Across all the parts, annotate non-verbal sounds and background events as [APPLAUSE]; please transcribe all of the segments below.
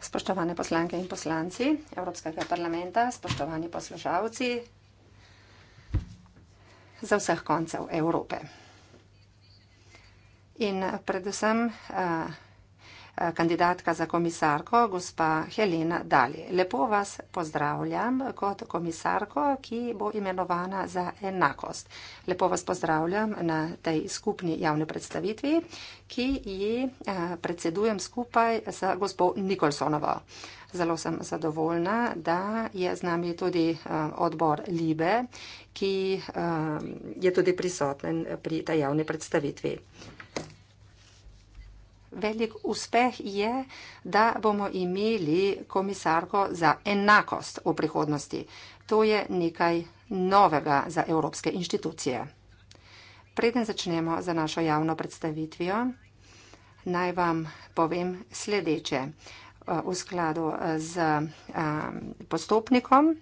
Spoštovane poslanke in poslanci Evropskega parlamenta, spoštovani poslušalci za vseh koncev Evrope. In predvsem uh, kandidatka za komisarko, gospa Helena Dali. Lepo vas pozdravljam kot komisarko, ki bo imenovana za enakost. Lepo vas pozdravljam na tej skupni javni predstavitvi, ki ji eh, predsedujem skupaj z gospo Nikolsonovo. Zelo sem zadovoljna, da je z nami tudi eh, odbor Libe, ki eh, je tudi prisoten pri tej javni predstavitvi velik uspeh je, da bomo imeli komisarko za enakost v prihodnosti. To je nekaj novega za evropske inštitucije. Preden začnemo za našo javno predstavitvijo, naj vam povem sledeče. V skladu z postopnikom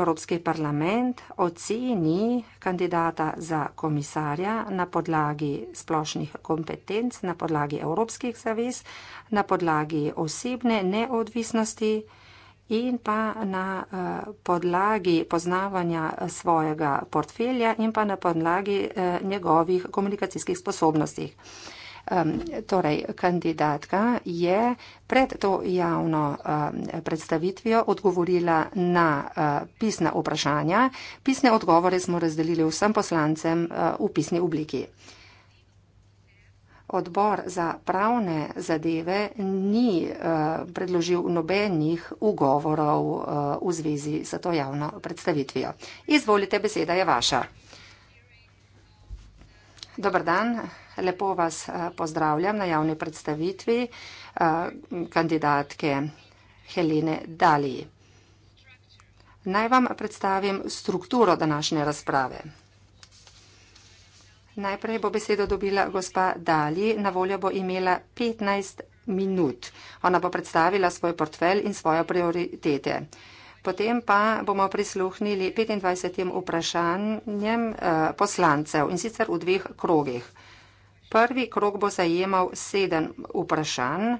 Evropski parlament oceni kandidata za komisarja na podlagi splošnih kompetenc, na podlagi evropskih zavez, na podlagi osebne neodvisnosti in pa na eh, podlagi poznavanja svojega portfelja in pa na podlagi eh, njegovih komunikacijskih sposobnostih um, torej kandidatka je pred to javno um, predstavitvijo odgovorila na uh, pisna vprašanja. Pisne odgovore smo razdelili vsem poslancem uh, v pisni obliki. Odbor za pravne zadeve ni uh, predložil nobenih ugovorov uh, v zvezi s to javno predstavitvijo. Izvolite, beseda je vaša. Dobar dan lepo vas eh, pozdravljam na javni predstavitvi eh, kandidatke Helene Daliji. Naj vam predstavim strukturo današnje razprave. Najprej bo besedo dobila gospa Dali, na voljo bo imela 15 minut. Ona bo predstavila svoj portfelj in svoje prioritete. Potem pa bomo prisluhnili 25 vprašanjem eh, poslancev in sicer v dveh krogih. Prvi krok bo zajemal sedem vprašanj.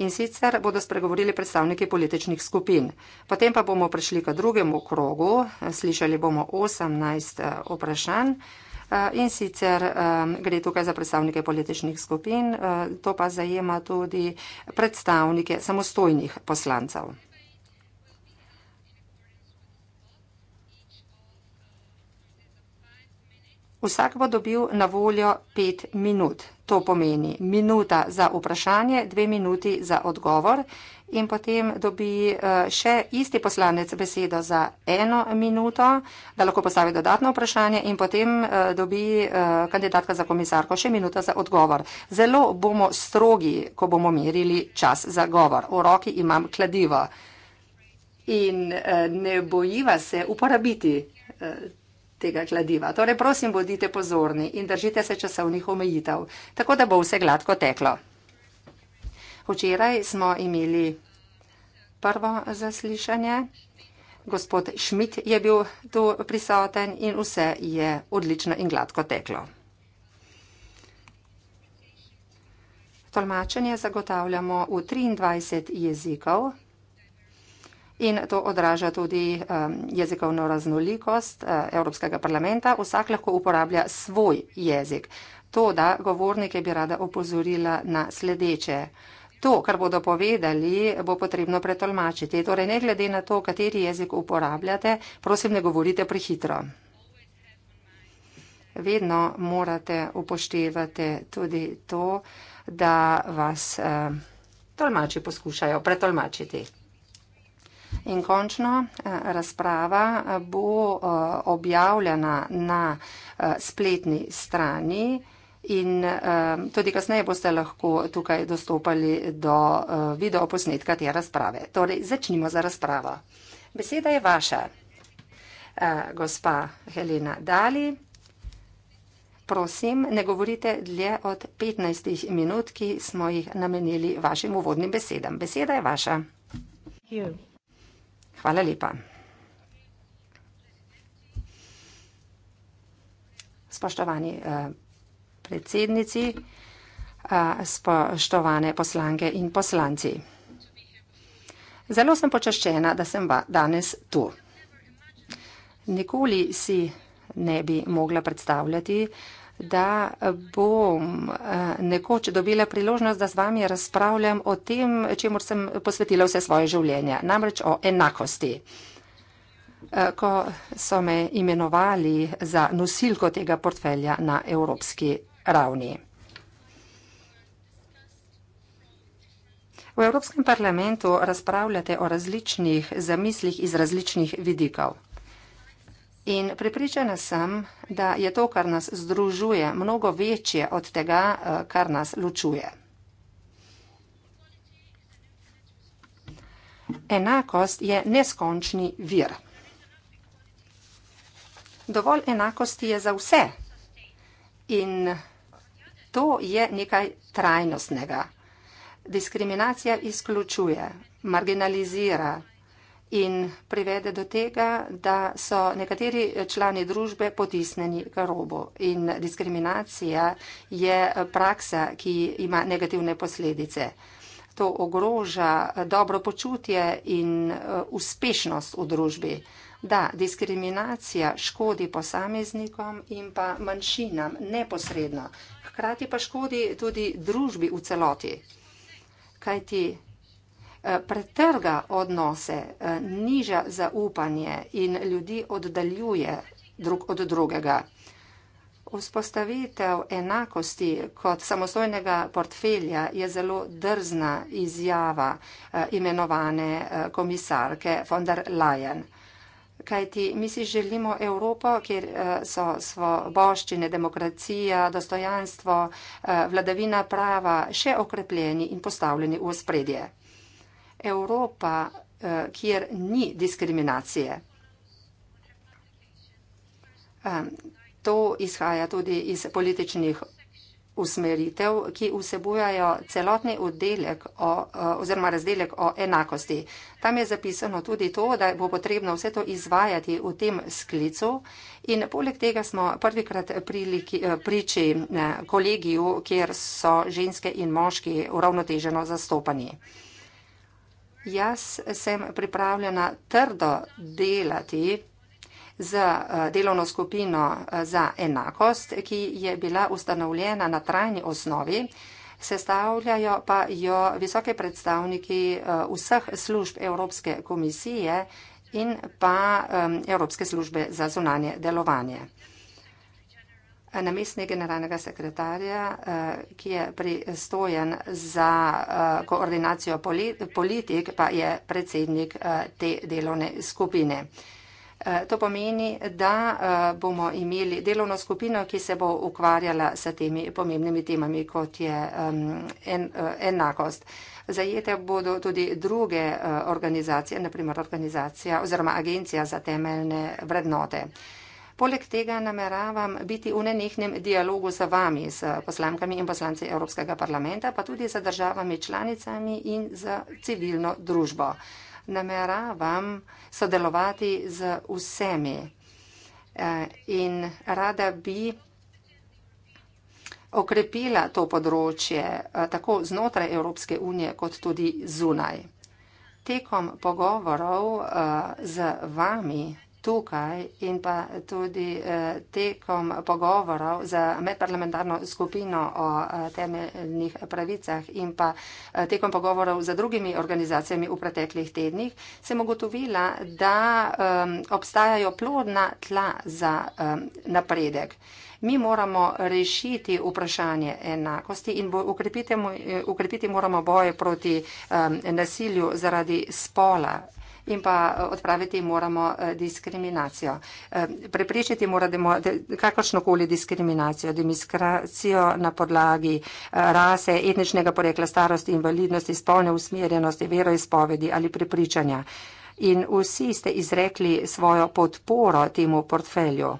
In sicer bodo spregovorili predstavniki političnih skupin. Potem pa bomo prišli k drugemu krogu, slišali bomo 18 eh, vprašanj eh, in sicer eh, gre tukaj za predstavnike političnih skupin, to pa zajema tudi predstavnike samostojnih poslancev. Vsak bo dobil na voljo pet minut. To pomeni minuta za vprašanje, dve minuti za odgovor in potem dobi eh, še isti poslanec besedo za eno minuto, da lahko postavi dodatno vprašanje in potem eh, dobi eh, kandidatka za komisarko še minuto za odgovor. Zelo bomo strogi, ko bomo merili čas za govor. V roki imam kladivo in ne bojiva se uporabiti tega kladiva. Torej, prosim, bodite pozorni in držite se časovnih omejitev, tako da bo vse gladko teklo. Včeraj smo imeli prvo zaslišanje, gospod Šmit je bil tu prisoten in vse je odlično in gladko teklo. Tolmačenje zagotavljamo v 23 jezikov in to odraža tudi jezikovno raznolikost e, Evropskega parlamenta. Vsak lahko uporablja svoj jezik. To, da govornike bi rada opozorila na sledeče. To, kar bodo povedali, bo potrebno pretolmačiti. Torej, ne glede na to, kateri jezik uporabljate, prosim, ne govorite prehitro. Vedno morate upoštevati tudi to, da vas tolmači poskušajo pretolmačiti. In končno, eh, razprava eh, bo eh, objavljena na spletni strani in tudi kasneje boste lahko tukaj dostopali do videoposnetka te razprave. Torej, začnimo za razpravo. Beseda je vaša, gospa Helena Dali. Prosim, ne govorite dlje od 15 minut, ki smo jih namenili vašim uvodnim besedam. Beseda je vaša. Hvala. Hvala lepa. Spoštovani eh, predsednici, eh, spoštovane poslanke in poslanci. Zelo sem počaščena, da sem danes tu. Nikoli si ne bi mogla predstavljati, da bi da bom eh, nekoč dobila priložnost, da z vami razpravljam o tem, čemu sem posvetila vse svoje življenje, namreč o enakosti. Eh, ko so me imenovali za nosilko tega portfelja na evropski ravni. V Evropskem parlamentu razpravljate o različnih zamislih iz različnih vidikov. In pripričana sem, da je to, kar nas združuje, mnogo večje od tega, eh, kar nas ločuje. Enakost je neskončni vir. Dovolj enakosti je za vse. In to je nekaj trajnostnega. Diskriminacija izključuje, marginalizira, in privede do tega, da so nekateri člani družbe potisneni k robu. In diskriminacija je praksa, ki ima negativne posledice. To ogroža dobro počutje in uh, uspešnost v družbi. Da, diskriminacija škodi posameznikom in pa manjšinam neposredno, hkrati pa škodi tudi družbi v celoti. Kaj ti Eh, pretrga odnose, eh, niža zaupanje in ljudi oddaljuje drug od drugega. Vzpostavitev enakosti kot samostojnega portfelja je zelo drzna izjava eh, imenovane komisarke von der Leyen. Kajti mi si želimo Evropo, kjer so svoboščine, demokracija, dostojanstvo, vladavina prava še okrepljeni in postavljeni v spredje. Evropa, eh, kjer ni diskriminacije. To izhaja tudi iz političnih usmeritev, ki vsebujajo celotni oddelek o, eh, oziroma razdelek o enakosti. Tam je zapisano tudi to, da bo potrebno vse to izvajati v tem sklicu in poleg tega smo prvikrat priliki, eh, priči kolegiju, kjer so ženske in moški uravnoteženo zastopani. Jaz sem pripravljena trdo delati z eh, delovno skupino eh, za enakost, ki je bila ustanovljena na trajni osnovi. Sestavljajo pa jo visoke predstavniki eh, vseh služb Evropske komisije in pa Evropske službe za zunanje delovanje namestnik generalnega sekretarja, eh, ki je pristojen za eh, koordinacijo politik, pa je predsednik eh, te delovne skupine. To pomeni, da bomo imeli delovno skupino, ki se bo ukvarjala s temi pomembnimi temami, kot je enakost. Zajete bodo tudi druge organizacije, naprimer organizacija oziroma agencija za temeljne vrednote. Poleg tega nameravam biti v nenehnem dialogu z vami, z poslankami in poslanci Evropskega parlamenta, pa tudi z državami članicami in z civilno družbo. Nameravam sodelovati z vsemi eh, in rada bi okrepila to področje eh, tako znotraj Evropske unije kot tudi zunaj. Tekom pogovorov eh, z vami tukaj in pa tudi eh, tekom pogovorov z medparlamentarno skupino o eh, temeljnih pravicah in pa eh, tekom pogovorov z drugimi organizacijami v preteklih tednih, sem ugotovila, da obstajajo plodna tla za napredek. Mi moramo rešiti vprašanje enakosti in ukrepiti moramo boje proti nasilju zaradi spola in pa eh, odpraviti moramo eh, diskriminacijo. Eh, preprečiti moramo kakršnokoli diskriminacijo, demiskracijo na podlagi rase, etničnega porekla, starosti, invalidnosti, spolne usmerjenosti, veroizpovedi ali prepričanja. In vsi ste izrekli svojo podporo temu portfelju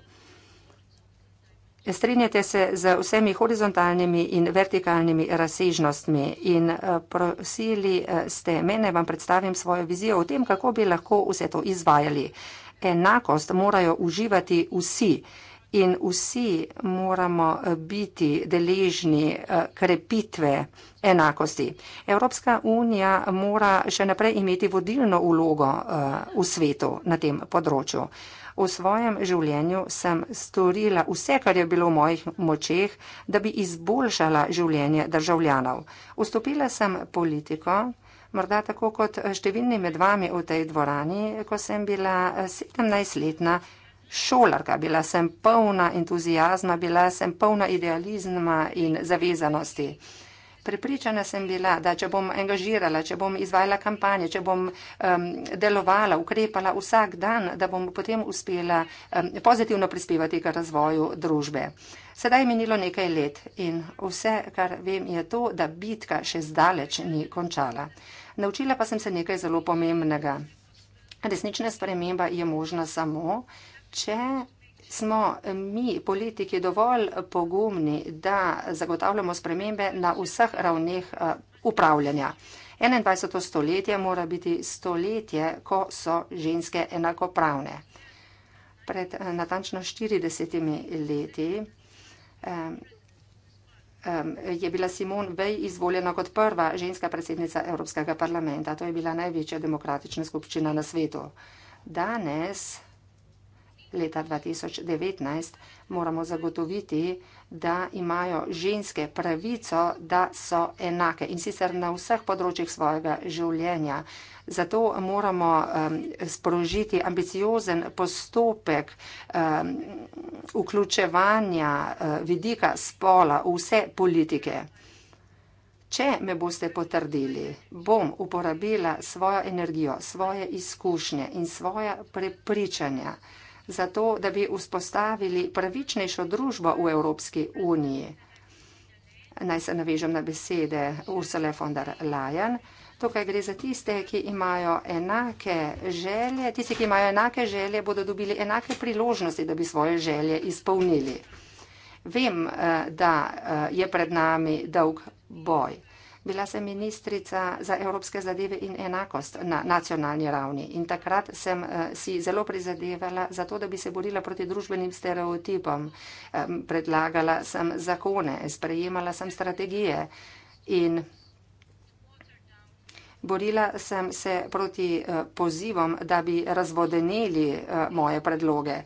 strinjate se z vsemi horizontalnimi in vertikalnimi razsežnostmi in eh, prosili eh, ste mene, vam predstavim svojo vizijo o tem, kako bi lahko vse to izvajali. Enakost morajo uživati vsi in vsi moramo eh, biti deležni krepitve enakosti. Evropska unija mora še naprej imeti vodilno ulogo v svetu na tem področju. V svojem življenju sem storila vse, kar je bilo v mojih močeh, da bi izboljšala življenje državljanov. Vstopila sem politiko, morda tako kot številni med vami v tej dvorani, ko sem bila 17-letna šolarka. Bila sem polna entuzijazma, bila sem polna idealizma in zavezanosti. Prepričana sem bila, da če bom angažirala, če bom izvajala kampanje, če bom um, delovala, ukrepala vsak dan, da bom potem uspela um, pozitivno prispevati k razvoju družbe. Sedaj je minilo nekaj let in vse, kar vem, je to, da bitka še zdaleč ni končala. Naučila pa sem se nekaj zelo pomembnega. Resnična sprememba je možna samo, če smo mi, politiki, dovolj pogumni, da zagotavljamo spremembe na vseh ravneh eh, upravljanja. 21. stoletje mora biti stoletje, ko so ženske enakopravne. Pred eh, natančno 40 leti je bila Simone Weil izvoljena kot prva ženska predsednica Evropskega parlamenta. To je bila največja demokratična skupščina na svetu. Danes leta 2019, moramo zagotoviti, da imajo ženske pravico, da so enake in sicer na vseh področjih svojega življenja. Zato moramo um, sprožiti ambiciozen postopek um, vključevanja uh, vidika spola v vse politike. Če me boste potrdili, bom uporabila svojo energijo, svoje izkušnje in svoje prepričanja zato, da bi vzpostavili pravičnejšo družbo v Evropski uniji. Naj se navežem na besede Ursula von der Leyen. Tukaj gre za tiste, ki imajo enake želje. Tisti, ki imajo enake želje, bodo dobili enake priložnosti, da bi svoje želje izpolnili. Vem, eh, da eh, je pred nami dolg boj. Bila sem ministrica za evropske zadeve in enakost na nacionalni ravni in takrat sem eh, si zelo prizadevala za to, da bi se borila proti družbenim stereotipom. Predlagala sem zakone, sprejemala sem strategije in borila sem se proti eh, pozivom, da bi razvodenili eh, moje predloge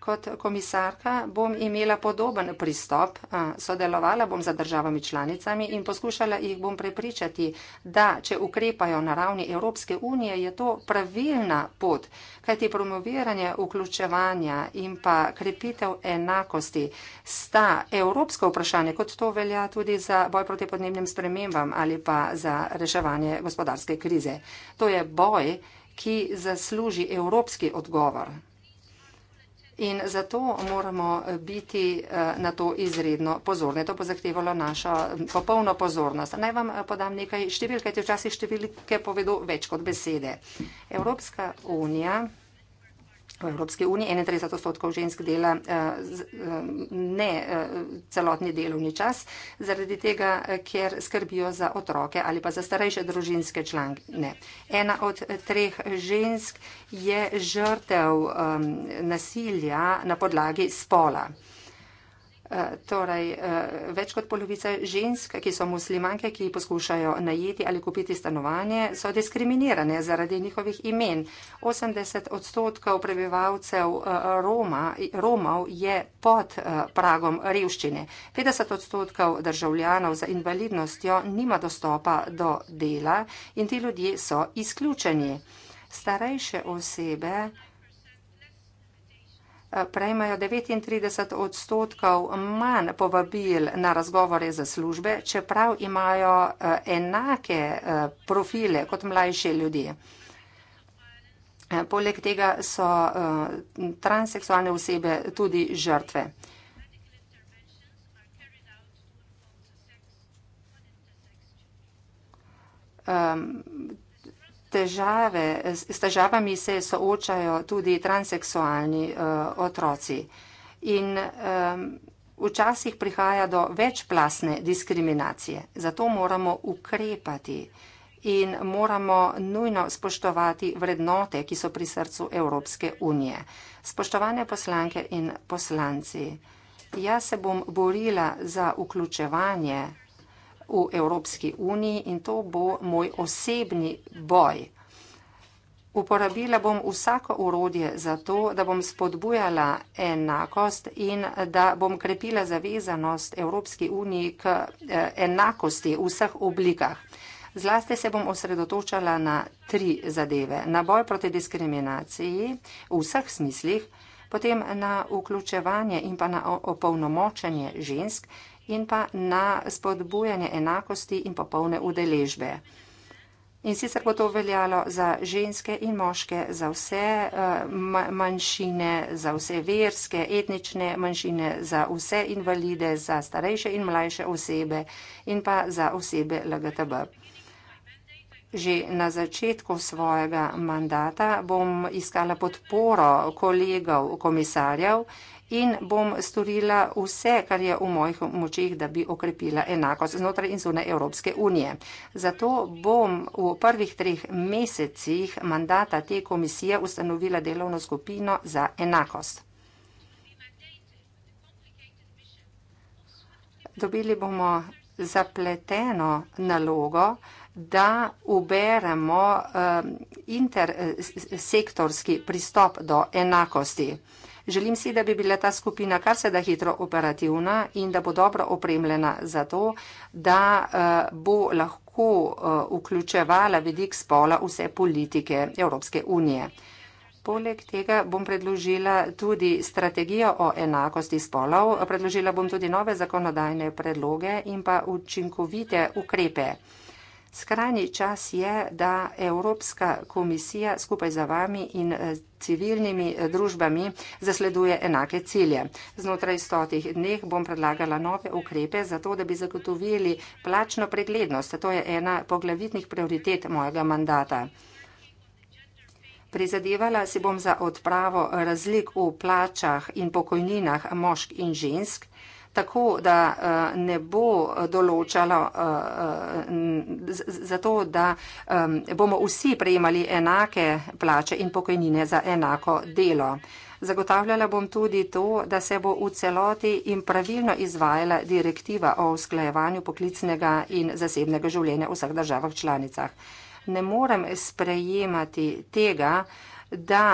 kot komisarka bom imela podoben pristop, sodelovala bom za državami članicami in poskušala jih bom prepričati, da če ukrepajo na ravni Evropske unije, je to pravilna pot, kajti promoviranje vključevanja in pa krepitev enakosti sta evropsko vprašanje, kot to velja tudi za boj proti podnebnim spremembam ali pa za reševanje gospodarske krize. To je boj, ki zasluži evropski odgovor in zato moramo eh, biti eh, na to izredno pozorni. To bo zahtevalo našo popolno pozornost. Naj vam eh, podam nekaj številk, kajti včasih številke povedo več kot besede. Evropska unija V Evropski uniji 31 odstotkov žensk dela eh, eh, ne eh, celotni delovni čas, zaradi tega, ker skrbijo za otroke ali pa za starejše družinske člane. Ena od treh žensk je žrtev nasilja na podlagi spola. Eh, torej, eh, več kot polovica žensk, ki so muslimanke, ki poskušajo najeti ali kupiti stanovanje, so diskriminirane zaradi njihovih imen. 80 odstotkov prebivalcev eh, Roma, Romov je pod pragom revščine. 50 odstotkov državljanov za invalidnostjo nima dostopa do dela in ti ljudje so izključeni. Starejše osebe. Eh, prejmejo 39 odstotkov manj povabil na razgovore za službe, čeprav imajo eh, enake eh, profile kot mlajši ljudje. Poleg tega so transseksualne osebe tudi žrtve. Um, težave, s težavami se soočajo tudi transeksualni uh, eh, otroci. In um, včasih prihaja do večplasne diskriminacije. Zato moramo ukrepati in moramo nujno spoštovati vrednote, ki so pri srcu Evropske unije. Spoštovane poslanke in poslanci, jaz se bom borila za vključevanje v Evropski uniji in to bo moj osebni boj. Uporabila bom vsako urodje za to, da bom spodbujala enakost in da bom krepila zavezanost Evropski uniji k eh, enakosti v vseh oblikah. Zlasti se bom osredotočala na tri zadeve. Na boj proti diskriminaciji v vseh smislih, potem na vključevanje in pa na opolnomočenje žensk, in pa na spodbujanje enakosti in popolne udeležbe. In sicer bo to veljalo za ženske in moške, za vse eh, manjšine, za vse verske, etnične manjšine, za vse invalide, za starejše in mlajše osebe in pa za osebe LGTB. Že na začetku svojega mandata bom iskala podporo kolegov komisarjev in bom storila vse, kar je v mojih močih, da bi okrepila enakost znotraj in zunaj Evropske unije. Zato bom v prvih treh mesecih mandata te komisije ustanovila delovno skupino za enakost. Dobili bomo zapleteno nalogo, da uberemo eh, intersektorski pristop do enakosti. Želim si, da bi bila ta skupina kar se da hitro operativna in da bo dobro opremljena za to, da eh, bo lahko eh, vključevala vidik spola vse politike Evropske unije. Poleg tega bom predložila tudi strategijo o enakosti spolov, predložila bom tudi nove zakonodajne predloge in pa učinkovite ukrepe. Skrajni čas je, da Evropska komisija skupaj za vami in eh, civilnimi eh, družbami zasleduje enake cilje. Znotraj stotih dneh bom predlagala nove ukrepe za to, da bi zagotovili plačno preglednost. To je ena poglavitnih prioritet mojega mandata. Prizadevala si bom za odpravo razlik v plačah in pokojninah mošk in žensk, tako, da eh, ne bo določalo eh, eh, za to, da bomo vsi prejemali enake plače in pokojnine za enako delo. Zagotavljala bom tudi to, da se bo v celoti in pravilno izvajala direktiva o usklajevanju poklicnega in zasebnega življenja v vseh državah članicah. Ne morem sprejemati tega, da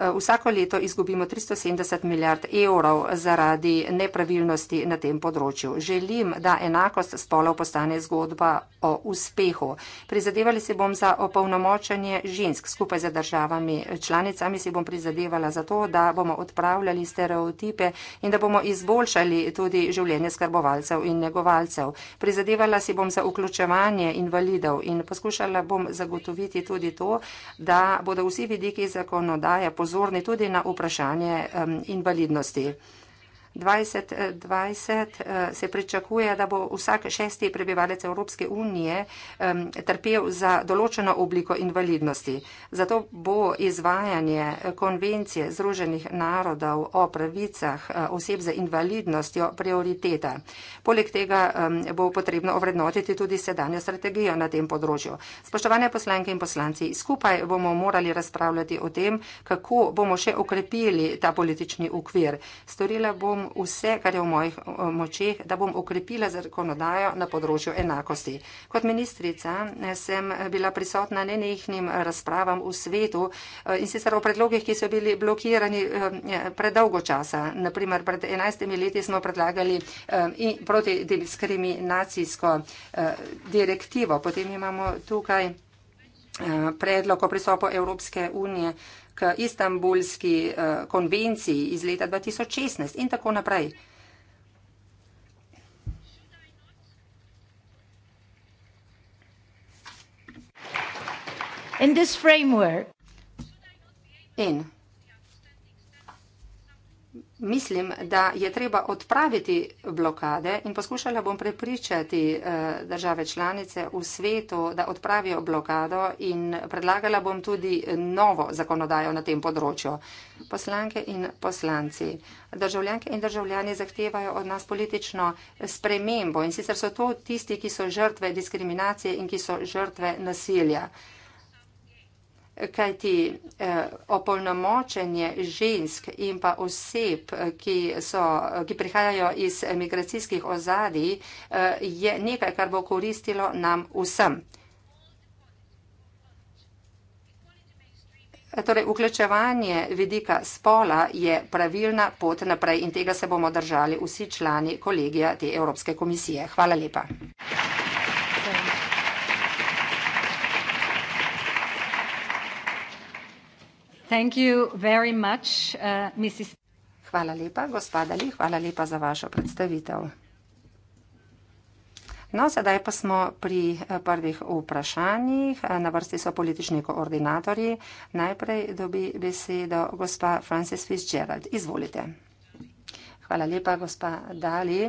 Eh, vsako leto izgubimo 370 milijard evrov zaradi nepravilnosti na tem področju. Želim, da enakost spolov postane zgodba o uspehu. Prizadevali se bom za opolnomočanje žensk skupaj z državami članicami, se bom prizadevala za to, da bomo odpravljali stereotipe in da bomo izboljšali tudi življenje skrbovalcev in negovalcev. Prizadevala se bom za vključevanje invalidov in poskušala bom zagotoviti tudi to, da bodo vsi vidiki zakonodaje pozornili pozorni tudi na vprašanje invalidnosti. 2020 eh, eh, se pričakuje, da bo vsak šesti prebivalec Evropske unije trpel za določeno obliko invalidnosti. Zato bo izvajanje eh, konvencije Združenih narodov o pravicah oseb za invalidnostjo prioriteta. Poleg tega bo potrebno ovrednotiti tudi sedanjo strategijo na tem področju. Spoštovane poslanke in poslanci, skupaj bomo morali razpravljati o tem, kako bomo še okrepili ta politični ukvir. Storila bom vse, kar je v mojih močeh, da bom okrepila zakonodajo na področju enakosti. Kot ministrica eh, sem bila prisotna nenehnim razpravam v svetu eh, in sicer o predlogih, ki so bili blokirani eh, predolgo časa. Naprimer, pred 11 leti smo predlagali proti diskriminacijsko direktivo. Potem imamo tukaj predlog o pristopu Evropske unije k istambulski uh, konvenciji iz leta 2016 in tako naprej. In this framework. In Mislim, da je treba odpraviti blokade in poskušala bom prepričati eh, države članice v svetu, da odpravijo blokado in predlagala bom tudi novo zakonodajo na tem področju. Poslanke in poslanci, državljanke in državljani zahtevajo od nas politično spremembo in sicer so to tisti, ki so žrtve diskriminacije in ki so žrtve nasilja kajti eh, opolnomočenje žensk in pa oseb, ki, so, ki prihajajo iz migracijskih ozadij, eh, je nekaj, kar bo koristilo nam vsem. Torej, vključevanje vidika spola je pravilna pot naprej in tega se bomo držali vsi člani kolegija te Evropske komisije. Hvala lepa. Uh, hvala lepa, gospa Dali, hvala lepa za vašo predstavitev. No, sedaj pa smo pri eh, prvih vprašanjih. Eh, na vrsti so politični koordinatorji. Najprej dobi besedo gospa Frances Fitzgerald. Izvolite. Hvala lepa, gospa Dali.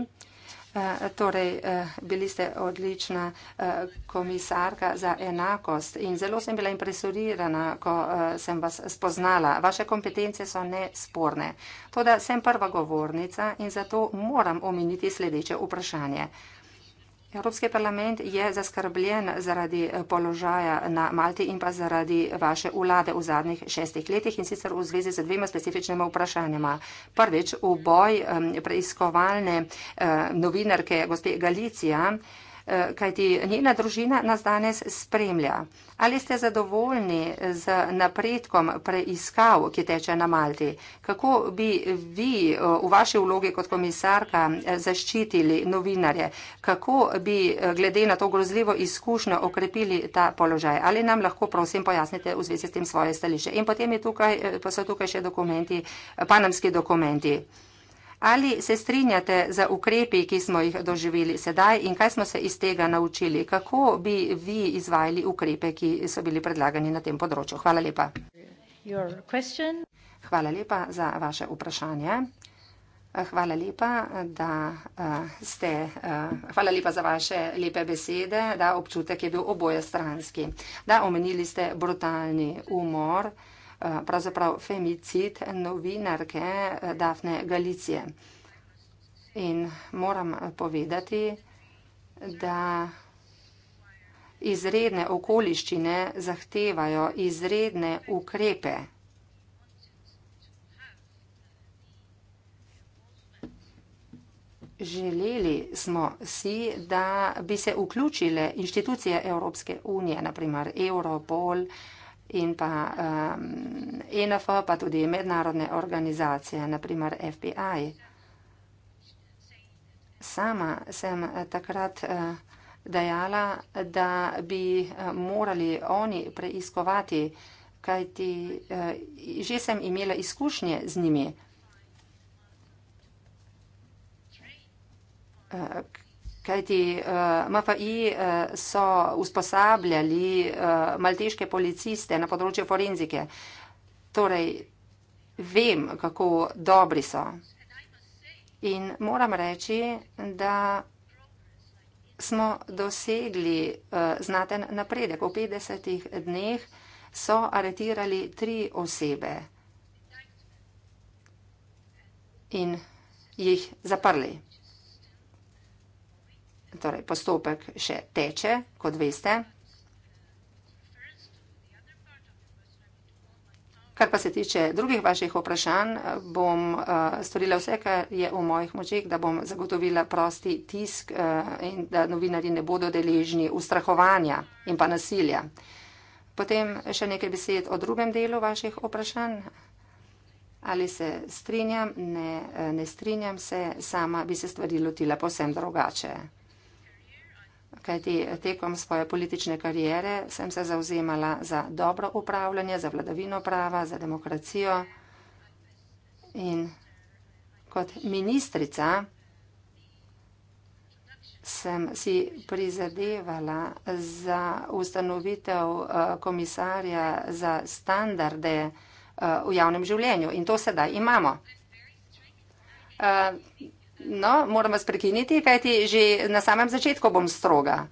Eh, torej, eh, bili ste odlična eh, komisarka za enakost in zelo sem bila impresorirana, ko sem vas spoznala. Vaše kompetence so nesporne. Toda sem prva govornica in zato moram omeniti sledeče vprašanje. Evropski parlament je zaskrbljen zaradi eh, položaja na Malti in pa zaradi vaše vlade v zadnjih šestih letih in sicer v zvezi z dvema specifičnima vprašanjama. Prvič, v boj preiskovalne eh, novinarke gospe Galicija, Eh, kajti njena družina nas danes spremlja. Ali ste zadovoljni z napredkom preiskav, ki teče na Malti? Kako bi vi eh, v vaši vlogi kot komisarka eh, zaščitili novinarje? Kako bi glede na to grozljivo izkušnjo okrepili ta položaj? Ali nam lahko prosim pojasnite v zvezi s tem svoje stališče? In potem tukaj, pa so tukaj še dokumenti, panamski dokumenti. Ali se strinjate za ukrepi, ki smo jih doživeli sedaj in kaj smo se iz tega naučili? Kako bi vi izvajali ukrepe, ki so bili predlagani na tem področju? Hvala lepa. Hvala lepa za vaše vprašanje. Hvala lepa, da eh, ste, eh, hvala lepa za vaše lepe besede, da občutek je bil oboje stranski. Da omenili ste brutalni umor, da omenili ste brutalni umor, pravzaprav femicid novinarke eh, Dafne Galicije. In moram eh, povedati, da izredne okoliščine zahtevajo izredne ukrepe. Želeli smo si, da bi se vključile inštitucije Evropske unije, naprimer Europol, Evropol, in pa ENFO, um, e pa tudi mednarodne organizacije, naprimer FBI. Sama sem eh, takrat uh, dejala, da bi eh, morali oni preiskovati, kajti uh, že sem imela izkušnje z njimi. Uh, kajti uh, eh, MFI uh, eh, so usposabljali uh, malteške policiste na področju forenzike. Torej, vem, kako dobri so. In moram reči, da smo dosegli uh, znaten napredek. V 50 dneh so aretirali tri osebe in jih zaprli torej postopek še teče, kot veste. Kar pa se tiče drugih vaših vprašanj, bom eh, storila vse, kar je v mojih močeh, da bom zagotovila prosti tisk eh, in da novinari ne bodo deležni ustrahovanja in pa nasilja. Potem še nekaj besed o drugem delu vaših vprašanj. Ali se strinjam? Ne, eh, ne strinjam se, sama bi se stvari lotila povsem drugače kajti tekom svoje politične karijere sem se zauzemala za dobro upravljanje, za vladavino prava, za demokracijo in kot ministrica sem si prizadevala za ustanovitev eh, komisarja za standarde eh, v javnem življenju in to sedaj imamo. Eh, No, moram vas prekiniti, kajti že na samem začetku bom stroga.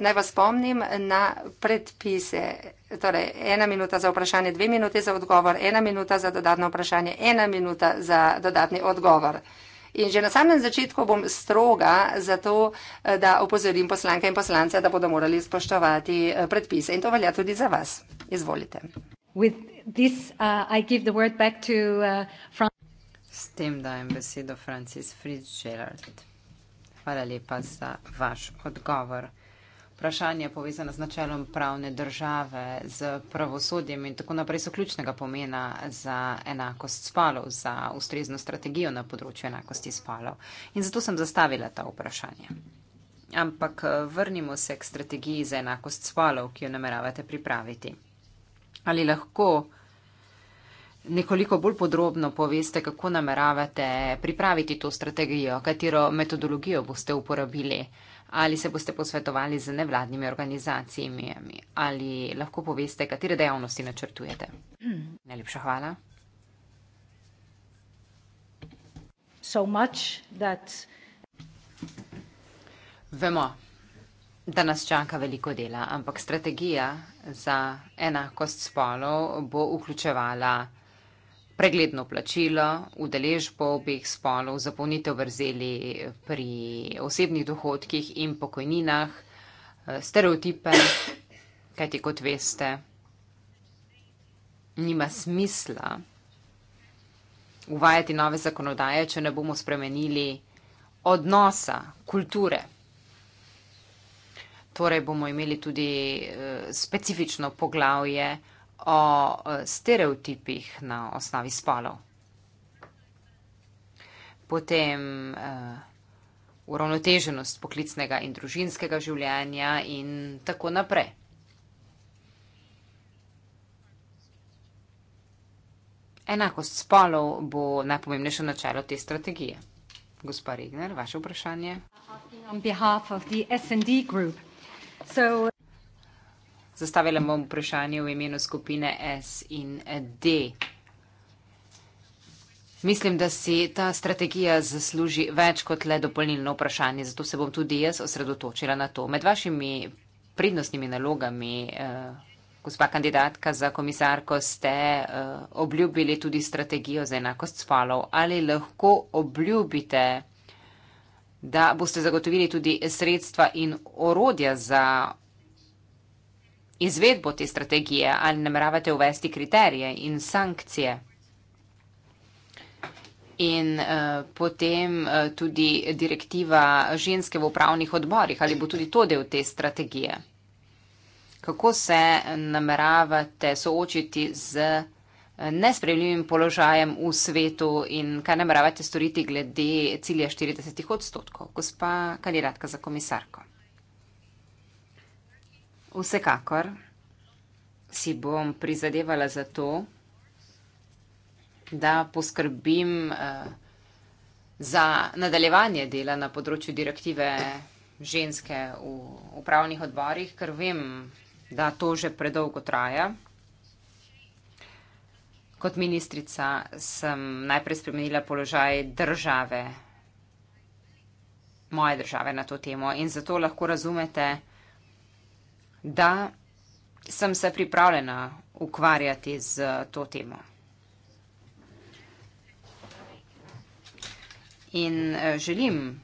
Naj vas spomnim na predpise. Torej, ena minuta za vprašanje, dve minute za odgovor, ena minuta za dodatno vprašanje, ena minuta za dodatni odgovor. In že na samem začetku bom stroga zato, da opozorim poslanke in poslance, da bodo morali spoštovati eh, predpise. In to velja tudi za vas. Izvolite. S tem dajem besedo Francis Fritz-Gerald. Hvala lepa za vaš odgovor. Vprašanje povezano z načelom pravne države, z pravosodjem in tako naprej so ključnega pomena za enakost spolov, za ustrezno strategijo na področju enakosti spolov. In zato sem zastavila ta vprašanje. Ampak eh, vrnimo se k strategiji za enakost spolov, ki jo nameravate pripraviti. Ali lahko nekoliko bolj podrobno poveste, kako nameravate pripraviti to strategijo, katero metodologijo boste uporabili, ali se boste posvetovali z nevladnimi organizacijami, ali lahko poveste, katere dejavnosti načrtujete. Najlepša hvala. So much that. Vemo, da nas čaka veliko dela, ampak strategija za enakost spolov bo vključevala pregledno plačilo, udeležbo obih spolov, zapolnitev vrzeli pri osebnih dohodkih in pokojninah, eh, stereotipe, kajti kot veste, nima smisla uvajati nove zakonodaje, če ne bomo spremenili odnosa, kulture. Torej bomo imeli tudi eh, specifično poglavje, o e, stereotipih na osnovi spolov. Potem uh, uravnoteženost poklicnega in družinskega življenja in tako naprej. Enakost spolov bo najpomembnejše načelo te strategije. Gospa Regner, vaše vprašanje. Zastavila bom vprašanje v imenu skupine S in D. Mislim, da si ta strategija zasluži več kot le dopolnilno vprašanje, zato se bom tudi jaz osredotočila na to. Med vašimi prednostnimi nalogami, eh, gospa kandidatka za komisarko, ste eh, obljubili tudi strategijo za enakost spolov. Ali lahko obljubite, da boste zagotovili tudi sredstva in orodja za izvedbo te strategije ali nameravate uvesti kriterije in sankcije. In uh, potem uh, tudi direktiva ženske v upravnih odborih, ali bo tudi to del te strategije. Kako se nameravate soočiti z eh, nespremljivim položajem v svetu in kaj nameravate storiti glede cilja 40 odstotkov, gospa kandidatka za komisarko? Vsekakor si bom prizadevala za to, da poskrbim uh, za nadaljevanje dela na področju direktive ženske v upravnih odborih, ker vem, da to že predolgo traja. Kot ministrica sem najprej spremenila položaj države, moje države na to temo in zato lahko razumete, da sem se pripravljena ukvarjati z to temo. In eh, želim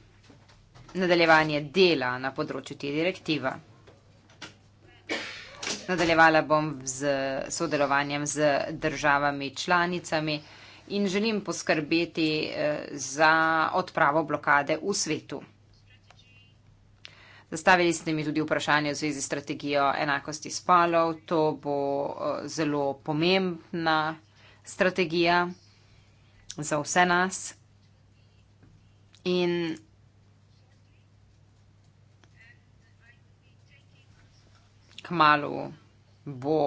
nadaljevanje dela na področju te direktiva. Nadaljevala bom z sodelovanjem z državami članicami in želim poskrbeti eh, za odpravo blokade v svetu. Zastavili ste mi tudi vprašanje v zvezi s strategijo enakosti spolov. To bo eh, zelo pomembna strategija za vse nas. In kmalo bo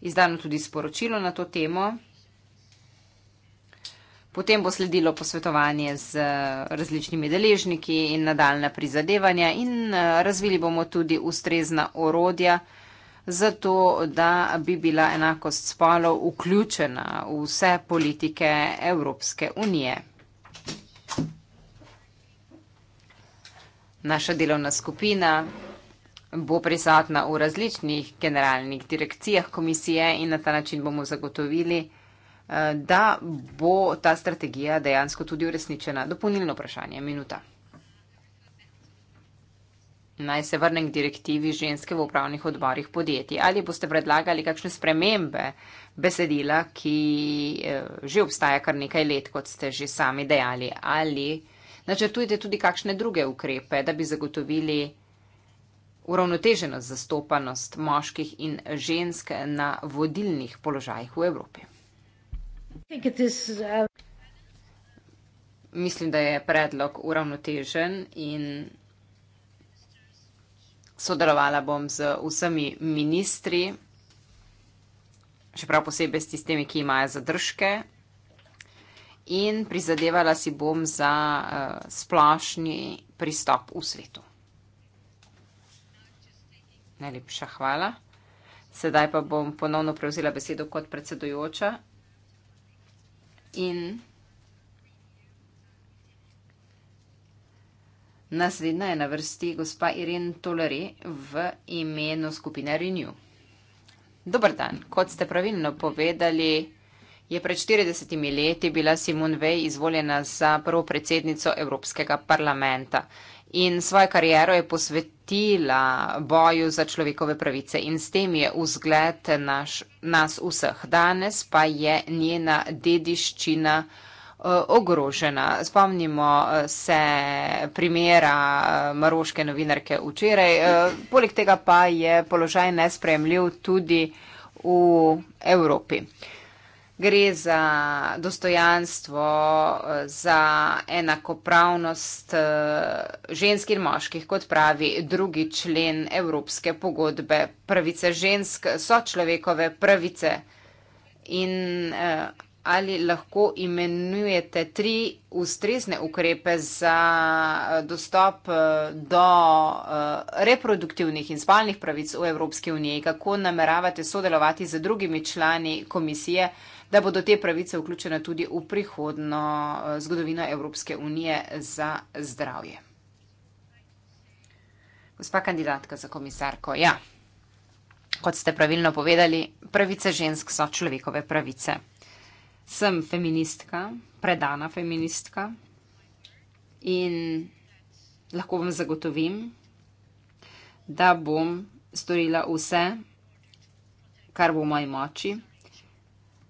izdano tudi sporočilo na to temo. Potem bo sledilo posvetovanje z eh, različnimi deležniki in nadaljna prizadevanja in eh, razvili bomo tudi ustrezna orodja za to, da bi bila enakost spolov vključena v vse politike Evropske unije. Naša delovna skupina bo prisotna v različnih generalnih direkcijah komisije in na ta način bomo zagotovili, da bomo zagotovili, Eh, da bo ta strategija dejansko tudi uresničena. Dopolnilno vprašanje, minuta. Naj se vrnem k direktivi ženske v upravnih odborih podjetij. Ali boste predlagali kakšne spremembe besedila, ki eh, že obstaja kar nekaj let, kot ste že sami dejali, ali načrtujete tudi kakšne druge ukrepe, da bi zagotovili uravnoteženost, zastopanost moških in žensk na vodilnih položajih v Evropi? Uh, Mislim, da je predlog uravnotežen in sodelovala bom z vsemi ministri, še prav posebej s tistimi, ki imajo zadržke. In prizadevala si bom za uh, splošni pristop v svetu. Najlepša hvala. Sedaj pa bom ponovno prevzela besedo kot predsedujoča in naslednja je na vrsti gospa Irene Toleri v imenu skupine Renew. Dobar dan, kot ste pravilno povedali, je pred 40 leti bila Simone Weil izvoljena za prvo predsednico Evropskega parlamenta in svojo kariero je posvetila posvetila boju za človekove pravice in s tem je vzgled naš, nas vseh. Danes pa je njena dediščina e, ogrožena. Spomnimo e, se primera e, maroške novinarke včeraj. Poleg tega pa je položaj nespremljiv tudi v Evropi gre za dostojanstvo, za enakopravnost eh, žensk in moških, kot pravi drugi člen Evropske pogodbe. Pravice žensk so človekove pravice. In eh, ali lahko imenujete tri ustrezne ukrepe za eh, dostop do reproduktivnih in spalnih pravic v Evropski uniji? Kako nameravate sodelovati z drugimi člani komisije? da bodo te pravice vključene tudi v prihodno eh, zgodovino Evropske unije za zdravje. Gospa kandidatka za komisarko, ja, kot ste pravilno povedali, pravice žensk so človekove pravice. Sem feministka, predana feministka in lahko vam zagotovim, da bom storila vse, kar bo v moji moči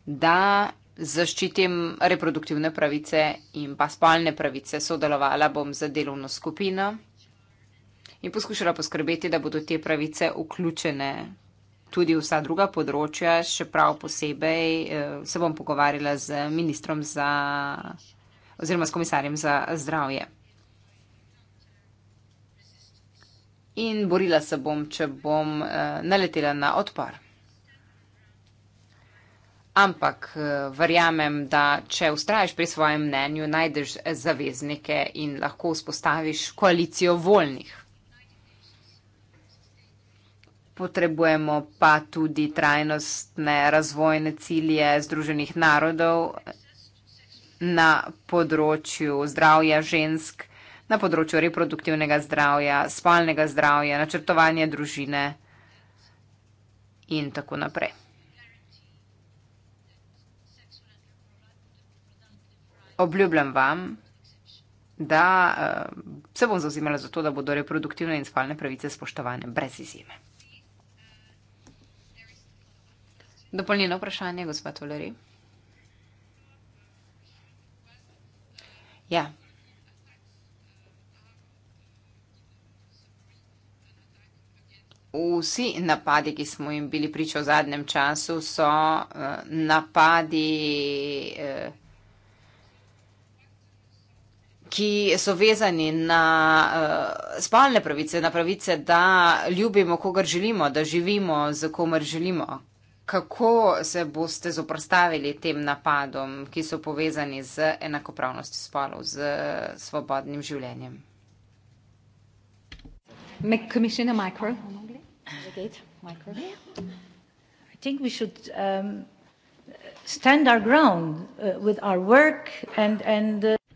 da zaščitim reproduktivne pravice in pa spolne pravice. Sodelovala bom za delovno skupino in poskušala poskrbeti, da bodo te pravice vključene tudi vsa druga področja, še prav posebej eh, se bom pogovarjala z ministrom za, oziroma s komisarjem za zdravje. In borila se bom, če bom eh, naletela na odpor. Ampak eh, verjamem, da če ustraješ pri svojem mnenju, najdeš zaveznike in lahko vzpostaviš koalicijo voljnih. Potrebujemo pa tudi trajnostne razvojne cilje Združenih narodov na področju zdravja žensk, na področju reproduktivnega zdravja, spalnega zdravja, načrtovanja družine in tako naprej. obljubljam vam, da uh, se bom zauzimala za to, da bodo reproduktivne in spalne pravice spoštovane brez izjeme. Dopolnjeno vprašanje, gospa Toleri. Ja. Vsi napadi, ki smo jim bili priča v zadnjem času, so uh, napadi. Uh, ki so vezani na uh, eh, spalne pravice, na pravice, da ljubimo, kogar želimo, da živimo, z komer želimo. Kako se boste zoprstavili tem napadom, ki so povezani z enakopravnostjo spolov, z svobodnim življenjem?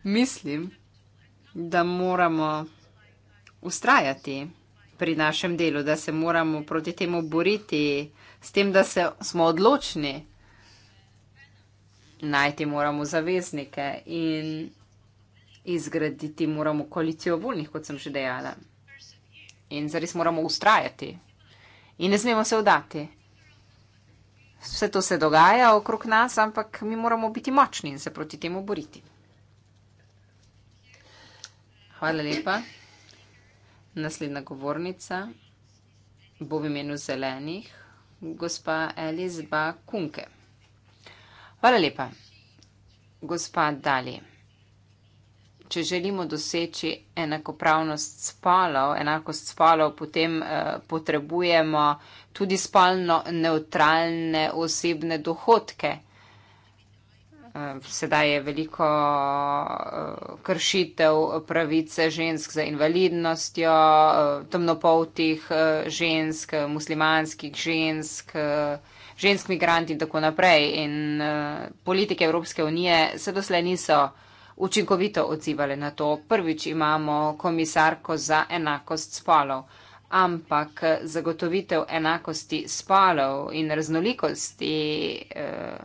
Mislim, da moramo ustrajati pri našem delu, da se moramo proti temu boriti, s tem, da se, smo odločni. Najti moramo zaveznike in izgraditi moramo koalicijo voljnih, kot sem že dejala. In zares moramo ustrajati. In ne smemo se odati. Vse to se dogaja okrog nas, ampak mi moramo biti močni in se proti temu boriti. Hvala lepa. Naslednja govornica bo v imenu zelenih, gospa Elizba Kunke. Hvala lepa. Gospa Dali, če želimo doseči enakopravnost spolov, enakost spolov, potem eh, potrebujemo tudi spolno neutralne osebne dohodke. Eh, sedaj je veliko eh, kršitev pravice žensk za invalidnostjo, eh, temnopoltih žensk, muslimanskih žensk, žensk migrant in tako naprej. In politike Evropske unije se doslej niso učinkovito odzivale na to. Prvič imamo komisarko za enakost spolov. Ampak zagotovitev enakosti spolov in raznolikosti eh,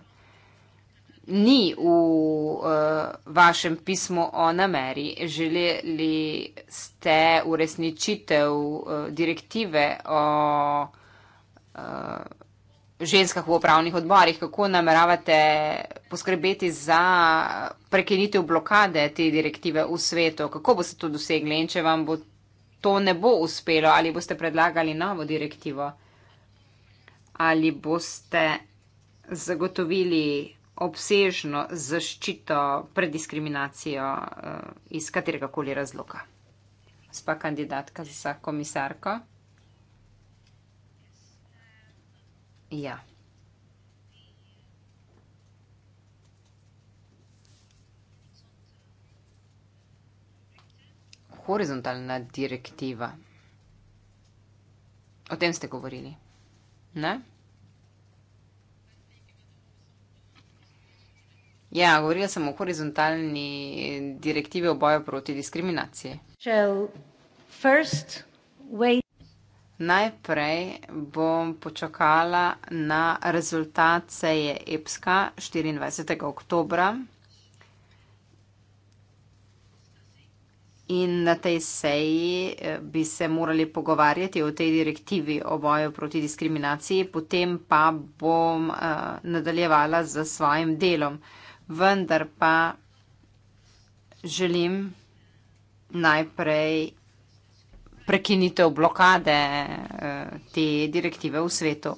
ni v uh, vašem pismu o nameri. Želeli ste uresničitev uh, direktive o uh, ženskah v upravnih odborih. Kako nameravate poskrbeti za prekinitev blokade te direktive v svetu? Kako boste to dosegli in če vam bo to ne bo uspelo, ali boste predlagali novo direktivo? Ali boste zagotovili obsežno zaščito pred diskriminacijo eh, iz katerega koli razloga. Spa kandidatka za komisarko. Ja. Horizontalna direktiva. O tem ste govorili, ne? Ja, govorila sem o horizontalni direktivi o boju proti diskriminaciji. Najprej bom počakala na rezultat seje EPSKA 24. oktobra. In na tej seji eh, bi se morali pogovarjati o tej direktivi o boju proti diskriminaciji, potem pa bom uh, nadaljevala z svojim delom. Uh, vendar pa želim najprej prekinitev blokade eh, te direktive v svetu.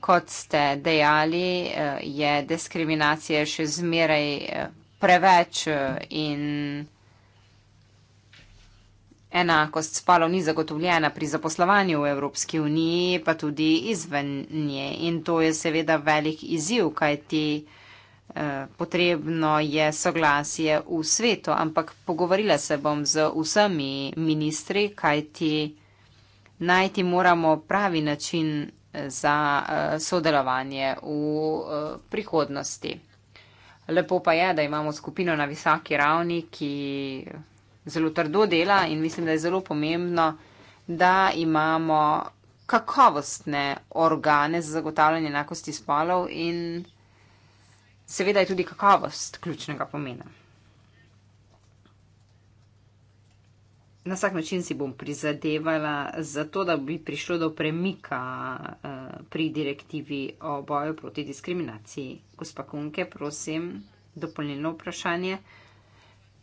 Kot ste dejali, eh, je diskriminacija še zmeraj eh, preveč in enakost spalov ni zagotovljena pri zaposlovanju v Evropski uniji, pa tudi izven nje. In to je seveda velik izziv, kajti potrebno je soglasje v svetu, ampak pogovorila se bom z vsemi ministri, kajti najti moramo pravi način eh, za eh, sodelovanje v eh, prihodnosti. Lepo pa je, da imamo skupino na visoki ravni, ki zelo trdo dela in mislim, da je zelo pomembno, da imamo kakovostne organe za zagotavljanje enakosti spolov in. Seveda je tudi kakovost ključnega pomena. Na vsak način si bom prizadevala za to, da bi prišlo do premika eh, pri direktivi o boju proti diskriminaciji. Gospa Kunke, prosim, dopolnilno vprašanje.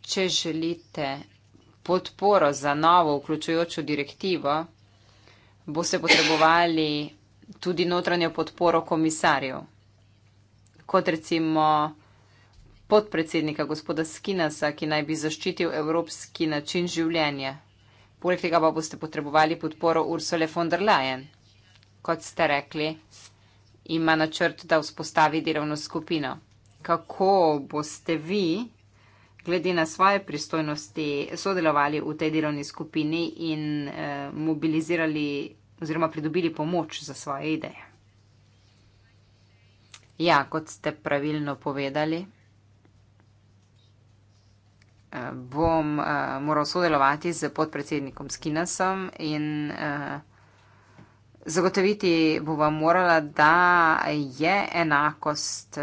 Če želite podporo za novo vključujočo direktivo, boste potrebovali tudi notranjo podporo komisarjev kot recimo podpredsednika gospoda Skinasa, ki naj bi zaščitil evropski način življenja. Poleg tega pa boste potrebovali podporo Ursule von der Leyen. Kot ste rekli, ima načrt, da vzpostavi delovno skupino. Kako boste vi, glede na svoje pristojnosti, sodelovali v tej delovni skupini in eh, mobilizirali oziroma pridobili pomoč za svoje ideje? Ja, kot ste pravilno povedali, eh, bom uh, moral sodelovati z podpredsednikom Skinasom in uh, zagotoviti bova morala, da je enakost,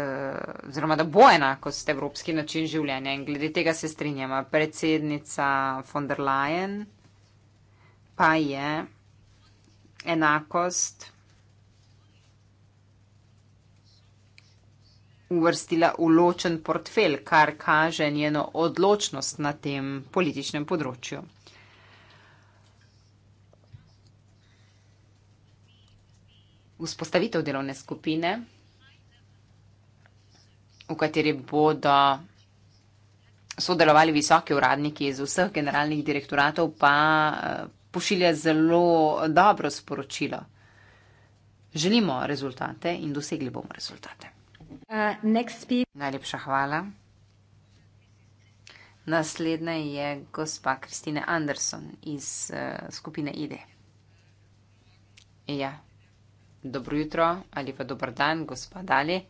oziroma uh, da bo enakost evropski način življenja in glede tega se strinjamo. Predsednica von der Leyen pa je enakost. uvrstila v ločen portfel, kar kaže njeno odločnost na tem političnem področju. Vzpostavitev delovne skupine, v kateri bodo sodelovali visoki uradniki iz vseh generalnih direktoratov, pa eh, pošilja zelo dobro sporočilo. Želimo rezultate in dosegli bomo rezultate. Uh, Najlepša hvala. Naslednja je gospa Kristina Anderson iz uh, skupine IDE. Ja. Dobro jutro ali pa dober dan, gospa Dali.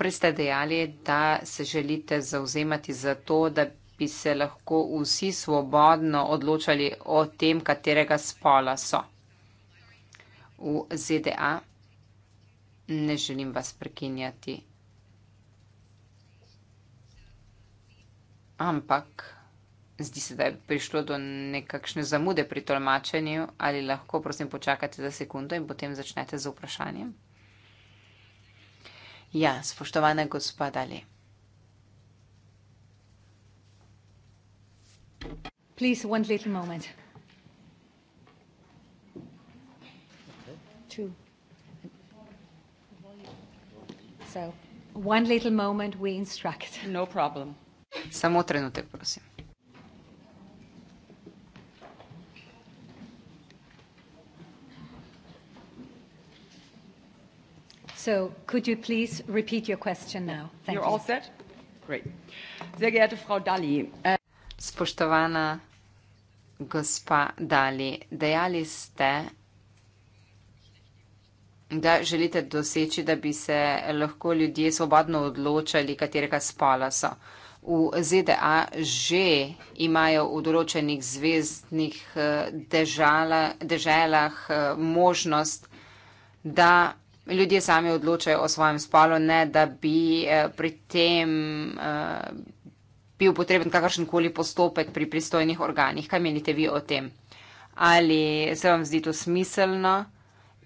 Prej ste dejali, da se želite zauzemati za to, da bi se lahko vsi svobodno odločali o tem, katerega spola so. V ZDA Ne želim vas prekinjati. Ampak, zdi se, da je prišlo do nekakšne zamude pri tolmačenju, ali lahko prosim počakate za sekundo in potem začnete z vprašanjem? Ja, spoštovana gospa Dali. Please, one little moment. so. One little moment, we instruct. No problem. Samo trenutek, prosim. So, could you please repeat your question now? Thank You're you. all set? Great. Sehr geehrte Frau Dali. Uh... Äh, Spoštovana gospa Dali, dejali ste, da želite doseči, da bi se lahko ljudje svobodno odločali, katerega spola so. V ZDA že imajo v določenih zvezdnih eh, dežala, deželah eh, možnost, da ljudje sami odločajo o svojem spolu, ne da bi eh, pri tem bil potreben kakršenkoli postopek pri pristojnih organih. Kaj menite vi o tem? Ali se vam zdi to smiselno?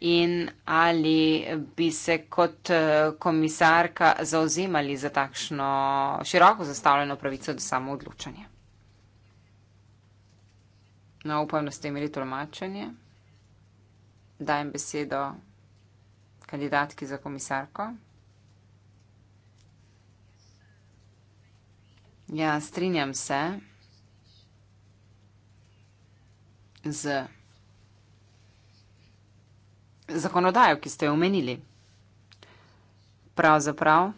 in ali bi se kot eh, komisarka zauzemali za takšno široko zastavljeno pravico do samoodločanja. No, upam, da ste imeli tolmačenje. Dajem besedo kandidatki za komisarko. Ja, strinjam se z zakonodajo, ki ste jo omenili. Pravzaprav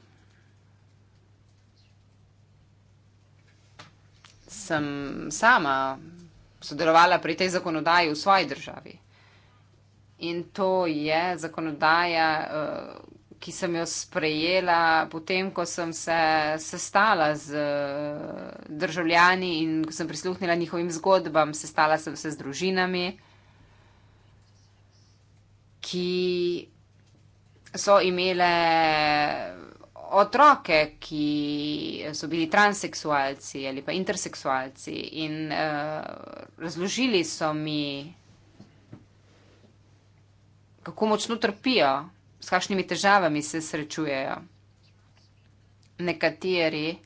sem sama sodelovala pri tej zakonodaji v svoji državi. In to je zakonodaja, eh, ki sem jo sprejela potem, ko sem se sestala z eh, državljani in ko sem prisluhnila njihovim zgodbam, sestala sem se z družinami ki so imele otroke, ki so bili transseksualci ali pa interseksualci in uh, razložili so mi, kako močno trpijo, s kakšnimi težavami se srečujejo. Nekateri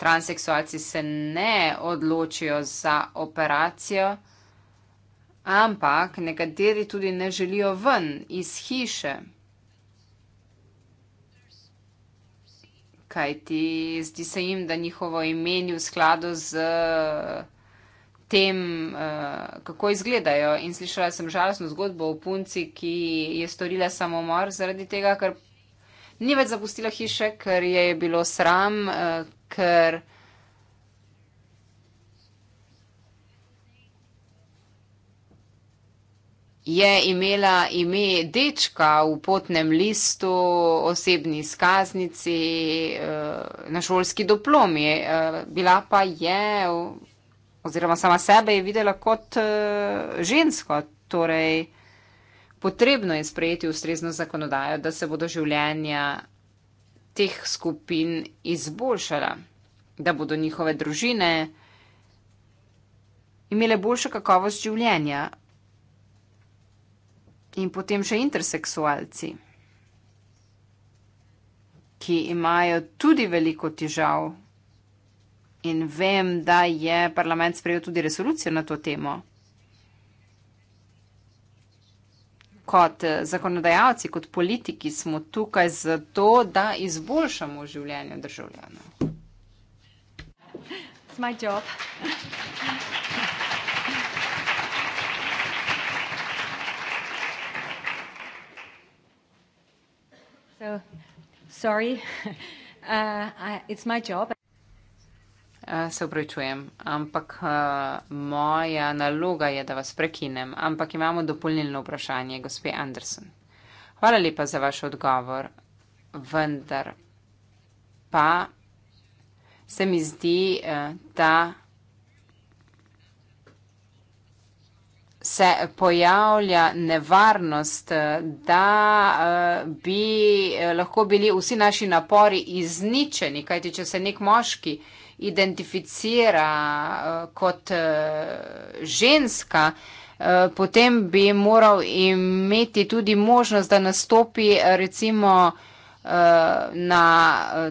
transseksualci se ne odločijo za operacijo, ampak nekateri tudi ne želijo ven iz hiše. Kaj ti zdi se jim, da njihovo imeni v skladu z tem, eh, kako izgledajo. In slišala sem žalostno zgodbo o punci, ki je storila samomor zaradi tega, ker ni več zapustila hiše, ker je bilo sram, eh, ker. je imela ime dečka v potnem listu, osebni izkaznici, eh, na šolski diplomi. Eh, bila pa je, oziroma sama sebe je videla kot eh, žensko, torej potrebno je sprejeti ustrezno zakonodajo, da se bodo življenja teh skupin izboljšala, da bodo njihove družine imele boljšo kakovost življenja in potem še interseksualci, ki imajo tudi veliko težav. In vem, da je parlament sprejel tudi resolucijo na to temo. Kot eh, zakonodajalci, kot politiki smo tukaj zato, da izboljšamo življenje državljanov. It's my job. So, sorry, [LAUGHS] uh, I, it's my job. Eh, se upravičujem, ampak uh, moja naloga je, da vas prekinem. Ampak imamo dopolnilno vprašanje, gospe Anderson. Hvala lepa za vaš odgovor, vendar pa se mi zdi, uh, da se pojavlja nevarnost, eh, da eh, bi eh, lahko bili vsi naši napori izničeni, kajti če se nek moški identificira kot ženska, potem bi moral imeti tudi možnost, da nastopi recimo na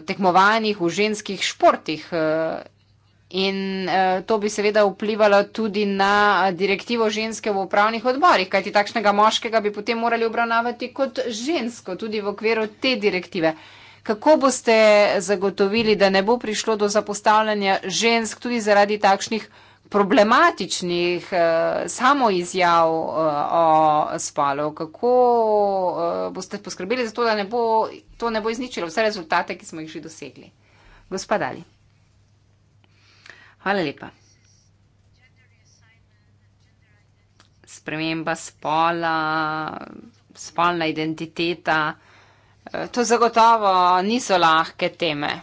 tekmovanjih v ženskih športih In uh, to bi seveda vplivalo tudi na eh, direktivo ženske v upravnih odborih, kajti takšnega moškega bi potem morali obravnavati kot žensko, tudi v okviru te direktive. Kako boste zagotovili, da ne bo prišlo do zapostavljanja žensk tudi zaradi takšnih problematičnih uh, samoizjav uh, o spalu? Kako uh, boste poskrbeli za to, da ne bo, to ne bo izničilo vse rezultate, ki smo jih že dosegli? Gospodali. Hvala lepa. Sprememba spola, spolna identiteta, eh, to zagotovo niso lahke teme.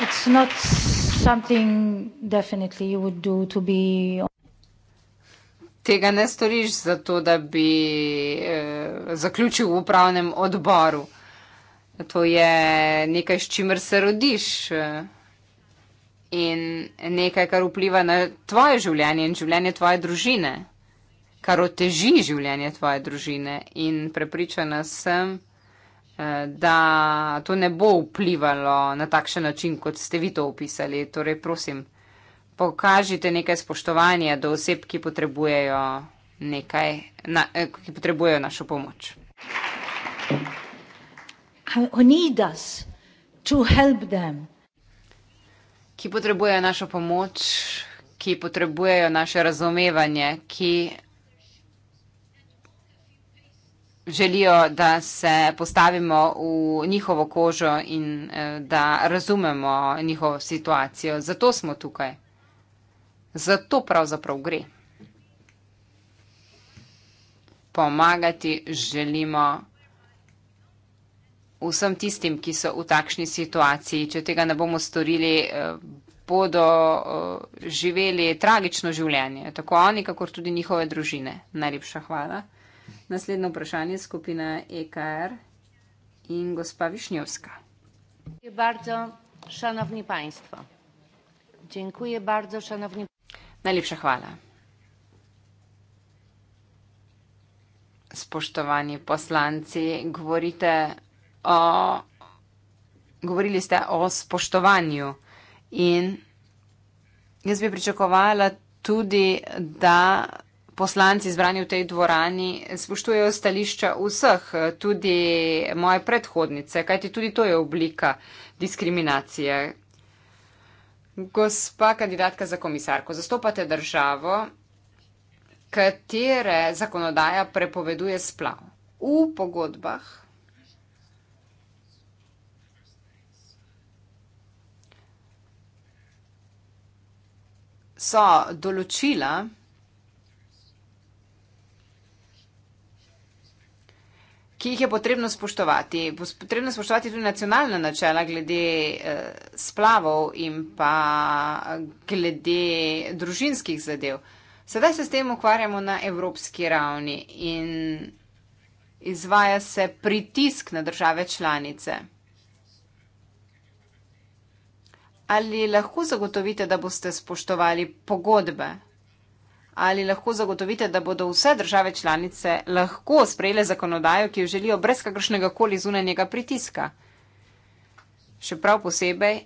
It's not something definitely you would do to be tega ne storiš, zato da bi eh, zaključil v upravnem odboru. To je nekaj, s čimer se rodiš eh, in nekaj, kar vpliva na tvoje življenje in življenje tvoje družine, kar oteži življenje tvoje družine. In prepričana sem, eh, da to ne bo vplivalo na takšen način, kot ste vi to opisali. Torej, prosim pokažite nekaj spoštovanja do oseb, ki potrebujejo, nekaj, na, eh, ki potrebujejo našo pomoč. Ki potrebujejo našo pomoč, ki potrebujejo naše razumevanje, ki želijo, da se postavimo v njihovo kožo in eh, da razumemo njihovo situacijo. Zato smo tukaj. Za to pravzaprav gre. Pomagati želimo vsem tistim, ki so v takšni situaciji. Če tega ne bomo storili, eh, bodo eh, živeli tragično življenje, tako oni, kakor tudi njihove družine. Najlepša hvala. Naslednje vprašanje je skupina EKR in gospa Višnjovska. Dziękuję bardzo, szanowni państwo. Dziękuję bardzo, szanowni państwo. Najlepša hvala. Spoštovani poslanci, govorite o. Govorili ste o spoštovanju in jaz bi pričakovala tudi, da poslanci zbrani v tej dvorani spoštujejo stališča vseh, tudi moje predhodnice, kajti tudi to je oblika diskriminacije, Gospa kandidatka za komisarko, zastopate državo, katere zakonodaja prepoveduje splav. V pogodbah so določila, ki jih je potrebno spoštovati. Potrebno spoštovati tudi nacionalna načela glede eh, splavov in pa eh, glede družinskih zadev. Sedaj se s tem ukvarjamo na evropski ravni in izvaja se pritisk na države članice. Ali lahko zagotovite, da boste spoštovali pogodbe? ali lahko zagotovite, da bodo vse države članice lahko sprejele zakonodajo, ki jo želijo brez kakršnega koli zunanjega pritiska? Še prav posebej,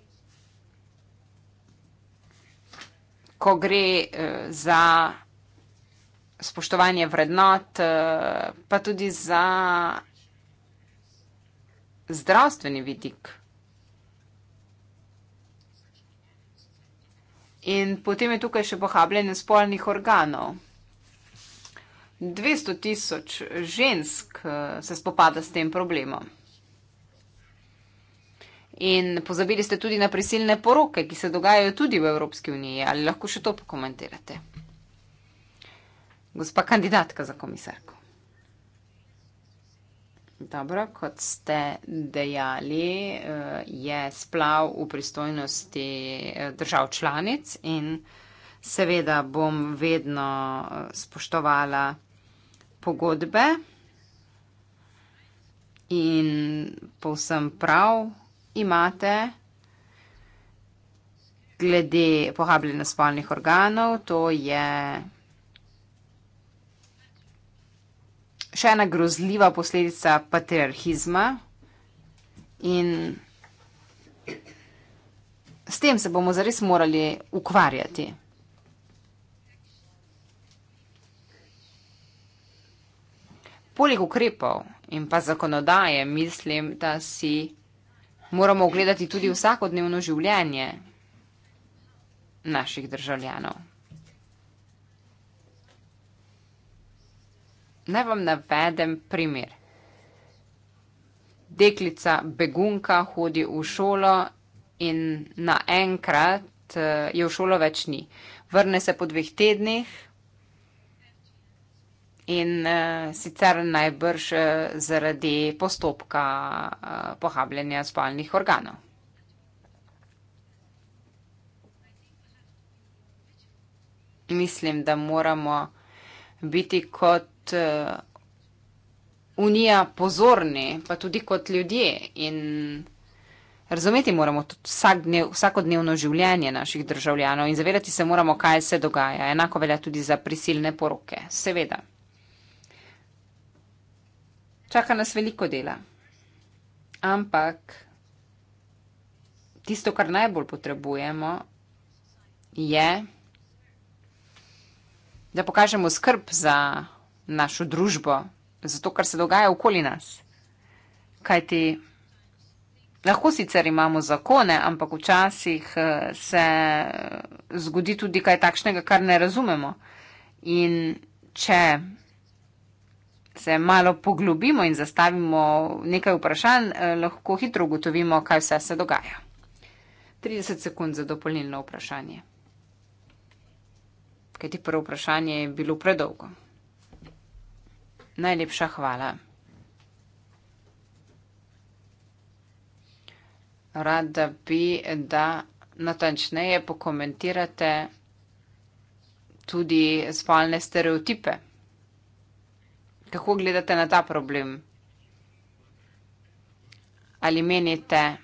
ko gre eh, za spoštovanje vrednot, eh, pa tudi za zdravstveni vidik. In potem je tukaj še pohabljanje spolnih organov. 200 tisoč žensk eh, se spopada s tem problemom. In pozabili ste tudi na prisilne poroke, ki se dogajajo tudi v Evropski uniji. Ali lahko še to pokomentirate? Gospa kandidatka za komisarko. Dobro, kot ste dejali, eh, je splav v pristojnosti eh, držav članic in seveda bom vedno eh, spoštovala pogodbe in povsem prav imate glede pohabljene spolnih organov, to je. še ena grozljiva posledica patriarhizma in s tem se bomo zares morali ukvarjati. Poleg ukrepov in pa zakonodaje mislim, da si moramo ogledati tudi vsakodnevno življenje naših državljanov. Naj vam navedem primer. Deklica begunka hodi v šolo in naenkrat eh, je v šolo več ni. Vrne se po dveh tednih in eh, sicer najbrž eh, zaradi postopka pohabljanja spalnih organov. Mislim, da moramo biti kot kot eh, unija pozorni, pa tudi kot ljudje. In razumeti moramo tudi vsak dnev, vsakodnevno življenje naših državljanov in zavedati se moramo, kaj se dogaja. Enako velja tudi za prisilne poroke. Seveda. Čaka nas veliko dela. Ampak tisto, kar najbolj potrebujemo, je, da pokažemo skrb za našo družbo, zato kar se dogaja okoli nas. Kaj ti lahko sicer imamo zakone, ampak včasih eh, se eh, zgodi tudi kaj takšnega, kar ne razumemo. In če se malo poglobimo in zastavimo nekaj vprašanj, eh, lahko hitro ugotovimo, kaj vse se dogaja. 30 sekund za dopolnilno vprašanje. Kaj ti prvo vprašanje je bilo predolgo? Najlepša hvala. Rada bi, da natančneje pokomentirate tudi spolne stereotipe. Kako gledate na ta problem? Ali menite,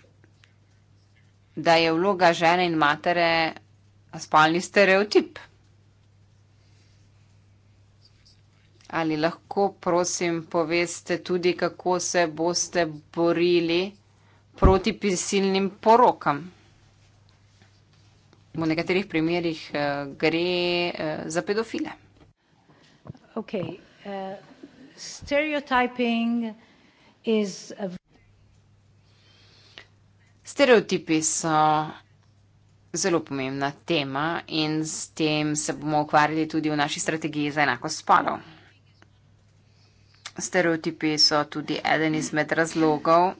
da je vloga žene in matere spolni stereotip? Ali lahko, prosim, poveste tudi, kako se boste borili proti prisilnim porokam? V nekaterih primerjih eh, gre eh, za pedofile. Okay. Uh, Stereotipi so zelo pomembna tema in s tem se bomo ukvarjali tudi v naši strategiji za enakost spolov stereotipi so tudi eden izmed razlogov,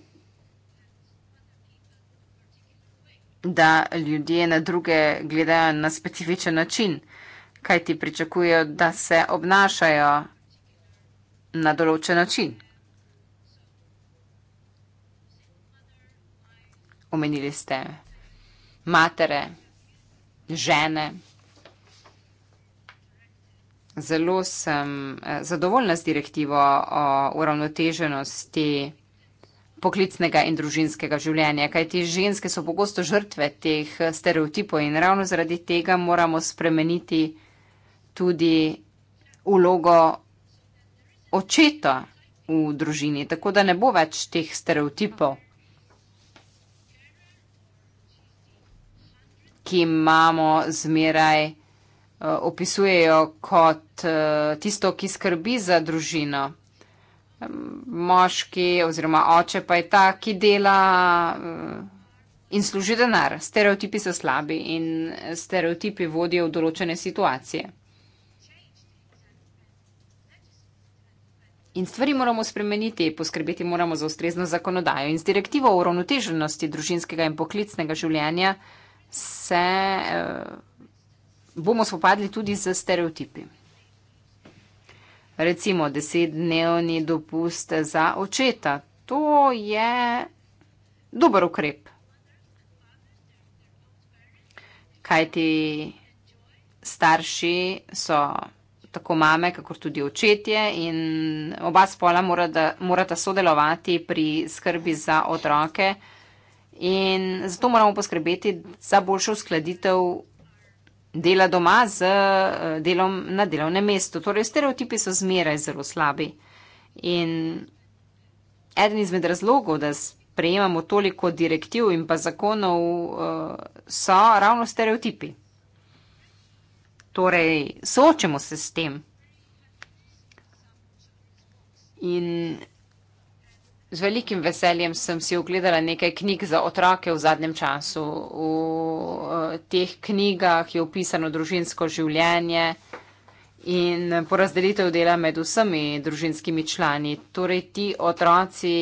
da ljudje na druge gledajo na specifičen način, kaj ti pričakujejo, da se obnašajo na določen način. Omenili ste matere, žene, vse zelo sem eh, zadovoljna z direktivo o uravnoteženosti poklicnega in družinskega življenja, kajti ženske so pogosto žrtve teh eh, stereotipov in ravno zaradi tega moramo spremeniti tudi ulogo očeta v družini, tako da ne bo več teh stereotipov, ki imamo zmeraj. Eh, opisujejo kot eh, tisto, ki skrbi za družino. Moški oziroma oče pa je ta, ki dela eh, in služi denar. Stereotipi so slabi in stereotipi vodijo v določene situacije. In stvari moramo spremeniti, poskrbeti moramo za ustrezno zakonodajo. In z direktivo o uravnoteženosti družinskega in poklicnega življenja se. Uh, bomo spopadli tudi z stereotipi. Recimo desetdnevni dopust za očeta. To je dober ukrep. Kaj ti starši so tako mame, kakor tudi očetje in oba spola morata, morata sodelovati pri skrbi za otroke in zato moramo poskrbeti za boljšo skladitev dela doma z eh, delom na delovnem mestu. Torej, stereotipi so zmeraj zelo slabi. In eden izmed razlogov, da sprejemamo toliko direktiv in pa zakonov, eh, so ravno stereotipi. Torej, soočamo se s tem. In Z velikim veseljem sem si ogledala nekaj knjig za otroke v zadnjem času. V eh, teh knjigah je opisano družinsko življenje in porazdelitev dela med vsemi družinskimi člani. Torej, ti otroci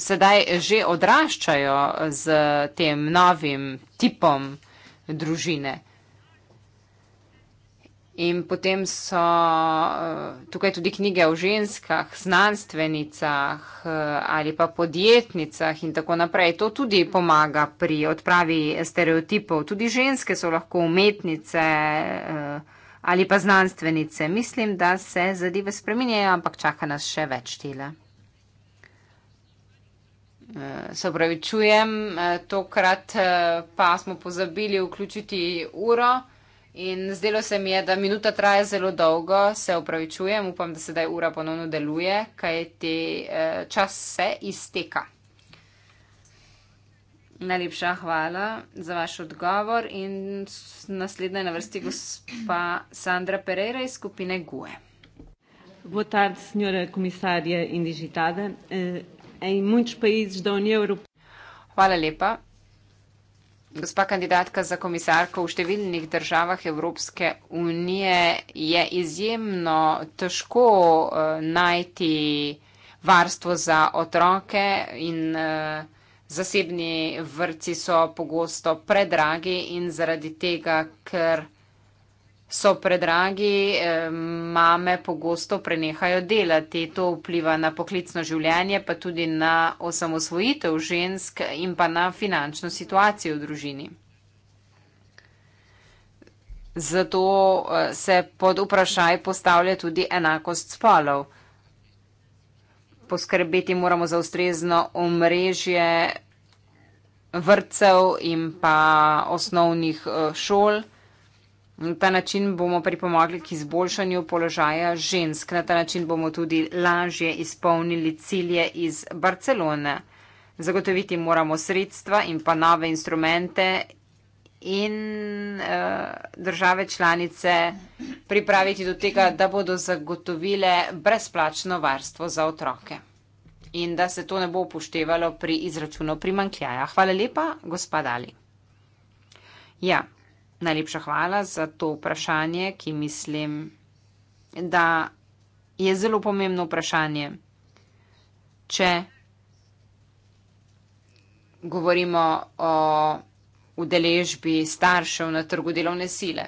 sedaj že odraščajo z tem novim tipom družine. In potem so eh, tukaj tudi knjige o ženskah, znanstvenicah eh, ali pa podjetnicah in tako naprej. To tudi pomaga pri odpravi stereotipov. Tudi ženske so lahko umetnice eh, ali pa znanstvenice. Mislim, da se zadeve spreminjajo, ampak čaka nas še več tile. Se upravičujem, tokrat pa smo pozabili vključiti uro. In zdelo se mi je, da minuta traja zelo dolgo, se upravičujem, upam, da sedaj ura ponovno deluje, kaj ti eh, čas se izteka. Najlepša hvala za vaš odgovor in naslednja je na vrsti gospa Sandra Pereira iz skupine GUE. Eh, hvala lepa. Gospa kandidatka za komisarko v številnih državah Evropske unije je izjemno težko eh, najti varstvo za otroke in eh, zasebni vrci so pogosto predragi in zaradi tega, ker so predragi, eh, mame pogosto prenehajo delati. To vpliva na poklicno življenje, pa tudi na osamosvojitev žensk in pa na finančno situacijo v družini. Zato eh, se pod vprašaj postavlja tudi enakost spolov. Poskrbeti moramo za ustrezno omrežje vrtcev in pa osnovnih eh, šol. Na ta način bomo pripomogli k izboljšanju položaja žensk. Na ta način bomo tudi lažje izpolnili cilje iz Barcelone. Zagotoviti moramo sredstva in pa nove instrumente in uh, države članice pripraviti do tega, da bodo zagotovile brezplačno varstvo za otroke in da se to ne bo upoštevalo pri izračunu primankljaja. Hvala lepa, gospodali. Ja, Najlepša hvala za to vprašanje, ki mislim, da je zelo pomembno vprašanje. Če govorimo o udeležbi staršev na trgu delovne sile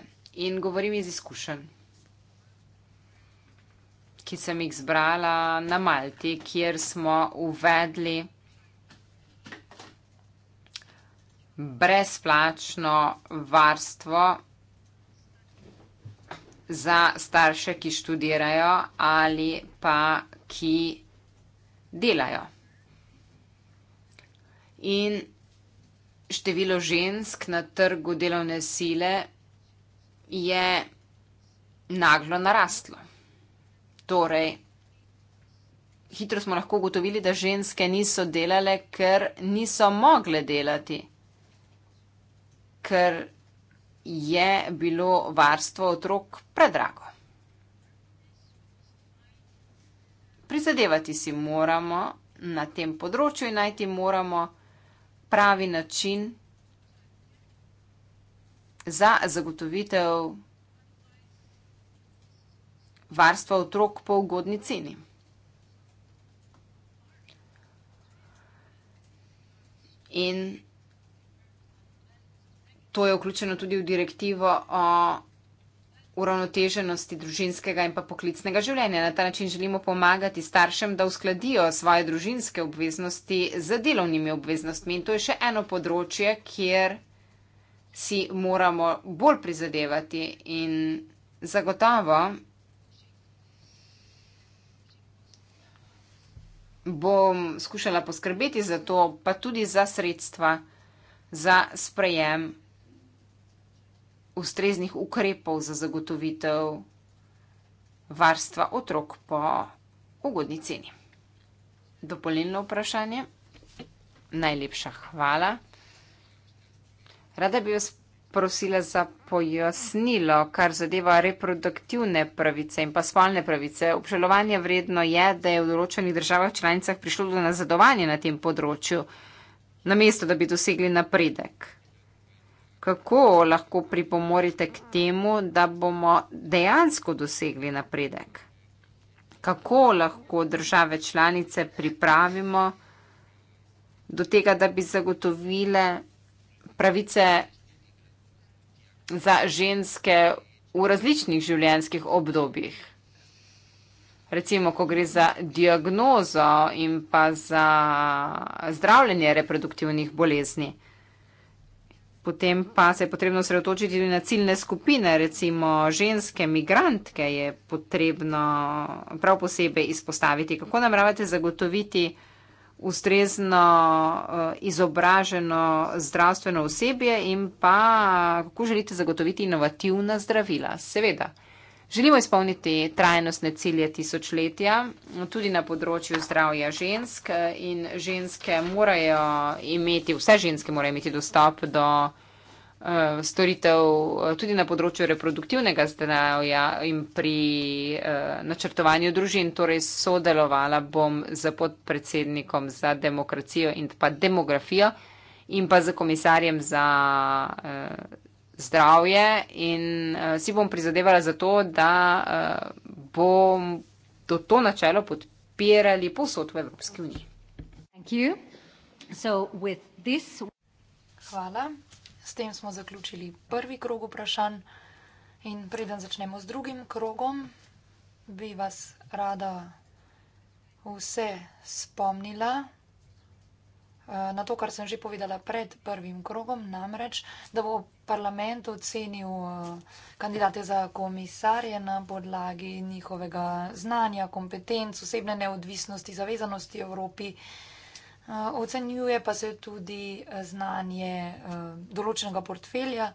in govorim iz izkušenj, ki sem jih zbrala na Malti, kjer smo uvedli brezplačno varstvo za starše, ki študirajo ali pa ki delajo. In število žensk na trgu delovne sile je naglo narastlo. Torej, hitro smo lahko ugotovili, da ženske niso delale, ker niso mogle delati ker je bilo varstvo otrok predrago. Prizadevati si moramo na tem področju in najti moramo pravi način za zagotovitev varstva otrok po ugodni ceni. In to je vključeno tudi v direktivo o uravnoteženosti družinskega in pa poklicnega življenja. Na ta način želimo pomagati staršem, da uskladijo svoje družinske obveznosti z delovnimi obveznostmi. In to je še eno področje, kjer si moramo bolj prizadevati in zagotovo bom skušala poskrbeti za to, pa tudi za sredstva za sprejem ustreznih ukrepov za zagotovitev varstva otrok po ugodni ceni. Dopolnilno vprašanje. Najlepša hvala. Rada bi vas prosila za pojasnilo, kar zadeva reproduktivne pravice in pa spolne pravice. Obžalovanje vredno je, da je v določenih državah članicah prišlo do nazadovanja na tem področju, namesto da bi dosegli napredek kako lahko pripomorite k temu, da bomo dejansko dosegli napredek? Kako lahko države članice pripravimo do tega, da bi zagotovile pravice za ženske v različnih življenjskih obdobjih? Recimo, ko gre za diagnozo in pa za zdravljenje reproduktivnih bolezni. Potem pa se je potrebno sredotočiti tudi na ciljne skupine, recimo ženske, migrantke je potrebno prav posebej izpostaviti. Kako namravate zagotoviti ustrezno eh, izobraženo zdravstveno osebje in pa kako želite zagotoviti inovativna zdravila? Seveda. Želimo izpolniti trajnostne cilje tisočletja tudi na področju zdravja žensk eh, in ženske morajo imeti, vse ženske morajo imeti dostop do eh, storitev eh, tudi na področju reproduktivnega zdravja in pri načrtovanju družin. Torej sodelovala bom z podpredsednikom za demokracijo in pa demografijo in pa z komisarjem za zdravje in uh, si bom prizadevala za to, da uh, bom to, to načelo podpirali posod v Evropski uniji. This... Hvala. S tem smo zaključili prvi krog vprašanj in preden začnemo z drugim krogom, bi vas rada vse spomnila. Eh, na to, kar sem že povedala pred prvim krogom, namreč, da bo parlament ocenil eh, kandidate za komisarje na podlagi njihovega znanja, kompetenc, osebne neodvisnosti, zavezanosti Evropi. Eh, ocenjuje pa se tudi eh, znanje določenega portfelja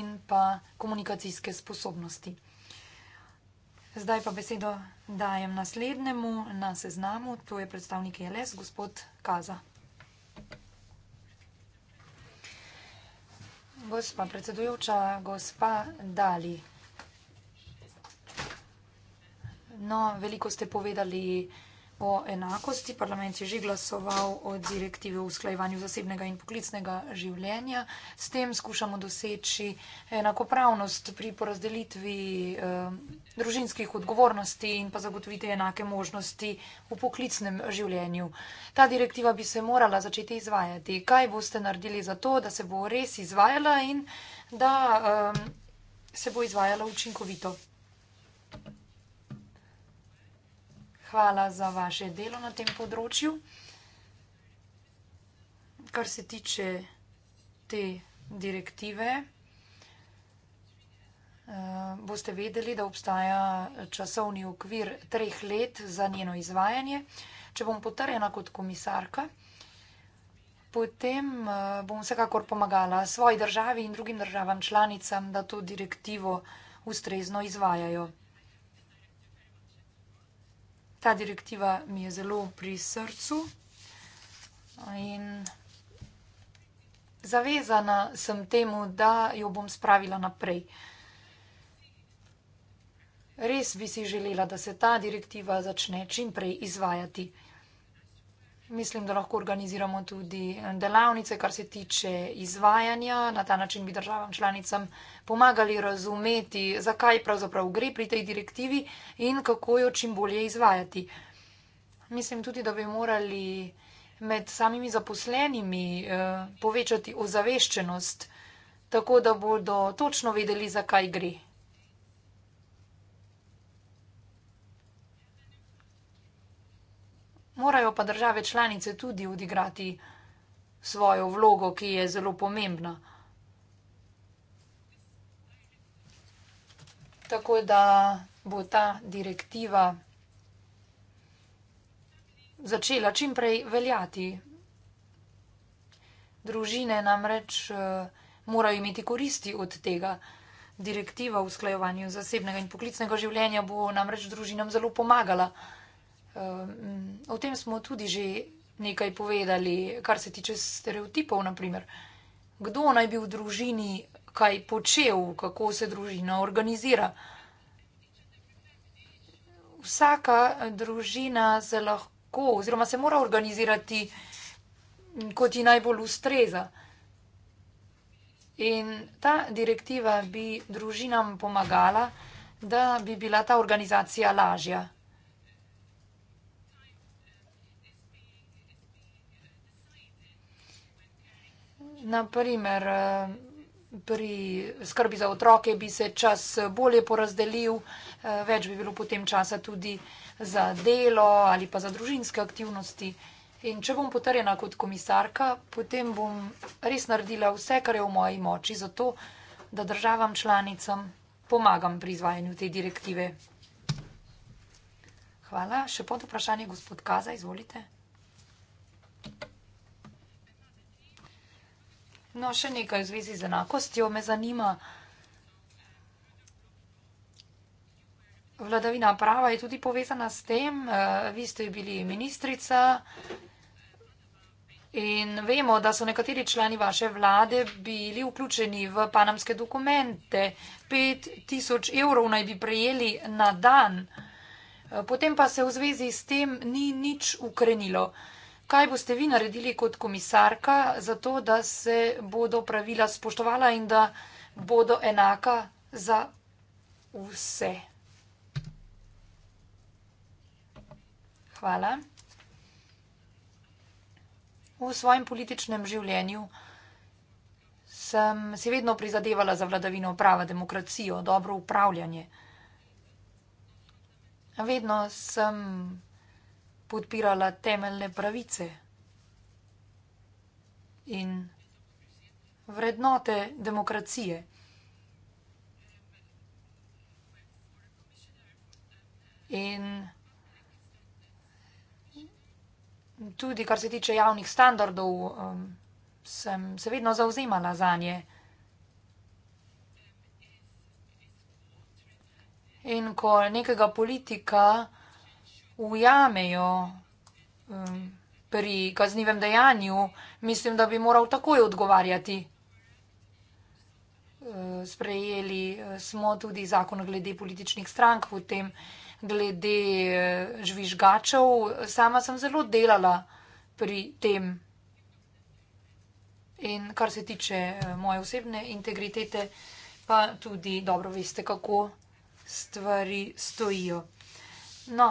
in pa komunikacijske sposobnosti. Zdaj pa besedo dajem naslednjemu na seznamu, to je predstavnik LS, gospod Kaza. Gospa predsedujoča, gospa Dali. No, veliko ste povedali o enakosti. Parlament je že glasoval o direktivi o usklajevanju zasebnega in poklicnega življenja. S tem skušamo doseči enakopravnost pri porazdelitvi eh, družinskih odgovornosti in pa zagotoviti enake možnosti v poklicnem življenju. Ta direktiva bi se morala začeti izvajati. Kaj boste naredili za to, da se bo res izvajala in da eh, se bo izvajala učinkovito? Thank you hvala za vaše delo na tem področju. Kar se tiče te direktive, eh, boste vedeli, da obstaja časovni okvir treh let za njeno izvajanje. Če bom potrjena kot komisarka, potem eh, bom vsekakor pomagala svoji državi in drugim državam članicam, da to direktivo ustrezno izvajajo ta direktiva mi je zelo pri srcu in zavezana sem temu, da jo bom spravila naprej. Res bi si želela, da se ta direktiva začne čim prej izvajati. Mislim, da lahko organiziramo tudi eh, delavnice, kar se tiče izvajanja. Na ta način bi državam članicam pomagali razumeti, zakaj pravzaprav gre pri tej direktivi in kako jo čim bolje izvajati. Mislim tudi, da bi morali med samimi zaposlenimi eh, povečati ozaveščenost, tako da bodo točno vedeli, zakaj gre. morajo pa države članice tudi odigrati svojo vlogo, ki je zelo pomembna. Tako da bo ta direktiva začela čimprej veljati. Družine namreč eh, morajo imeti koristi od tega. Direktiva o usklajevanju zasebnega in poklicnega življenja bo namreč družinam zelo pomagala. Ehm, o tem smo tudi že nekaj povedali, kar se tiče stereotipov, naprimer. Kdo naj bi v družini kaj počel, kako se družina organizira? Vsaka družina se lahko oziroma se mora organizirati, kot ji najbolj ustreza. In ta direktiva bi družinam pomagala, da bi bila ta organizacija lažja. Naprimer, eh, pri skrbi za otroke bi se čas bolje porazdelil, eh, več bi bilo potem časa tudi za delo ali pa za družinske aktivnosti. In če bom potrjena kot komisarka, potem bom res naredila vse, kar je v moji moči, zato da državam članicam pomagam pri izvajanju te direktive. Hvala. Še pod vprašanje, gospod Kaza, izvolite. Thank you. No, še nekaj v zvezi z enakostjo me zanima. Vladavina prava je tudi povezana s tem, eh, vi ste bili ministrica in vemo, da so nekateri člani vaše vlade bili vključeni v panamske dokumente. 5000 evrov naj bi prejeli na dan, eh, potem pa se v zvezi s tem ni nič ukrenilo. Kaj boste vi naredili kot komisarka za to, da se bodo pravila spoštovala in da bodo enaka za vse? Hvala. V svojem političnem življenju sem si vedno prizadevala za vladavino prava, demokracijo, dobro upravljanje. Vedno sem podpirala temeljne pravice in vrednote demokracije. In tudi, kar se tiče javnih standardov, um, sem se vedno zauzemala za nje. In ko nekega politika vsega, ujamejo um, pri kaznivem dejanju, mislim, da bi moral takoj odgovarjati. Uh, sprejeli uh, smo tudi zakon glede političnih strank, potem glede uh, žvižgačev. Sama sem zelo delala pri tem. In kar se tiče moje osebne integritete, pa tudi dobro veste, kako stvari stojijo. No,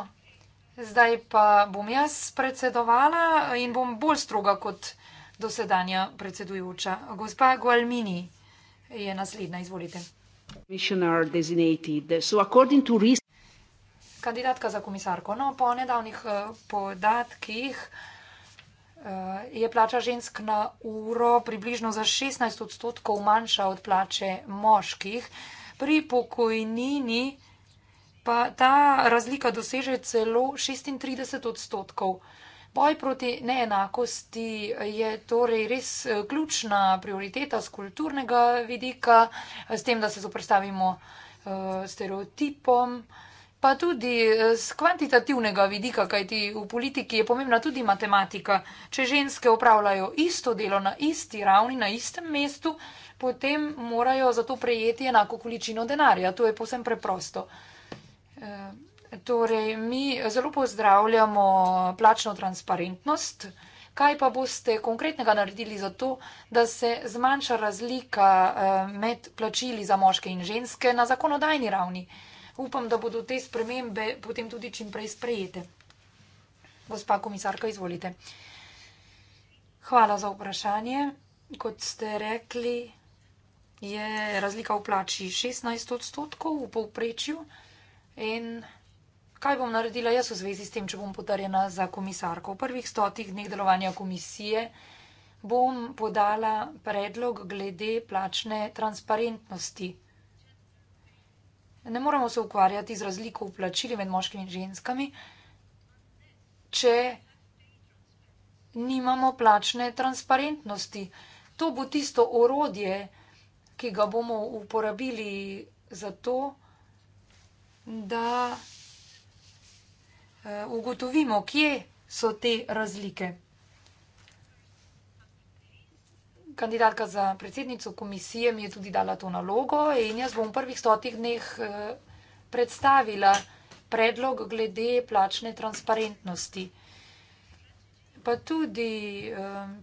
Zdaj pa bom jaz predsedovala in bom bolj stroga kot dosedanja predsedujoča. Gospa Gualmini je naslednja, izvolite. Kandidatka za komisarko. No, po nedavnih eh, podatkih eh, je plača žensk na uro približno za 16 odstotkov manjša od plače moških. Pri pokojnini pa ta razlika doseže celo 36 odstotkov. Boj proti neenakosti je torej res eh, ključna prioriteta z kulturnega vidika, eh, s tem, da se zoprstavimo eh, stereotipom, pa tudi z kvantitativnega vidika, kajti v politiki je pomembna tudi matematika. Če ženske opravljajo isto delo na isti ravni, na istem mestu, potem morajo za to prejeti enako količino denarja. To je posebno preprosto. Torej, mi zelo pozdravljamo plačno transparentnost. Kaj pa boste konkretnega naredili za to, da se zmanjša razlika eh, med plačili za moške in ženske na zakonodajni ravni? Upam, da bodo te spremembe potem tudi čim prej sprejete. Gospa komisarka, izvolite. Hvala za vprašanje. Kot ste rekli, je razlika v plači 16 odstotkov v povprečju. In kaj bom naredila jaz v zvezi s tem, če bom potrjena za komisarko? V prvih stotih dneh delovanja komisije bom podala predlog glede plačne transparentnosti. Ne moramo se ukvarjati z razliko v plačili med moškimi in ženskami, če nimamo plačne transparentnosti. To bo tisto orodje, ki ga bomo uporabili za to, da bomo da eh, ugotovimo, kje so te razlike. Kandidatka za predsednico komisije mi je tudi dala to nalogo in jaz bom v prvih stotih dneh eh, predstavila predlog glede plačne transparentnosti. Pa tudi eh,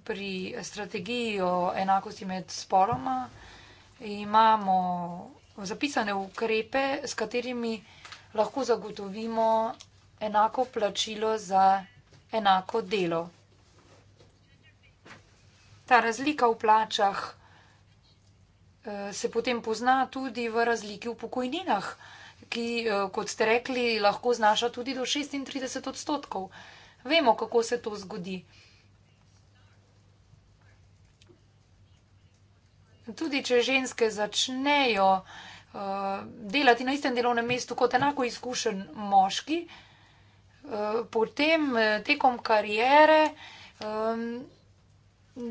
pri strategiji o enakosti med spoloma imamo vsega, zapisane ukrepe, s katerimi lahko zagotovimo enako plačilo za enako delo. Ta razlika v plačah eh, se potem pozna tudi v razliki v pokojninah, ki, eh, kot ste rekli, lahko znaša tudi do 36 odstotkov. Vemo, kako se to zgodi. Tudi, če ženske začnejo uh, Eh, delati na istem delovnem mestu kot enako izkušen moški, eh, potem eh, tekom karijere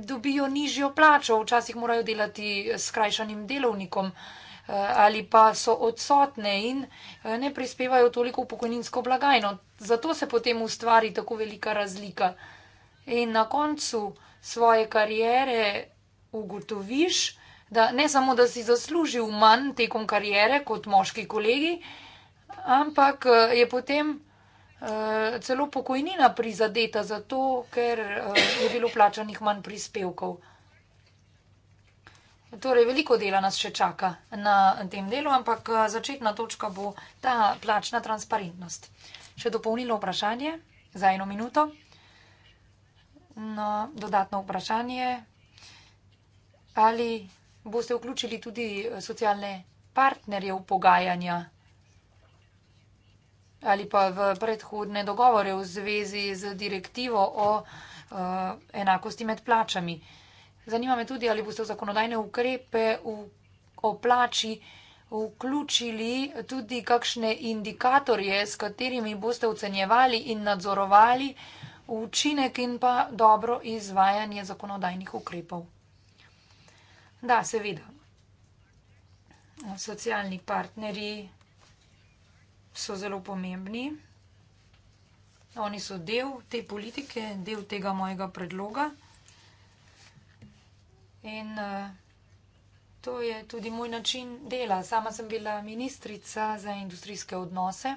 dobijo nižjo plačo, včasih morajo delati s krajšanim delovnikom ali pa so odsotne in ne prispevajo toliko v pokojninsko blagajno. Zato se potem ustvari tako velika razlika. In na koncu svoje karijere ugotoviš, da da ne samo, da si zaslužil manj tekom karijere kot moški kolegi, ampak eh, je potem uh, celo pokojnina prizadeta zato, ker uh, je bilo plačanih manj prispevkov. Torej, veliko dela nas še čaka na tem delu, ampak začetna točka bo ta plačna transparentnost. Še dopolnilo vprašanje za eno minuto. No, dodatno vprašanje. Ali boste vključili tudi eh, socialne partnerje v pogajanja ali pa v predhodne dogovore v zvezi z direktivo o uh, enakosti med plačami. Zanima me tudi, ali boste v zakonodajne ukrepe v, o plači vključili tudi kakšne indikatorje, s katerimi boste ocenjevali in nadzorovali učinek in pa dobro izvajanje zakonodajnih ukrepov. Da, seveda. Socialni partnerji so zelo pomembni. Oni so del te politike, del tega mojega predloga. In eh, to je tudi moj način dela. Sama sem bila ministrica za industrijske odnose,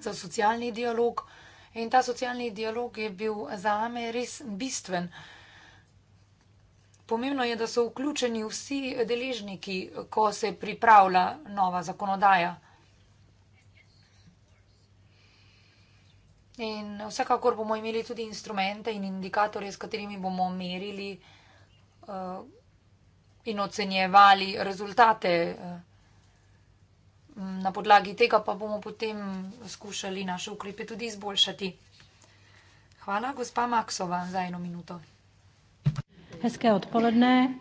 za socialni dialog. In ta socialni dialog je bil zame res bistven. Pomembno je, da so vključeni vsi deležniki, ko se pripravlja nova zakonodaja. In vsekakor bomo imeli tudi instrumente in indikatorje, s katerimi bomo merili eh, in ocenjevali rezultate. Eh, na podlagi tega pa bomo potem skušali naše ukrepe tudi izboljšati. Hvala, gospa Maksova, za eno minuto. Hezké odpoledne.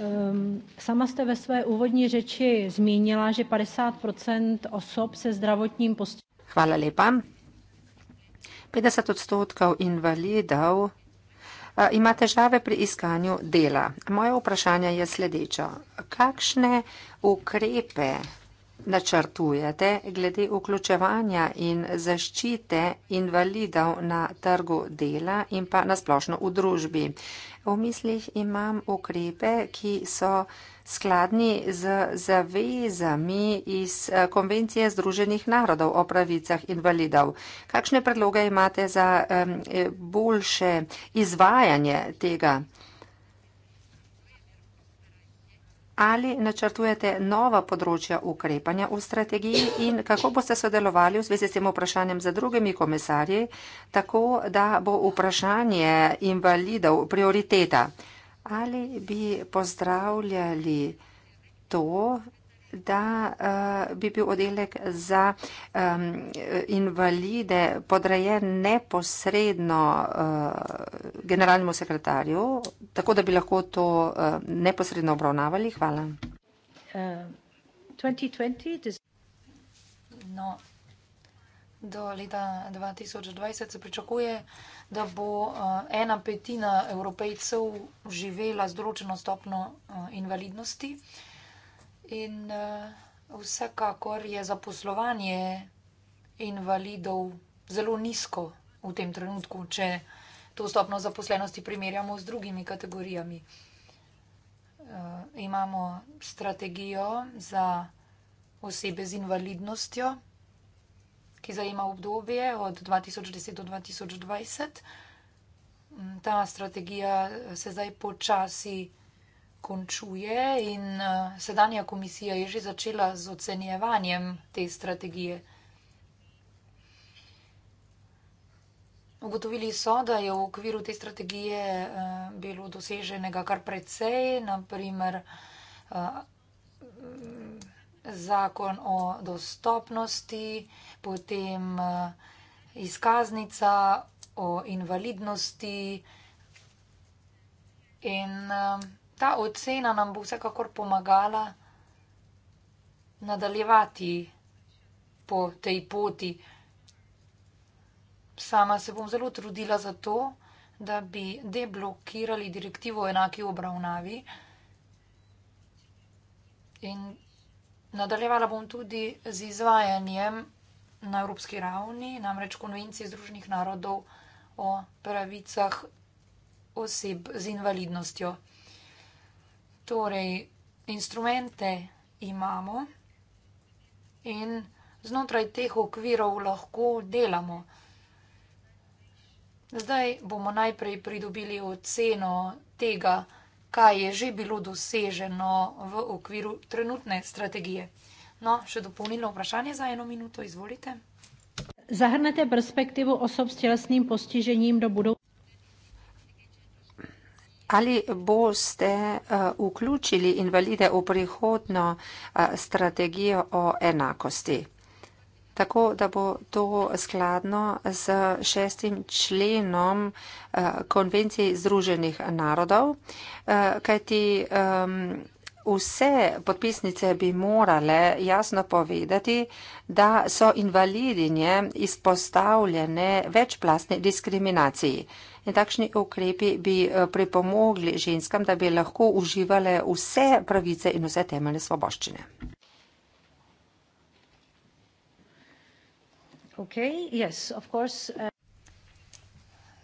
Ehm, sama jste ve své úvodní řeči zmínila, že 50% osob se zdravotním postižením. Hvala lepa. 50 odstotkov invalidov eh, ima težave pri iskanju dela. Moje vprašanje je sledeče. Kakšne ukrepe načrtujete glede vključevanja in zaščite invalidov na trgu dela in pa nasplošno v družbi? V mislih imam ukrepe, ki so skladni z zavezami iz eh, Konvencije Združenih narodov o pravicah invalidov. Kakšne predloge imate za eh, boljše izvajanje tega? Ali načrtujete nova področja ukrepanja v strategiji in kako boste sodelovali v zvezi s tem vprašanjem z drugimi komisarji, tako da bo vprašanje invalidov prioriteta? Ali bi pozdravljali to, da uh, bi bil oddelek za um, invalide podrejen neposredno uh, generalnemu sekretarju, tako da bi lahko to uh, neposredno obravnavali. Hvala. Uh, no, do leta 2020 se pričakuje, da bo uh, ena petina evropejcev živela z določeno stopno uh, invalidnosti. Uh, in eh, vsekakor je zaposlovanje invalidov zelo nizko v tem trenutku, če to stopno zaposlenosti primerjamo z drugimi kategorijami. Eh, imamo strategijo za osebe z invalidnostjo, ki zajema obdobje od 2010 do 2020. Mm, ta strategija eh, se zdaj počasi končuje in eh, sedanja komisija je že začela z ocenjevanjem te strategije. Ugotovili so, da je v okviru te strategije eh, bilo doseženega kar precej, naprimer eh, zakon o dostopnosti, potem izkaznica o invalidnosti in ta ocena nam bo vsekakor pomagala nadaljevati po tej poti. Sama se bom zelo trudila za to, da bi deblokirali direktivo o enaki obravnavi in nadaljevala bom tudi z izvajanjem na evropski ravni, namreč konvencije Združenih narodov o pravicah oseb z invalidnostjo. Torej, instrumente imamo in znotraj teh okvirov lahko delamo. Zdaj bomo najprej pridobili oceno tega, kaj je že bilo doseženo v okviru trenutne strategije. No, še dopolnilno vprašanje za eno minuto, izvolite. Zahrnete perspektivo osob s telesnim postiženjem do budov. Ali boste uh, vključili invalide v prihodno uh, eh, strategijo o enakosti? Tako, da bo to skladno z šestim členom eh, konvencije Združenih narodov, kajti vse podpisnice bi morale jasno povedati, da so invalidinje izpostavljene večplastni diskriminaciji in takšni ukrepi bi eh, pripomogli ženskam, da bi lahko uživale vse pravice in vse temeljne svoboščine. Okay, yes, of course. Uh...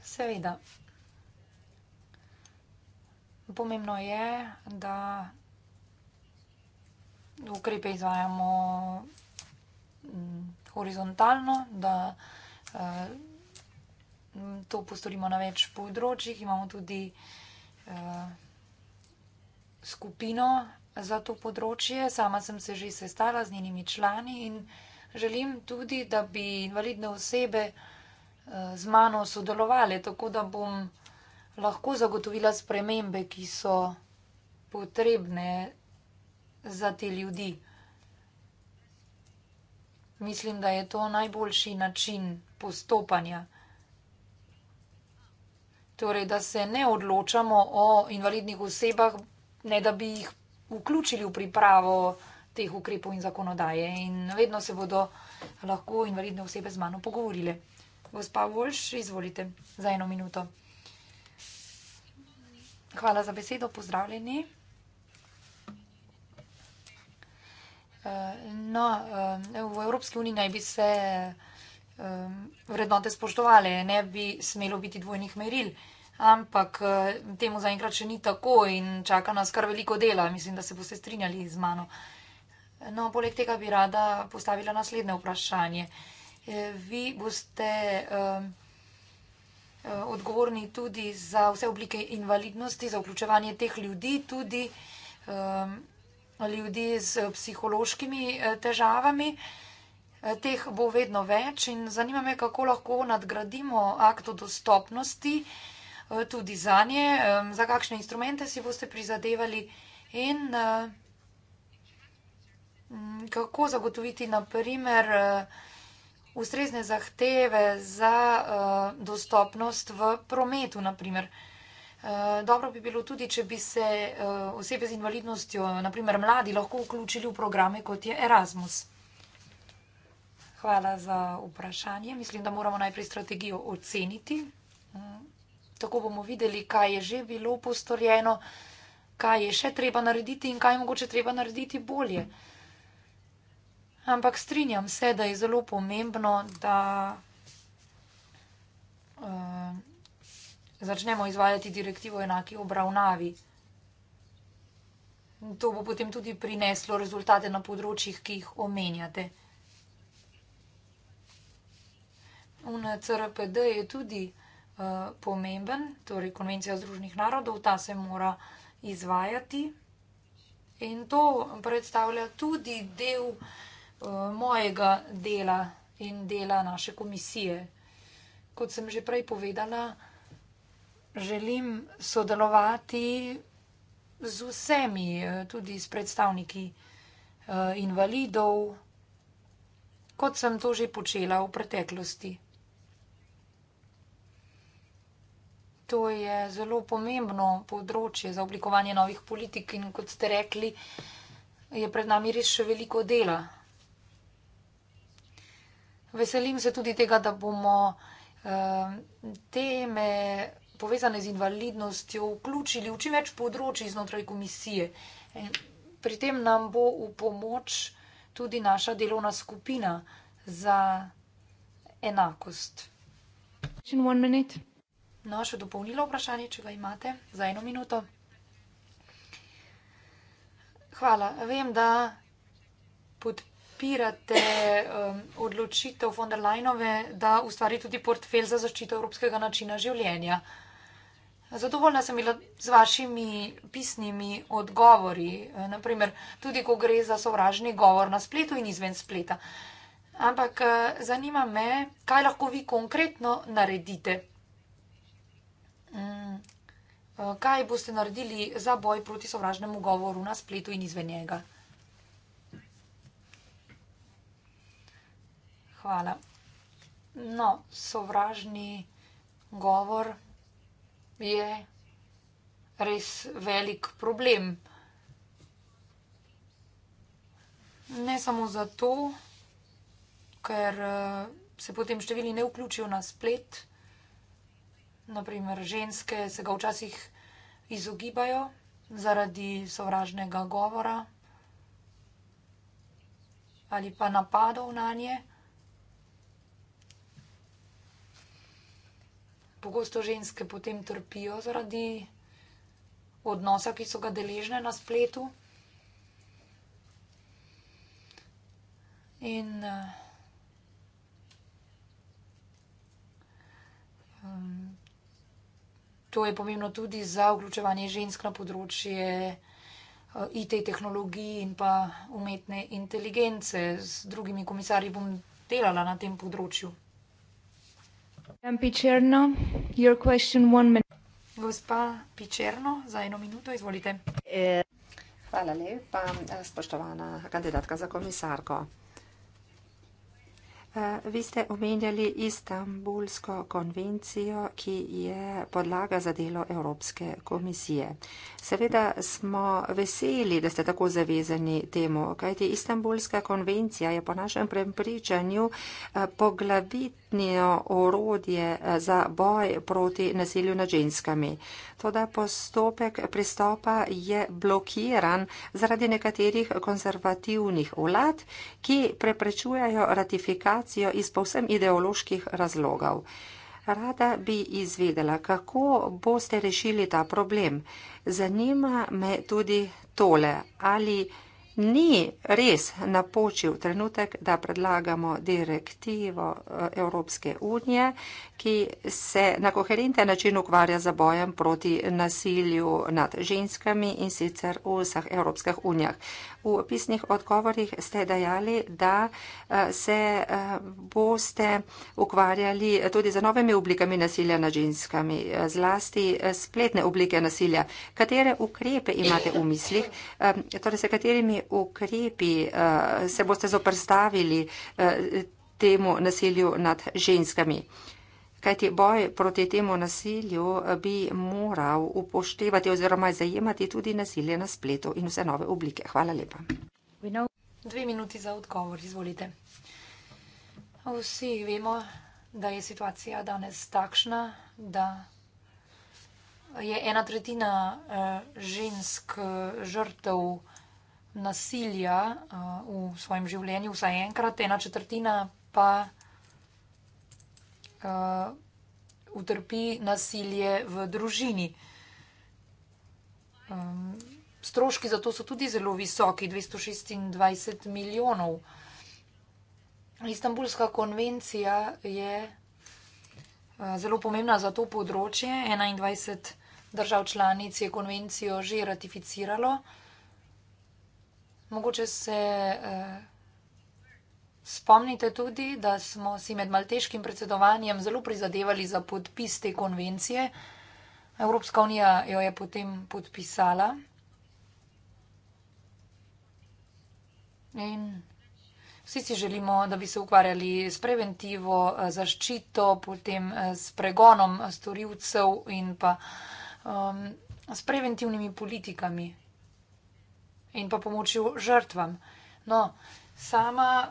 Seveda. Pomembno je, da ukrepe izvajamo mm, horizontalno, da uh, to postorimo na več področjih, imamo tudi uh, skupino za to področje. Sama sem se že sestala z njenimi člani in želim tudi, da bi invalidne osebe uh, z mano sodelovali, tako da bom lahko zagotovila spremembe, ki so potrebne za te ljudi. Mislim, da je to najboljši način postopanja torej, da se ne odločamo o invalidnih osebah, ne da bi jih vključili v pripravo teh ukrepov in zakonodaje. In vedno se bodo lahko invalidne osebe z mano pogovorile. Gospa Volš, izvolite za eno minuto. Hvala za besedo, pozdravljeni. Eh, no, eh, v Evropski uniji naj bi se um, vrednote spoštovali, ne bi smelo biti dvojnih meril. Ampak uh, temu zaenkrat še ni tako in čaka nas kar veliko dela. Mislim, da se boste strinjali z mano. No, poleg tega bi rada postavila naslednje vprašanje. Eh, vi boste um, eh, odgovorni tudi za vse oblike invalidnosti, za vključevanje teh ljudi, tudi um, ljudi s psihološkimi eh, težavami. Uh, Eh, teh bo vedno več in zanima me, kako lahko nadgradimo akt o dostopnosti eh, tudi za nje, za kakšne instrumente si boste prizadevali in eh, kako zagotoviti, na primer, ustrezne zahteve za dostopnost v prometu, na primer. Dobro bi bilo tudi, če bi se osebe z invalidnostjo, na primer mladi, lahko vključili v programe, kot je Erasmus. Hvala za vprašanje. Mislim, da moramo najprej strategijo oceniti. Mm. Tako bomo videli, kaj je že bilo postorjeno, kaj je še treba narediti in kaj je mogoče treba narediti bolje. Ampak strinjam se, da je zelo pomembno, da uh, začnemo izvajati direktivo o enaki obravnavi. To bo potem tudi prineslo rezultate na področjih, ki jih omenjate. UNCRPD je tudi uh, pomemben, torej Konvencija Združenih narodov, ta se mora izvajati. In to predstavlja tudi del uh, mojega dela in dela naše komisije. Kot sem že prej povedala, želim sodelovati z vsemi, eh, tudi s predstavniki uh, invalidov, kot sem to že počela v preteklosti. To je zelo pomembno področje za oblikovanje novih politik in kot ste rekli, je pred nami res še veliko dela. Veselim se tudi tega, da bomo eh, teme povezane z invalidnostjo vključili v čim več področji znotraj komisije. Pri tem nam bo v pomoč tudi naša delovna skupina za enakost. In one minute. No, še dopolnilo vprašanje, če ga imate za eno minuto. Hvala. Vem, da podpirate um, odločitev von der Leinove, da ustvari tudi portfel za zaščito evropskega načina življenja. Zadovoljna sem bila z vašimi pisnimi odgovori, eh, naprimer tudi, ko gre za sovražni govor na spletu in izven spleta. Ampak eh, zanima me, kaj lahko vi konkretno naredite Mm. Eh, kaj boste naredili za boj proti sovražnemu govoru na spletu in izven njega? Hvala. No, sovražni govor je res velik problem. Ne samo zato, ker eh, se potem številni ne vključijo na splet, ampak naprimer ženske se ga včasih izogibajo zaradi sovražnega govora ali pa napadov na nje. Pogosto ženske potem trpijo zaradi odnosa, ki so ga deležne na spletu. In um, to je pomembno tudi za vključevanje žensk na področje eh, IT tehnologij in pa umetne inteligence. Z drugimi komisarji bom delala na tem področju. Pičerno, your question, one minute. Gospa Pičerno, za eno minuto, izvolite. Eh, hvala lepa, eh, spoštovana kandidatka za komisarko. Eh, vi ste omenjali Istanbulsko konvencijo, ki je podlaga za delo Evropske komisije. Seveda smo veseli, da ste tako zavezani temu, kajti Istanbulska konvencija je po našem prepričanju eh, poglavitnjo orodje eh, za boj proti nasilju nad ženskami. Toda postopek pristopa je blokiran zaradi nekaterih konservativnih vlad, ki preprečujajo ratifikacijo situacijo iz povsem ideoloških razlogov. Rada bi izvedela, kako boste rešili ta problem. Zanima me tudi tole, ali ni res napočil trenutek, da predlagamo direktivo eh, Evropske unije, ki se na koherente način ukvarja za bojem proti nasilju nad ženskami in sicer v vseh Evropskih unijah. V pisnih odgovorih ste dejali, da eh, se eh, boste ukvarjali tudi za novimi oblikami nasilja nad ženskami, zlasti spletne oblike nasilja. Katere ukrepe imate v mislih, torej se katerimi ukrepi uh, se boste zoprstavili uh, temu nasilju nad ženskami? Kajti boj proti temu nasilju eh, bi moral upoštevati oziroma zajemati tudi nasilje na spletu in vse nove oblike. Hvala lepa. Dve minuti za odgovor, izvolite. Vsi vemo, da je situacija danes takšna, da je ena tretjina žensk žrtev nasilja uh, v svojem življenju, vsaj enkrat, ena četrtina pa uh, utrpi nasilje v družini. Um, stroški za to so tudi zelo visoki, 226 milijonov. Istanbulska konvencija je uh, zelo pomembna za to področje. 21 držav članic je konvencijo že ratificiralo. Mogoče se eh, spomnite tudi, da smo si med malteškim predsedovanjem zelo prizadevali za podpis te konvencije. Evropska unija jo je potem podpisala. In vsi si želimo, da bi se ukvarjali s preventivo, eh, zaščito, potem eh, s pregonom storilcev in pa um, s preventivnimi politikami in pa pomoči žrtvam. No, sama uh,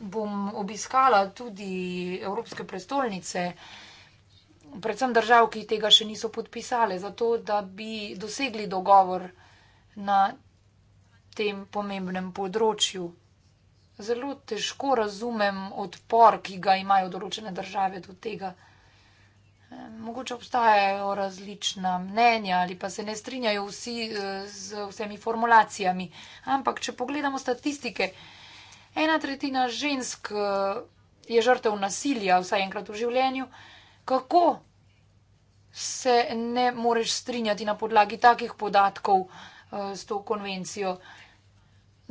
bom obiskala tudi evropske prestolnice, predvsem držav, ki tega še niso podpisale, zato da bi dosegli dogovor na tem pomembnem področju. Zelo težko razumem odpor, ki ga imajo določene države do tega. Mogoče obstajajo različna mnenja ali pa se ne strinjajo vsi eh, z vsemi formulacijami. Ampak, če pogledamo statistike, ena tretjina žensk eh, je žrtev nasilja, vsaj enkrat v življenju. Kako se ne moreš strinjati na podlagi takih podatkov eh, s to konvencijo?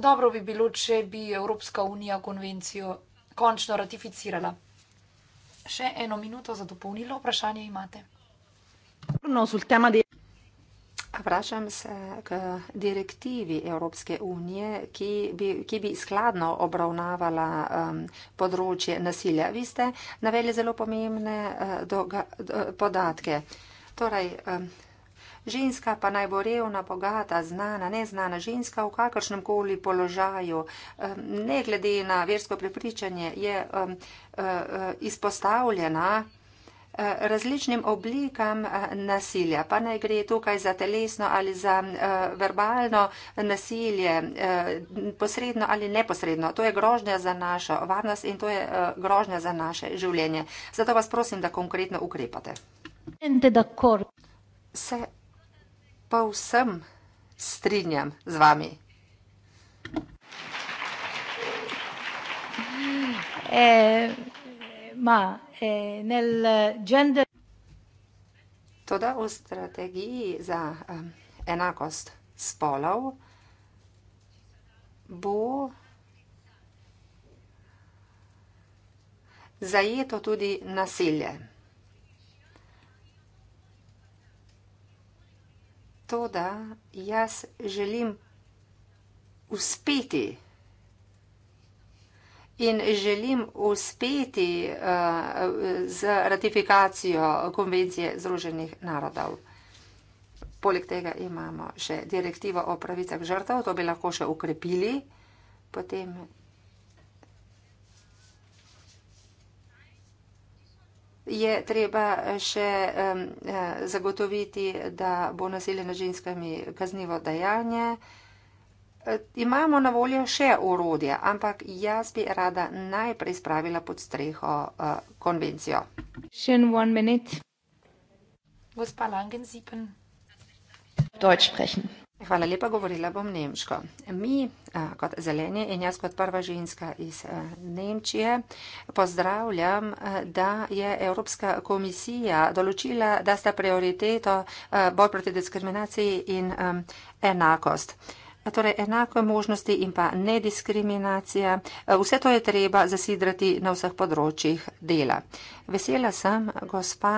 Dobro bi bilo, če bi Evropska unija konvencijo končno ratificirala. Še eno minuto za dopolnilo vprašanje imate. No, Vprašam se k direktivi Evropske unije, ki bi, ki bi skladno obravnavala um, področje nasilja. Vi ste navedli zelo pomembne uh, doga, uh, podatke. Torej, um, ženska pa naj bo revna, bogata, znana, neznana, ženska v kakršnem koli položaju, ne glede na versko prepričanje, je e, e, izpostavljena e, različnim oblikam nasilja, pa naj gre tukaj za telesno ali za verbalno nasilje, posredno ali neposredno. To je grožnja za našo varnost in to je grožnja za naše življenje. Zato vas prosim, da konkretno ukrepate. Se pa vsem strinjam z vami. Eh, ma, eh, nel eh, gender. Toda v strategiji za um, enakost spolov bo zajeto tudi nasilje. to, da jaz želim uspeti in želim uspeti eh, z ratifikacijo konvencije Združenih narodov. Poleg tega imamo še direktivo o pravicah žrtev, to bi lahko še ukrepili, potem je treba še um, zagotoviti, da bo nasilje nad ženskami kaznivo dejanje. E, imamo na voljo še urodje, ampak jaz bi rada najprej spravila pod streho uh, konvencijo. Še en minut. Gospa Langensiepen. Deutsch sprechen. Hvala lepa, govorila bom nemško. Mi eh, kot zeleni in jaz kot prva ženska iz eh, Nemčije pozdravljam, eh, da je Evropska komisija določila, da sta prioriteto boj proti diskriminaciji in enakost. Torej, enako možnosti in pa nediskriminacija, vse to je treba zasidrati na vseh področjih dela. Vesela sem, gospa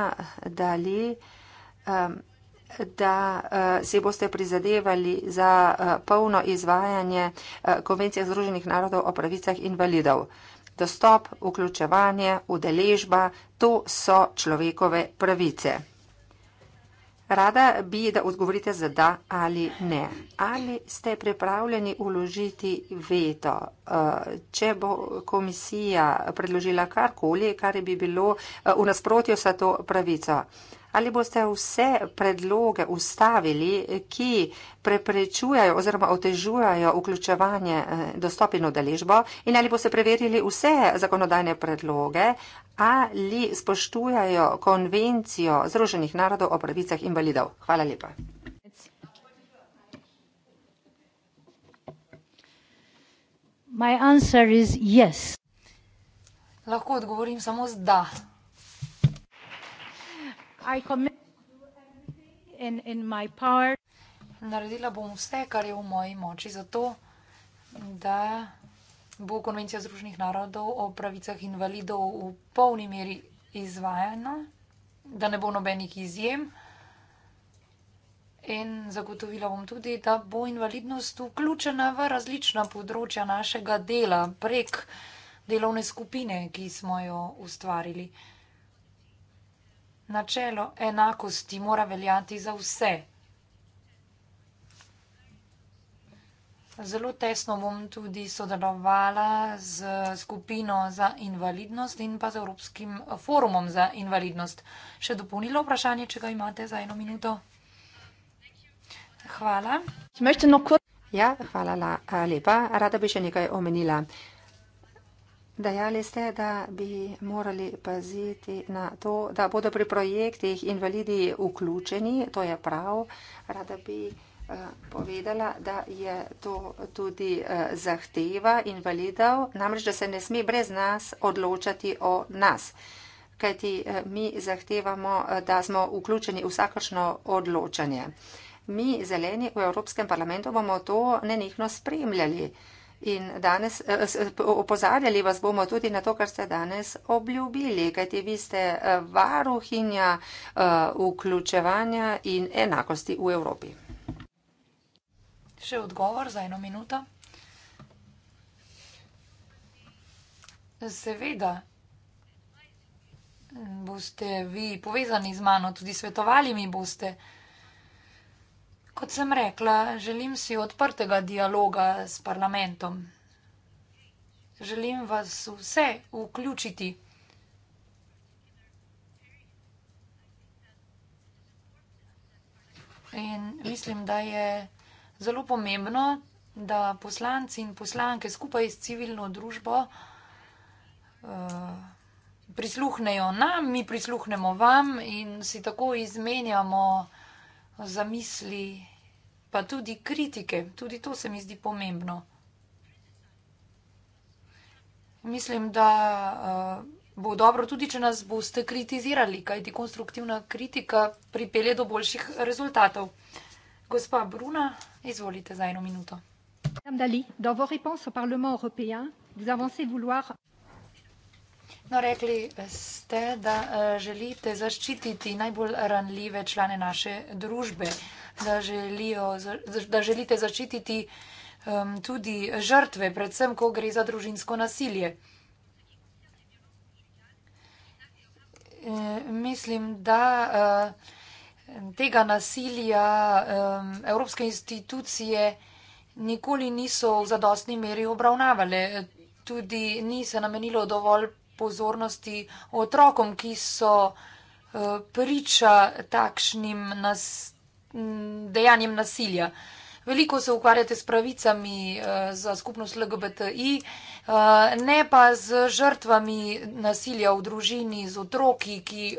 Dali, da eh, si boste prizadevali za eh, polno izvajanje eh, Konvencije Združenih narodov o pravicah invalidov. Dostop, vključevanje, udeležba, to so človekove pravice. Rada bi, da odgovorite za da ali ne. Ali ste pripravljeni uložiti veto, če bo komisija predložila karkoli, kar bi bilo v nasprotju s to pravico? ali boste vse predloge ustavili, ki preprečujajo oziroma otežujajo vključevanje eh, dostop in odeležbo in ali boste preverili vse zakonodajne predloge ali spoštujajo konvencijo Združenih narodov o pravicah invalidov. Hvala lepa. Lahko odgovorim samo z da. I commit to do everything in, in my part. Naredila bom vse, kar je v moji moči, zato da bo Konvencija Združenih narodov o pravicah invalidov v polni meri izvajana, da ne bo nobenih izjem. In zagotovila bom tudi, da bo invalidnost vključena v različna področja našega dela prek delovne skupine, ki smo jo ustvarili. Načelo enakosti mora veljati za vse. Zelo tesno bom tudi sodelovala z skupino za invalidnost in pa z Evropskim forumom za invalidnost. Še dopolnilo vprašanje, če ga imate za eno minuto. Hvala. Ja, hvala lepa. Rada bi še nekaj omenila. Dajali ste, da bi morali paziti na to, da bodo pri projektih invalidi vključeni, to je prav. Rada bi eh, povedala, da je to tudi eh, zahteva invalidov, namreč, da se ne sme brez nas odločati o nas. Kajti eh, mi zahtevamo, da smo vključeni v vsakršno odločanje. Mi, zeleni v Evropskem parlamentu, bomo to nenehno spremljali. In danes eh, eh, opozarjali vas bomo tudi na to, kar ste danes obljubili, kajti vi ste eh, varuhinja vključevanja in enakosti v Evropi. Še odgovor za eno minuto. Seveda boste vi povezani z mano, tudi svetovali mi boste. Kot sem rekla, želim si odprtega dialoga s parlamentom. Želim vas vse vključiti. In mislim, da je zelo pomembno, da poslanci in poslanke skupaj s civilno družbo eh, prisluhnejo nam, mi prisluhnemo vam in si tako izmenjamo zamisli pa tudi kritike, tudi to se mi zdi pomembno. Mislim, da eh, bo dobro tudi, če nas boste kritizirali, kajti konstruktivna kritika pripelje do boljših rezultatov. Gospa Bruna, izvolite za eno minuto. Madame Dali, dans vos réponses au Parlement européen, vous avancez vouloir No, rekli ste, da eh, želite zaščititi najbolj ranljive člane naše družbe, da, želijo, da želite zaščititi um, tudi žrtve, predvsem, ko gre za družinsko nasilje. E, mislim, da e, tega nasilja e, evropske institucije nikoli niso v zadostni meri obravnavale, tudi ni se namenilo dovolj pozornosti otrokom, ki so eh, priča takšnim nas, dejanjem nasilja. Veliko se ukvarjate s pravicami eh, za skupnost LGBTI, eh, ne pa z žrtvami nasilja v družini, z otroki, ki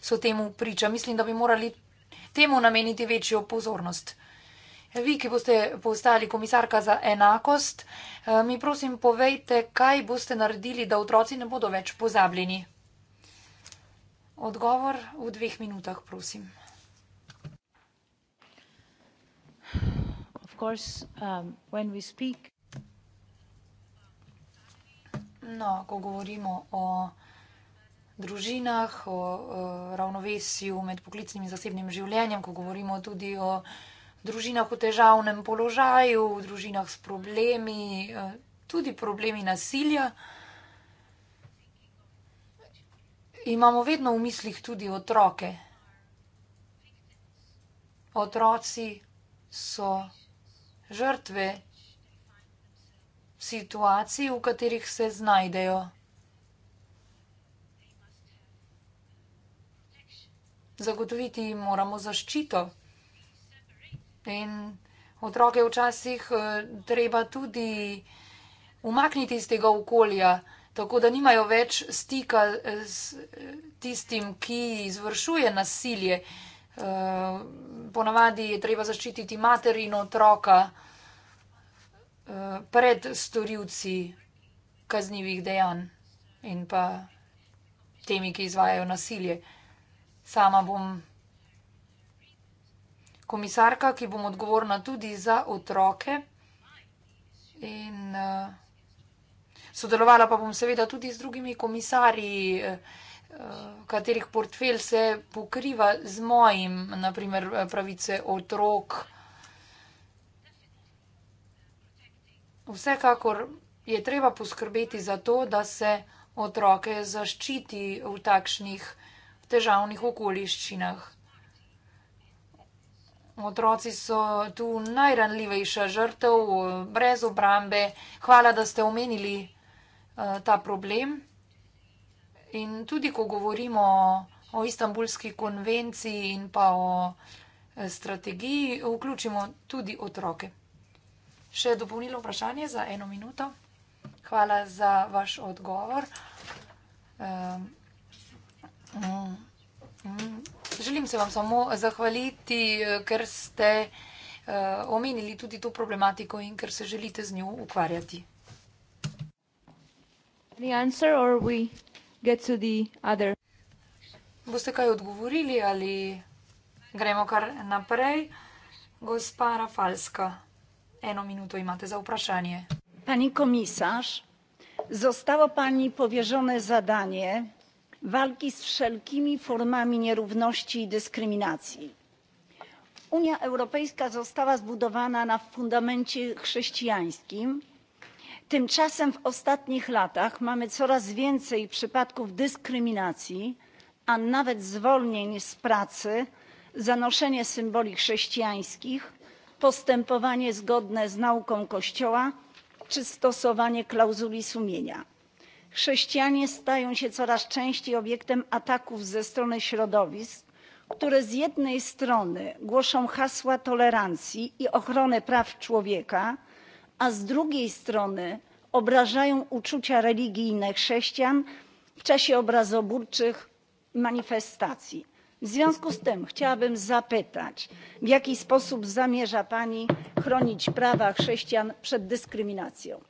so temu priča. Mislim, da bi morali temu nameniti večjo pozornost. Vi, ki boste postali komisarka za enakost, eh, mi prosim povejte, kaj boste naredili, da otroci ne bodo več pozabljeni. Odgovor v dveh minutah, prosim. Course, um, speak... No, ko govorimo o družinah, o, o eh, ravnovesju med poklicnim in zasebnim življenjem, ko govorimo tudi o družinah v težavnem položaju, v družinah s problemi, eh, tudi problemi nasilja. Imamo vedno v mislih tudi otroke. Otroci so žrtve situacij, v katerih se znajdejo. Zagotoviti jim moramo zaščito. In otroke včasih eh, treba tudi umakniti iz tega okolja, tako da nimajo več stika eh, s eh, tistim, ki izvršuje nasilje. Ponavadi je treba zaščititi mater in otroka pred storilci kaznjivih dejanj in pa temi, ki izvajajo nasilje. Sama bom komisarka, ki bom odgovorna tudi za otroke. In eh, sodelovala pa bom seveda tudi z drugimi komisarji, eh, eh, katerih portfel se pokriva z mojim, naprimer pravice otrok. Vsekakor je treba poskrbeti za to, da se otroke zaščiti v takšnih težavnih okoliščinah. Otroci so tu najranljivejša žrtev, eh, brez obrambe. Hvala, da ste omenili eh, ta problem. In tudi, ko govorimo o istambulski konvenciji in pa o eh, strategiji, vključimo tudi otroke. Še dopolnilo vprašanje za eno minuto. Hvala za vaš odgovor. Mm, mm, Želim se vam samo zahvaliti, ker ste uh, omenili tudi to problematiko in ker se želite z njo ukvarjati. Boste kaj odgovorili ali gremo kar naprej? Gospa Rafalska, eno minuto imate za vprašanje. Pani komisarz, zostało pani powierzone zadanie walki z wszelkimi formami nierówności i dyskryminacji. unia europejska została zbudowana na fundamencie chrześcijańskim tymczasem w ostatnich latach mamy coraz więcej przypadków dyskryminacji a nawet zwolnień z pracy za noszenie symboli chrześcijańskich postępowanie zgodne z nauką kościoła czy stosowanie klauzuli sumienia chrześcijanie stają się coraz częściej obiektem ataków ze strony środowisk które z jednej strony głoszą hasła tolerancji i ochrony praw człowieka a z drugiej strony obrażają uczucia religijne chrześcijan w czasie obrazoburczych manifestacji. w związku z tym chciałabym zapytać w jaki sposób zamierza pani chronić prawa chrześcijan przed dyskryminacją?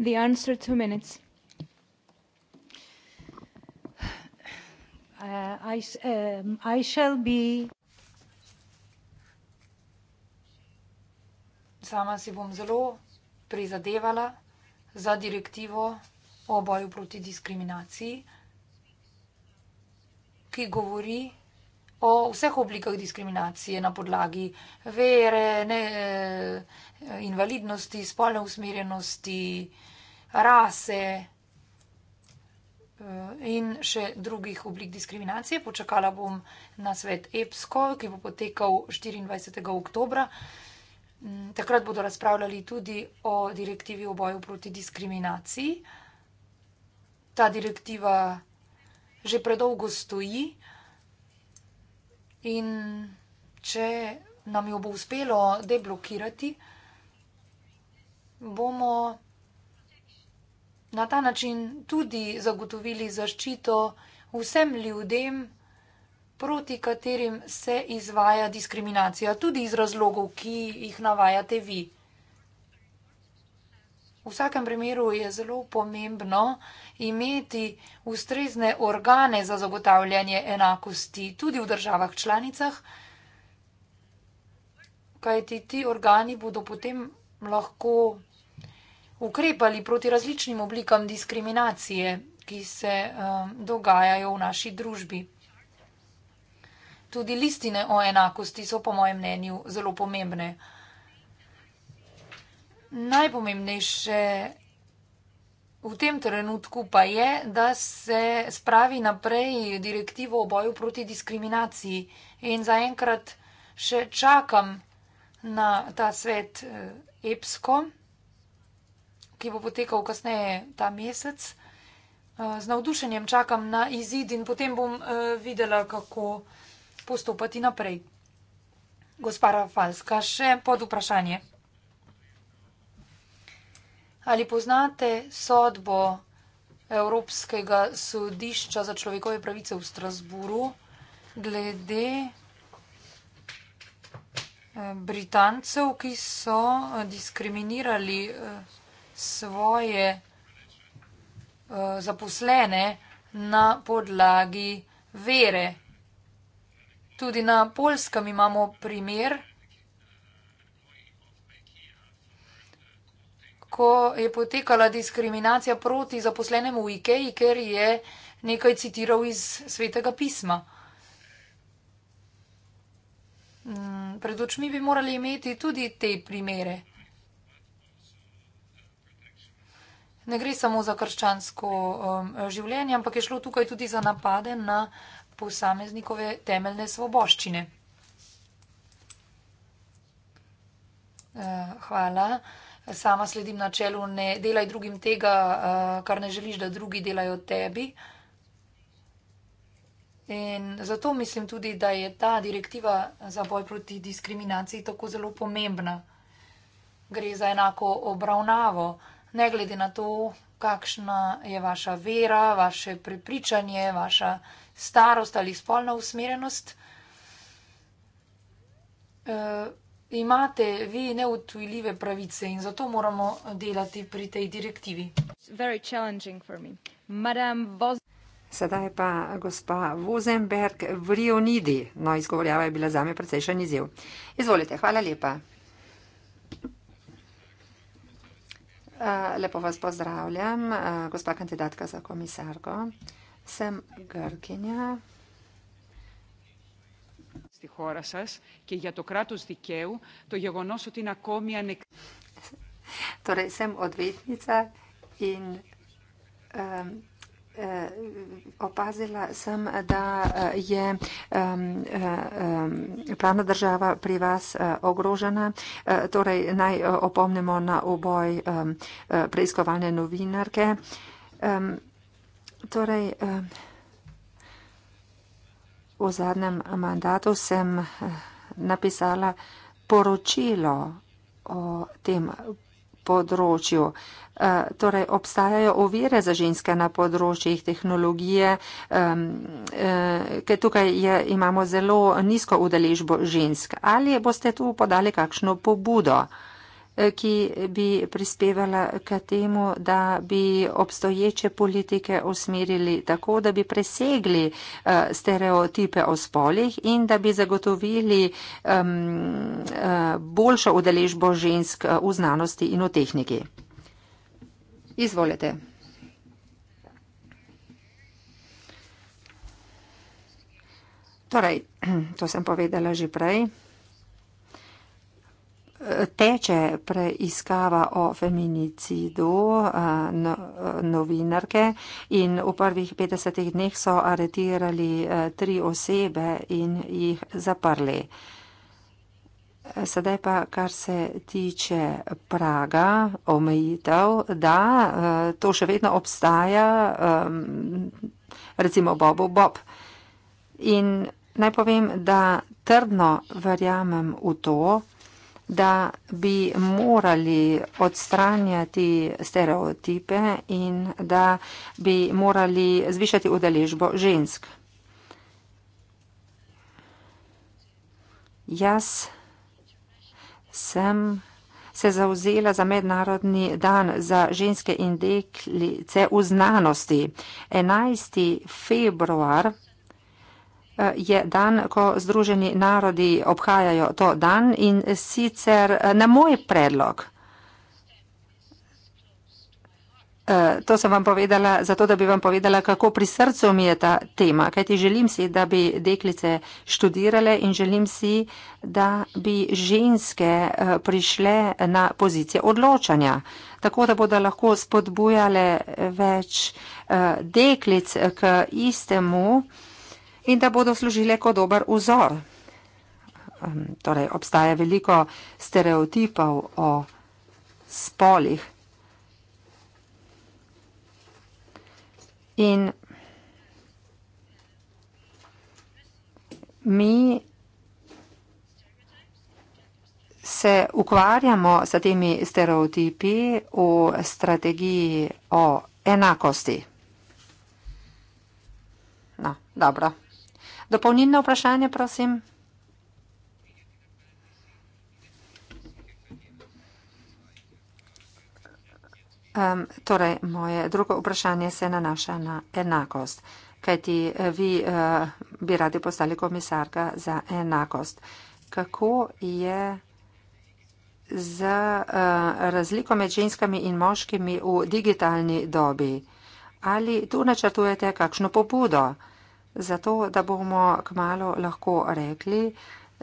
The answer two minutes. [SIGHS] Uh, I, um, I shall be. Sama si bom zelo prizadevala za direktivo o boju proti diskriminaciji, ki govori o vseh oblikah diskriminacije na podlagi vere, ne. Uh, invalidnosti, spolne usmerjenosti, rase eh, in še drugih oblik diskriminacije. Počakala bom na svet EPSCO, ki bo potekal 24. oktobra. Mm, takrat bodo razpravljali tudi o direktivi o boju proti diskriminaciji. Ta direktiva že predolgo stoji in če nam jo bo uspelo deblokirati, bomo na ta način tudi zagotovili zaščito vsem ljudem, proti katerim se izvaja diskriminacija, tudi iz razlogov, ki jih navajate vi. V vsakem primeru je zelo pomembno imeti ustrezne organe za zagotavljanje enakosti tudi v državah članicah, kajti ti organi bodo potem lahko ukrepali proti različnim oblikam diskriminacije, ki se um, dogajajo v naši družbi. Tudi listine o enakosti so po mojem mnenju zelo pomembne. Najpomembnejše v tem trenutku pa je, da se spravi naprej direktivo o boju proti diskriminaciji in zaenkrat še čakam na ta svet eh, EPSCO ki bo potekal kasneje ta mesec. Eh, z navdušenjem čakam na izid in potem bom eh, videla, kako postopati naprej. Gospa Rafalska, še pod vprašanje. Ali poznate sodbo Evropskega sodišča za človekove pravice v Strasburu glede eh, Britancev, ki so diskriminirali svoje eh, zaposlene na podlagi vere. Tudi na polskem imamo primer, ko je potekala diskriminacija proti zaposlenemu v Ikeji, ker je nekaj citiral iz svetega pisma. Mm, pred očmi bi morali imeti tudi te primere. ne gre samo za krščansko um, življenje, ampak je šlo tukaj tudi za napade na posameznikove temeljne svoboščine. Uh, hvala. Sama sledim načelu, ne delaj drugim tega, uh, kar ne želiš, da drugi delajo tebi. In zato mislim tudi, da je ta direktiva za boj proti diskriminaciji tako zelo pomembna. Gre za enako obravnavo. Uh, ne glede na to, kakšna je vaša vera, vaše prepričanje, vaša starost ali spolna usmerjenost. E, imate vi neutujljive pravice in zato moramo delati pri tej direktivi. Sedaj pa gospa Vozenberg v Rionidi. No, izgovorjava je bila zame precejšen izjiv. Izvolite, hvala lepa. Eh, lepo vas pozdravljam, eh, gospa kandidatka za komisarko. Sem Grkinja. Στη χώρα σας και για το κράτος δικαίου το γεγονός ότι είναι ακόμη ανεκτή. Τώρα είμαι οδηγήτρια και Eh, opazila sem, da eh, je eh, pravna država pri vas ogrožena. Torej, naj opomnimo na oboj preiskovalne novinarke. Torej, v zadnjem mandatu sem napisala poročilo o tem področju. Eh, torej, obstajajo ovire za ženske na področjih tehnologije, eh, ker tukaj je, imamo zelo nizko udeležbo žensk. Ali boste tu podali kakšno pobudo? ki bi prispevala k temu, da bi obstoječe politike usmerili tako, da bi presegli eh, stereotipe o spolih in da bi zagotovili um, boljšo udeležbo žensk eh, v znanosti in v tehniki. Izvolite. Torej, [CLEARS THROAT] to sem povedala že prej. Teče preiskava o feminicidu eh, no, novinarke in v prvih 50 dneh so aretirali eh, tri osebe in jih zaprli. Sedaj pa, kar se tiče praga, omejitev, da eh, to še vedno obstaja, recimo Bobo Bob. In naj povem, da trdno verjamem v to, da bi morali odstranjati stereotipe in da bi morali zvišati udeležbo žensk. Jaz sem se zauzela za mednarodni dan za ženske in deklice v znanosti. 11. februar je dan, ko Združeni narodi obhajajo to dan in sicer eh, na moj predlog. Eh, to sem vam povedala zato, da bi vam povedala, kako pri srcu mi je ta tema, kajti želim si, da bi deklice študirale in želim si, da bi ženske eh, prišle na pozicije odločanja, tako da bodo lahko spodbujale več deklic k istemu, in da bodo služile kot dober vzor. Torej, obstaja veliko stereotipov o spolih. In mi se ukvarjamo s temi stereotipi v strategiji o enakosti. No, dobro. Dopolnilno vprašanje, prosim. Um, torej, moje drugo vprašanje se nanaša na enakost, kajti eh, vi uh, bi radi postali komisarka za enakost. Kako je z uh, razliko med ženskami in moškimi v digitalni dobi? Ali tu načrtujete kakšno pobudo? zato, da bomo kmalo lahko rekli,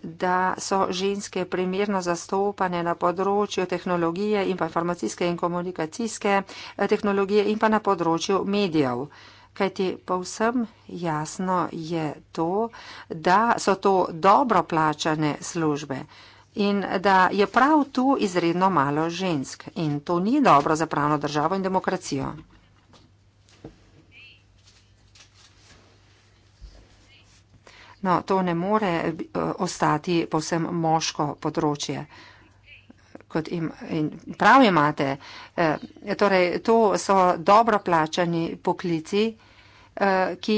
da so ženske primerno zastopane na področju tehnologije in pa informacijske in komunikacijske eh, tehnologije in pa na področju medijev. Kajti povsem jasno je to, da so to dobro plačane službe in da je prav tu izredno malo žensk in to ni dobro za pravno državo in demokracijo. No, to ne more eh, eh, ostati povsem moško področje. Im, in prav imate. Eh, torej, to so dobro plačani poklici, ki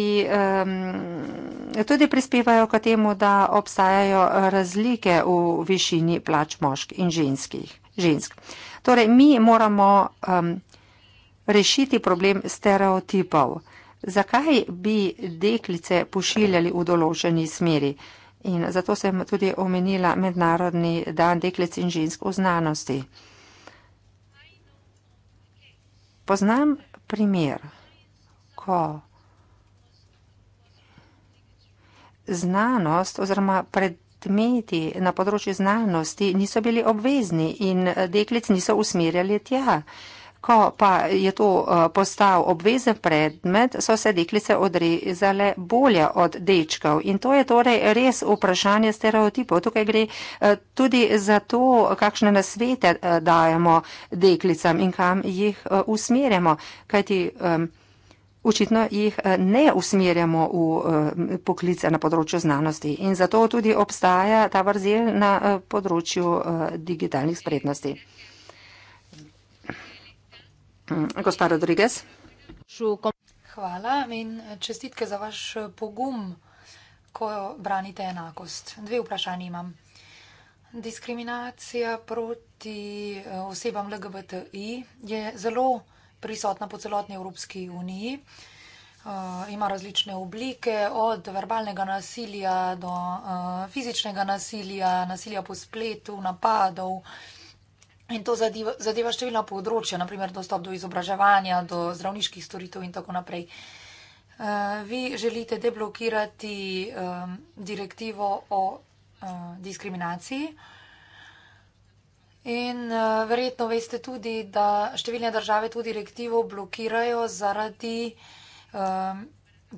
tudi prispevajo k temu, da obstajajo razlike v višini plač mošk in ženskih, žensk. Torej, mi moramo rešiti problem stereotipov zakaj bi deklice pošiljali v določeni smeri. In zato sem tudi omenila Mednarodni dan deklic in žensk v znanosti. Poznam primer, ko znanost oziroma predmeti na področju znanosti niso bili obvezni in deklic niso usmerjali tja. Ko pa je to eh, postal obvezen predmet, so se deklice odrezale bolje od dečkov. In to je torej res vprašanje stereotipov. Tukaj gre eh, tudi za to, kakšne nasvete eh, dajemo deklicam in kam jih usmerjamo. Kajti, Očitno jih ne usmerjamo v poklice na področju znanosti in zato tudi obstaja ta vrzel na področju digitalnih spretnosti. Mm, gospa Rodriguez. Hvala in čestitke za vaš pogum, ko branite enakost. Dve vprašanje imam. Diskriminacija proti eh, osebam LGBTI je zelo prisotna po celotni Evropski uniji. Eh, ima različne oblike, od verbalnega nasilja do eh, fizičnega nasilja, nasilja po spletu, napadov. In to zadeva, zadeva številna področja, naprimer dostop do izobraževanja, do zdravniških storitev in tako naprej. Eh, vi želite deblokirati eh, direktivo o eh, diskriminaciji. In verjetno veste tudi, da številne države to direktivo blokirajo zaradi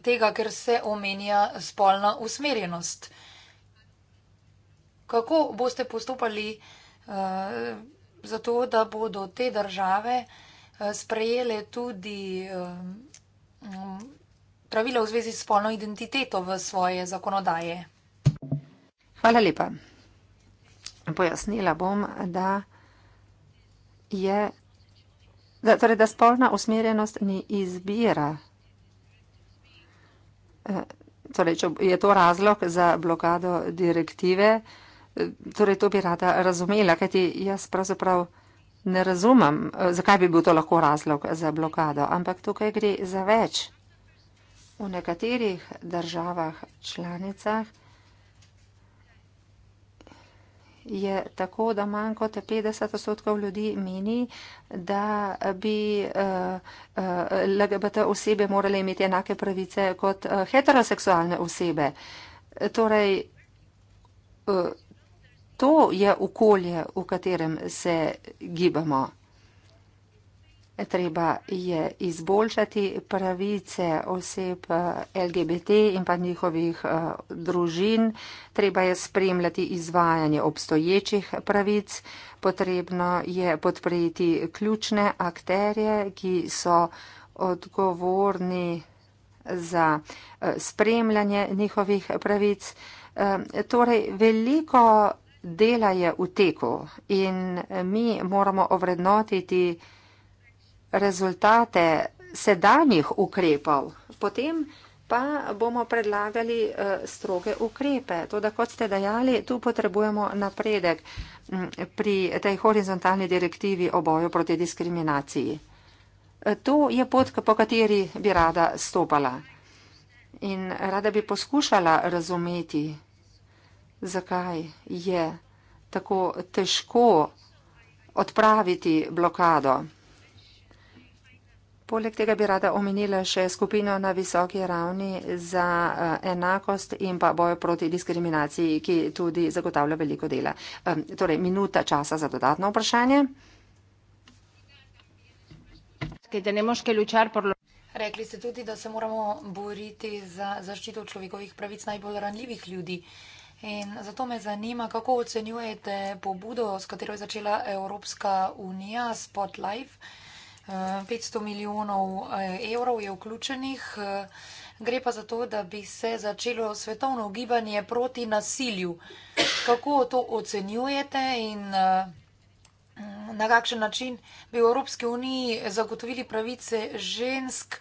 tega, ker se omenja spolna usmerjenost. Kako boste postopali? zato, da bodo te države eh, sprejele tudi eh, pravila v zvezi s spolno identiteto v svoje zakonodaje. Hvala lepa. Pojasnila bom, da je. Da, torej, da spolna usmerjenost ni izbira. E, torej, če je to razlog za blokado direktive, e, Torej, to bi rada razumela, kajti jaz pravzaprav ne razumem, eh, zakaj bi bil to lahko razlog za blokado, ampak tukaj gre za več. V nekaterih državah članicah je tako, da manj kot 50 odstotkov ljudi meni, da bi eh, eh, LGBT osebe morali imeti enake pravice kot heteroseksualne osebe. Torej, To je okolje, v katerem se gibamo. Treba je izboljšati pravice oseb eh, LGBT in pa njihovih eh, družin. Treba je spremljati izvajanje obstoječih pravic. Potrebno je podpreti ključne akterje, ki so odgovorni za eh, spremljanje njihovih pravic. Torej, veliko dela je v teku in mi moramo ovrednotiti rezultate sedanjih ukrepov, potem pa bomo predlagali eh, stroge ukrepe. Toda, kot ste dejali, tu potrebujemo napredek mm, pri tej horizontalni direktivi o boju proti diskriminaciji. Eh, to je pot, po kateri bi rada stopala. In rada bi poskušala razumeti, zakaj je tako težko odpraviti blokado. Poleg tega bi rada omenila še skupino na visoki ravni za eh, enakost in pa bojo proti diskriminaciji, ki tudi zagotavlja veliko dela. Torej, minuta časa za dodatno vprašanje. Rekli ste tudi, da se moramo boriti za zaščito človekovih pravic najbolj ranljivih ljudi. In zato me zanima, kako ocenjujete pobudo, s katero je začela Evropska unija, Spotlife. 500 eh, milijonov eh, evrov je vključenih. Eh, gre pa za to, da bi se začelo svetovno gibanje proti nasilju. Kako to ocenjujete in na kakšen način bi v Evropski uniji zagotovili pravice žensk?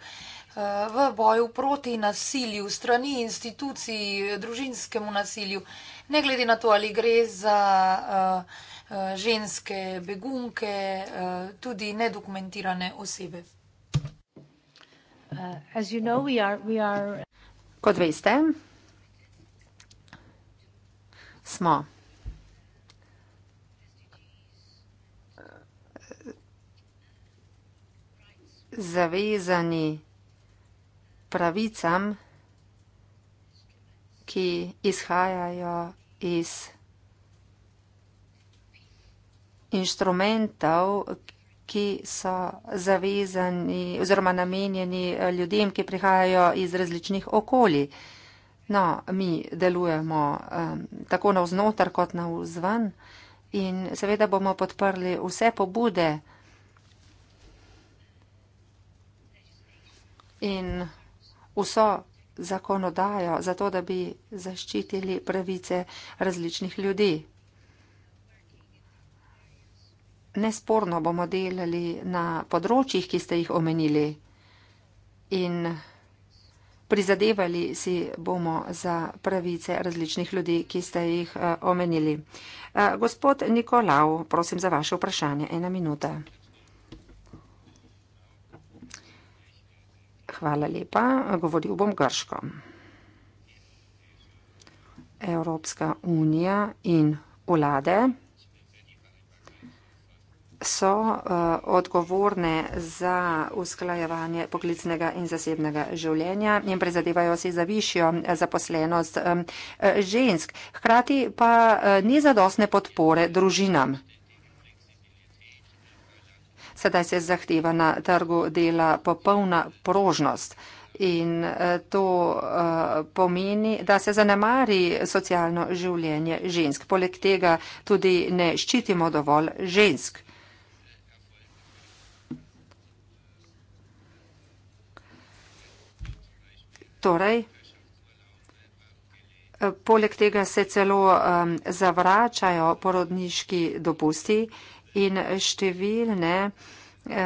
v boju proti nasilju strani institucij, družinskemu nasilju, ne glede na to, ali gre za eh, eh, ženske begunke, eh, tudi nedokumentirane osebe. Kot veste, smo. Zavezani pravicam, ki izhajajo iz inštrumentov, ki so zavezani oziroma namenjeni eh, ljudem, ki prihajajo iz različnih okolij. No, mi delujemo um, tako na vznotar kot na vzven in seveda bomo podprli vse pobude in vso zakonodajo, zato da bi zaščitili pravice različnih ljudi. Nesporno bomo delali na področjih, ki ste jih omenili in prizadevali si bomo za pravice različnih ljudi, ki ste jih eh, omenili. Eh, gospod Nikolau, prosim za vaše vprašanje. Ena minuta. Hvala lepa. Govoril bom grško. Evropska unija in vlade so uh, odgovorne za usklajevanje poklicnega in zasebnega življenja in prizadevajo se za višjo eh, zaposlenost um, žensk. Hkrati pa uh, ni zadostne podpore družinam. Sedaj se zahteva na trgu dela popolna prožnost. In eh, to eh, pomeni, da se zanemari socialno življenje žensk. Poleg tega tudi ne ščitimo dovolj žensk. Torej, eh, poleg tega se celo zavračajo porodniški dopusti in številne eh,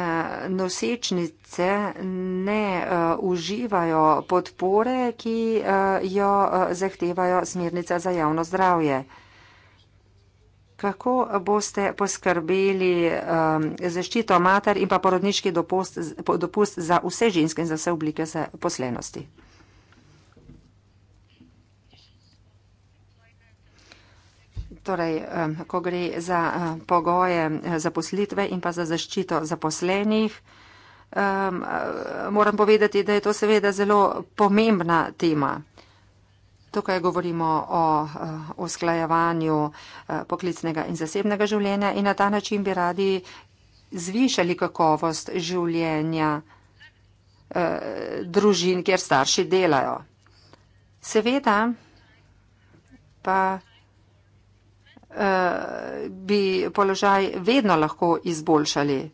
nosečnice ne eh, uživajo podpore, ki eh, jo zahtevajo smernica za javno zdravje. Kako boste poskrbeli zaščito mater in pa porodniški dopust, dopust za vse ženske in za vse oblike zaposlenosti? torej, ko gre za pogoje zaposlitve in pa za zaščito zaposlenih. Moram povedati, da je to seveda zelo pomembna tema. Tukaj govorimo o eh, usklajevanju eh, poklicnega in zasebnega življenja in na ta način bi radi zvišali kakovost življenja eh, družin, kjer starši delajo. Seveda pa Eh, bi položaj vedno lahko izboljšali.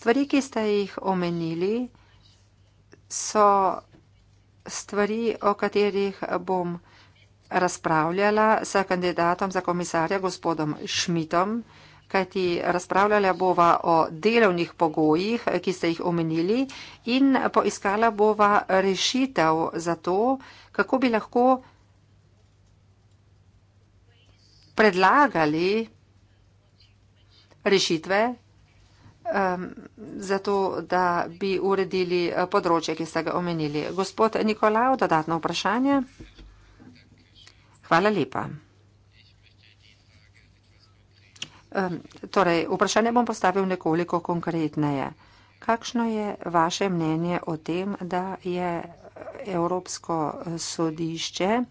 Stvari, ki ste jih omenili, so stvari, o katerih bom razpravljala s kandidatom za komisarja gospodom Šmitom kajti razpravljala bova o delovnih pogojih, ki ste jih omenili, in poiskala bova rešitev za to, kako bi lahko predlagali rešitve um, za to, da bi uredili eh, področje, ki ste ga omenili. Gospod Nikolao, dodatno vprašanje. Hvala lepa. Torej, vprašanje bom postavil nekoliko konkretneje. Kakšno je vaše mnenje o tem, da je Evropsko sodišče eh,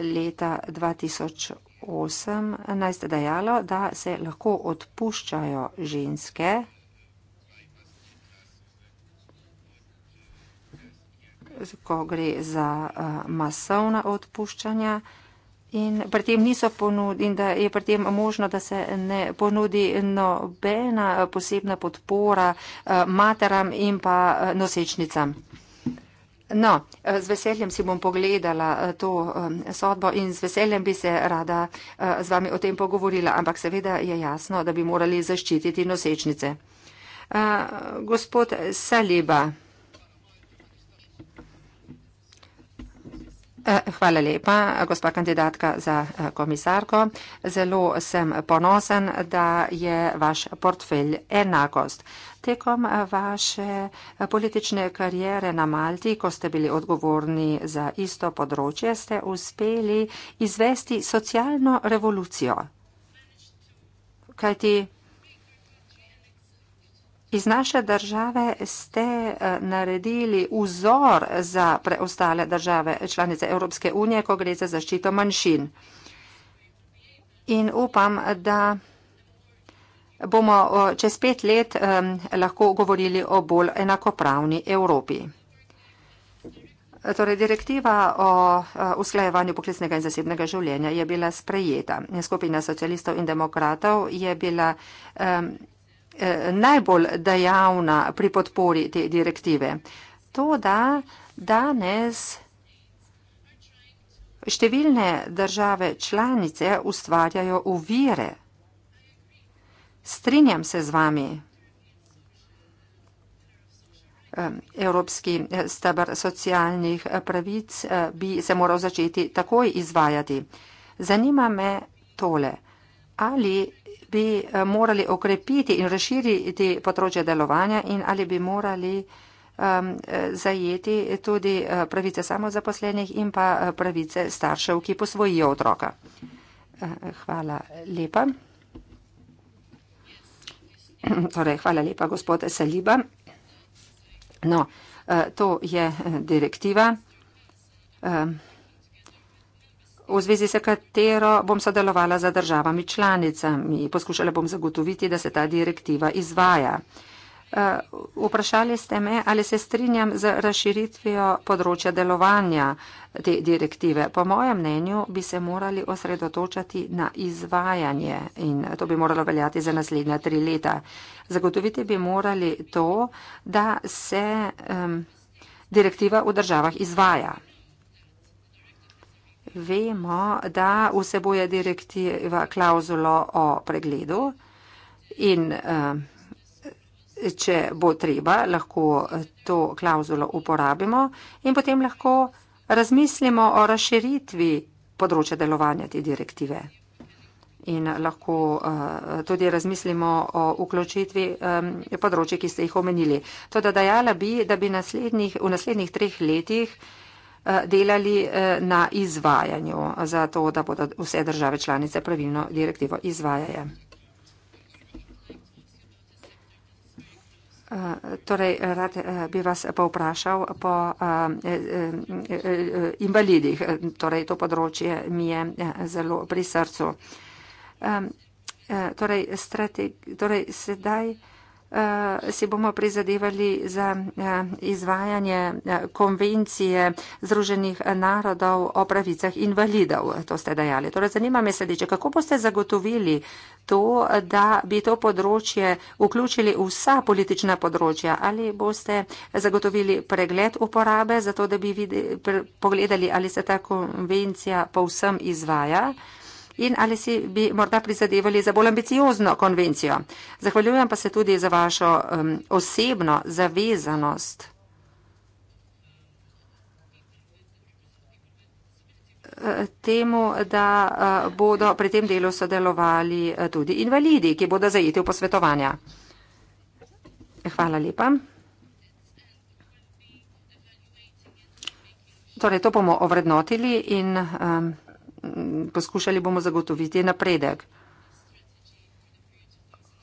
leta 2018 dejalo, da se lahko odpuščajo ženske? ko gre za eh, masovna odpuščanja in, ponud, in da je pri tem možno, da se ne ponudi nobena posebna podpora eh, materam in pa eh, nosečnicam. No, eh, z veseljem si bom pogledala to sodbo in z veseljem bi se rada z vami o tem pogovorila, ampak seveda je jasno, da bi morali zaščititi nosečnice. Uh, gospod Saliba. Eh, hvala lepa, gospa kandidatka za eh, komisarko. Zelo sem ponosen, da je vaš portfelj enakost. Tekom eh, vaše politične karijere na Malti, ko ste bili odgovorni za isto področje, ste uspeli izvesti socialno revolucijo. Kajti Iz naše države ste eh, naredili vzor za preostale države članice Evropske unije, ko gre za zaščito manjšin. In upam, da bomo čez pet let lahko govorili o bolj enakopravni Evropi. Torej, direktiva o eh, usklajevanju poklicnega in zasebnega življenja je bila sprejeta. Skupina socialistov in demokratov je bila Eh, najbolj dejavna pri podpori te direktive. To, da danes številne države članice ustvarjajo uvire. Strinjam se z vami. Evropski eh, stebr socialnih eh, pravic bi se moral začeti takoj izvajati. Zanima me tole. Ali bi eh, morali okrepiti in razširiti področje delovanja in ali bi morali um, zajeti tudi eh, pravice samozaposlenih in pa pravice staršev, ki posvojijo otroka. Hvala lepa. [CLEARS THROAT] Torej, hvala lepa, gospod Saliba. No, to je direktiva. Um, v zvezi s katero bom sodelovala za državami članicami. Poskušala bom zagotoviti, da se ta direktiva izvaja. Eh, vprašali ste me, ali se strinjam z razširitvijo področja delovanja te direktive. Po mojem mnenju bi se morali osredotočati na izvajanje in to bi moralo veljati za naslednja tri leta. Zagotoviti bi morali to, da se um, direktiva v državah izvaja vemo, da vseboje direktiva klauzulo o pregledu in eh, če bo treba, lahko to klauzulo uporabimo in potem lahko razmislimo o razširitvi področja delovanja te direktive. In lahko uh, tudi razmislimo o vključitvi um, eh, področji, ki ste jih omenili. To da dajala bi, da bi naslednjih, v naslednjih treh letih uh, Eh, delali eh, na izvajanju, zato da bodo vse države članice pravilno direktivo izvajale. Eh, torej, rad bi vas pa vprašal po invalidih. Torej, to področje mi je zelo pri srcu. Torej, torej, sedaj, Eh, si bomo prizadevali za eh, izvajanje eh, konvencije Združenih narodov o pravicah invalidov, to ste dejali. Torej, zanima me sledeče, kako boste zagotovili to, da bi to področje vključili vsa politična področja ali boste zagotovili pregled uporabe, zato da bi videli, pogledali, ali se ta konvencija povsem izvaja? in ali si bi morda prizadevali za bolj ambiciozno konvencijo. Zahvaljujem pa se tudi za vašo um, osebno zavezanost. Eh, temu, da eh, bodo pri tem delu sodelovali eh, tudi invalidi, ki bodo zajeti v posvetovanja. Hvala lepa. Torej, to bomo ovrednotili in um, poskušali bomo zagotoviti napredek.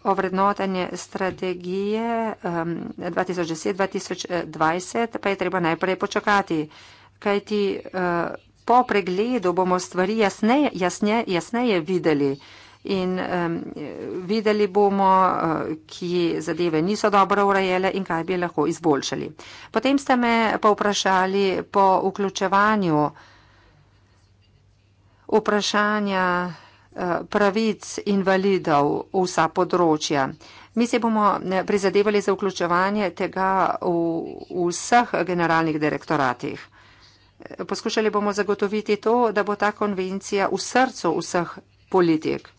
Ovrednotenje strategije 2010-2020 pa je treba najprej počakati, kajti eh, po pregledu bomo stvari jasneje, jasneje, jasneje videli in videli bomo, eh, ki zadeve niso dobro urejele in kaj bi lahko izboljšali. Potem ste me pa vprašali po vključevanju strategije vprašanja eh, pravic invalidov v vsa področja. Mi se bomo eh, prizadevali za vključevanje tega v vseh generalnih direktoratih. Eh, poskušali bomo zagotoviti to, da bo ta konvencija v srcu vseh politik.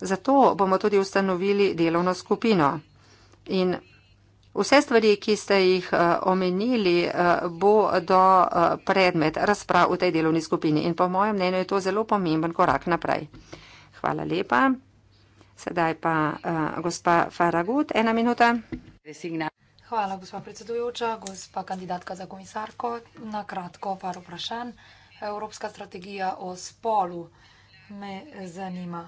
Zato bomo tudi ustanovili delovno skupino in vsega. Vse stvari, ki ste jih eh, omenili, eh, bo do eh, predmet razprav v tej delovni skupini in po mojem mnenju je to zelo pomemben korak naprej. Hvala lepa. Sedaj pa gospa Faragut, ena minuta. Hvala, gospa predsedujoča, gospa kandidatka za komisarko. Na kratko par vprašanj. Evropska strategija o spolu me zanima.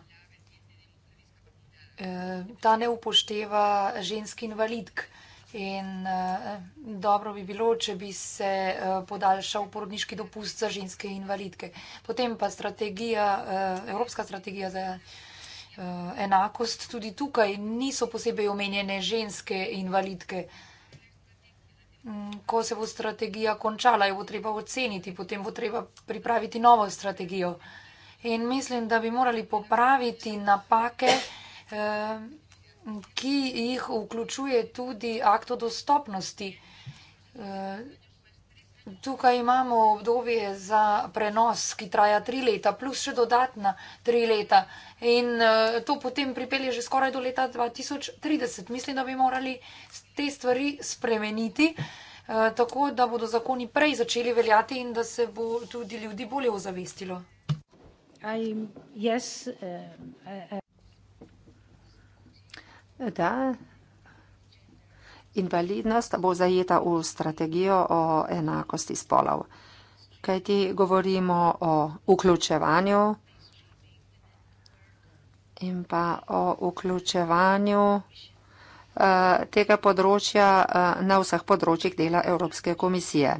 Ta ne upošteva ženski invalidk. In eh, dobro bi bilo, če bi se eh, podaljšal porodniški dopust za ženske invalidke. Potem pa strategija, eh, evropska strategija za enakost, tudi tukaj niso posebej omenjene ženske invalidke. Mm, ko se bo strategija končala, jo bo treba oceniti, potem bo treba pripraviti novo strategijo. In mislim, da bi morali popraviti napake ki jih vključuje tudi akt o dostopnosti. Eh, tukaj imamo obdobje za prenos, ki traja tri leta, plus še dodatna tri leta. In eh, to potem pripelje že skoraj do leta 2030. Mislim, da bi morali te stvari spremeniti, eh, tako da bodo zakoni prej začeli veljati in da se bo tudi ljudi bolje ozavestilo. I, yes, uh, uh, uh da invalidnost bo zajeta v strategijo o enakosti spolov. Kaj ti govorimo o vključevanju in pa o vključevanju eh, tega področja eh, na vseh področjih dela Evropske komisije.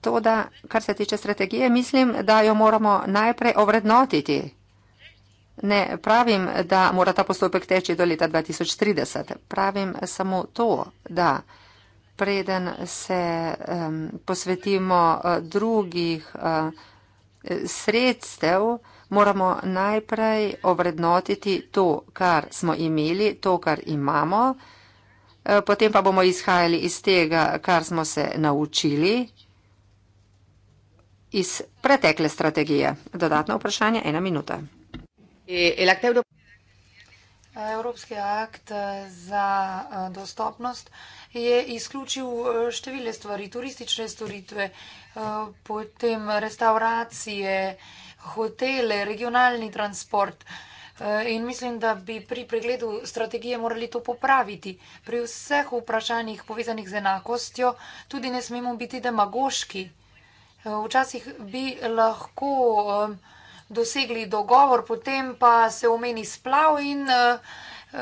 To, da kar se tiče strategije, mislim, da jo moramo najprej ovrednotiti. Ne pravim, da mora ta postopek teči do leta 2030. Pravim samo to, da preden se um, posvetimo uh, drugih uh, sredstev, moramo najprej ovrednotiti to, kar smo imeli, to, kar imamo, uh, potem pa bomo izhajali iz tega, kar smo se naučili iz pretekle strategije. Dodatno vprašanje, ena minuta. Eh, Evropski akt eh, za eh, dostopnost je izključil številne stvari, turistične storitve, potem restauracije, hotele, regionalni transport. In mislim, da bi pri pregledu strategije morali to popraviti. Pri vseh vprašanjih povezanih z enakostjo tudi ne smemo biti demagoški. Včasih bi lahko dosegli dogovor, potem pa se omeni splav in eh,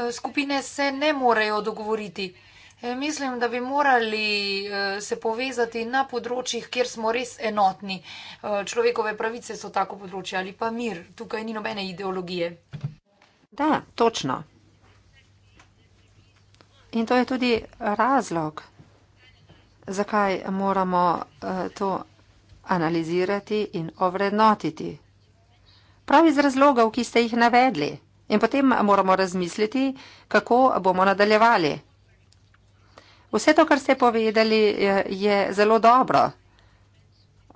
eh, skupine se ne morejo dogovoriti. Eh, mislim, da bi morali se povezati na področjih, kjer smo res enotni. Človekove pravice so tako področje ali pa mir. Tukaj ni nobene ideologije. Da, točno. In to je tudi razlog, zakaj moramo to analizirati in ovrednotiti prav iz razlogov, ki ste jih navedli. In potem moramo razmisliti, kako bomo nadaljevali. Vse to, kar ste povedali, je zelo dobro.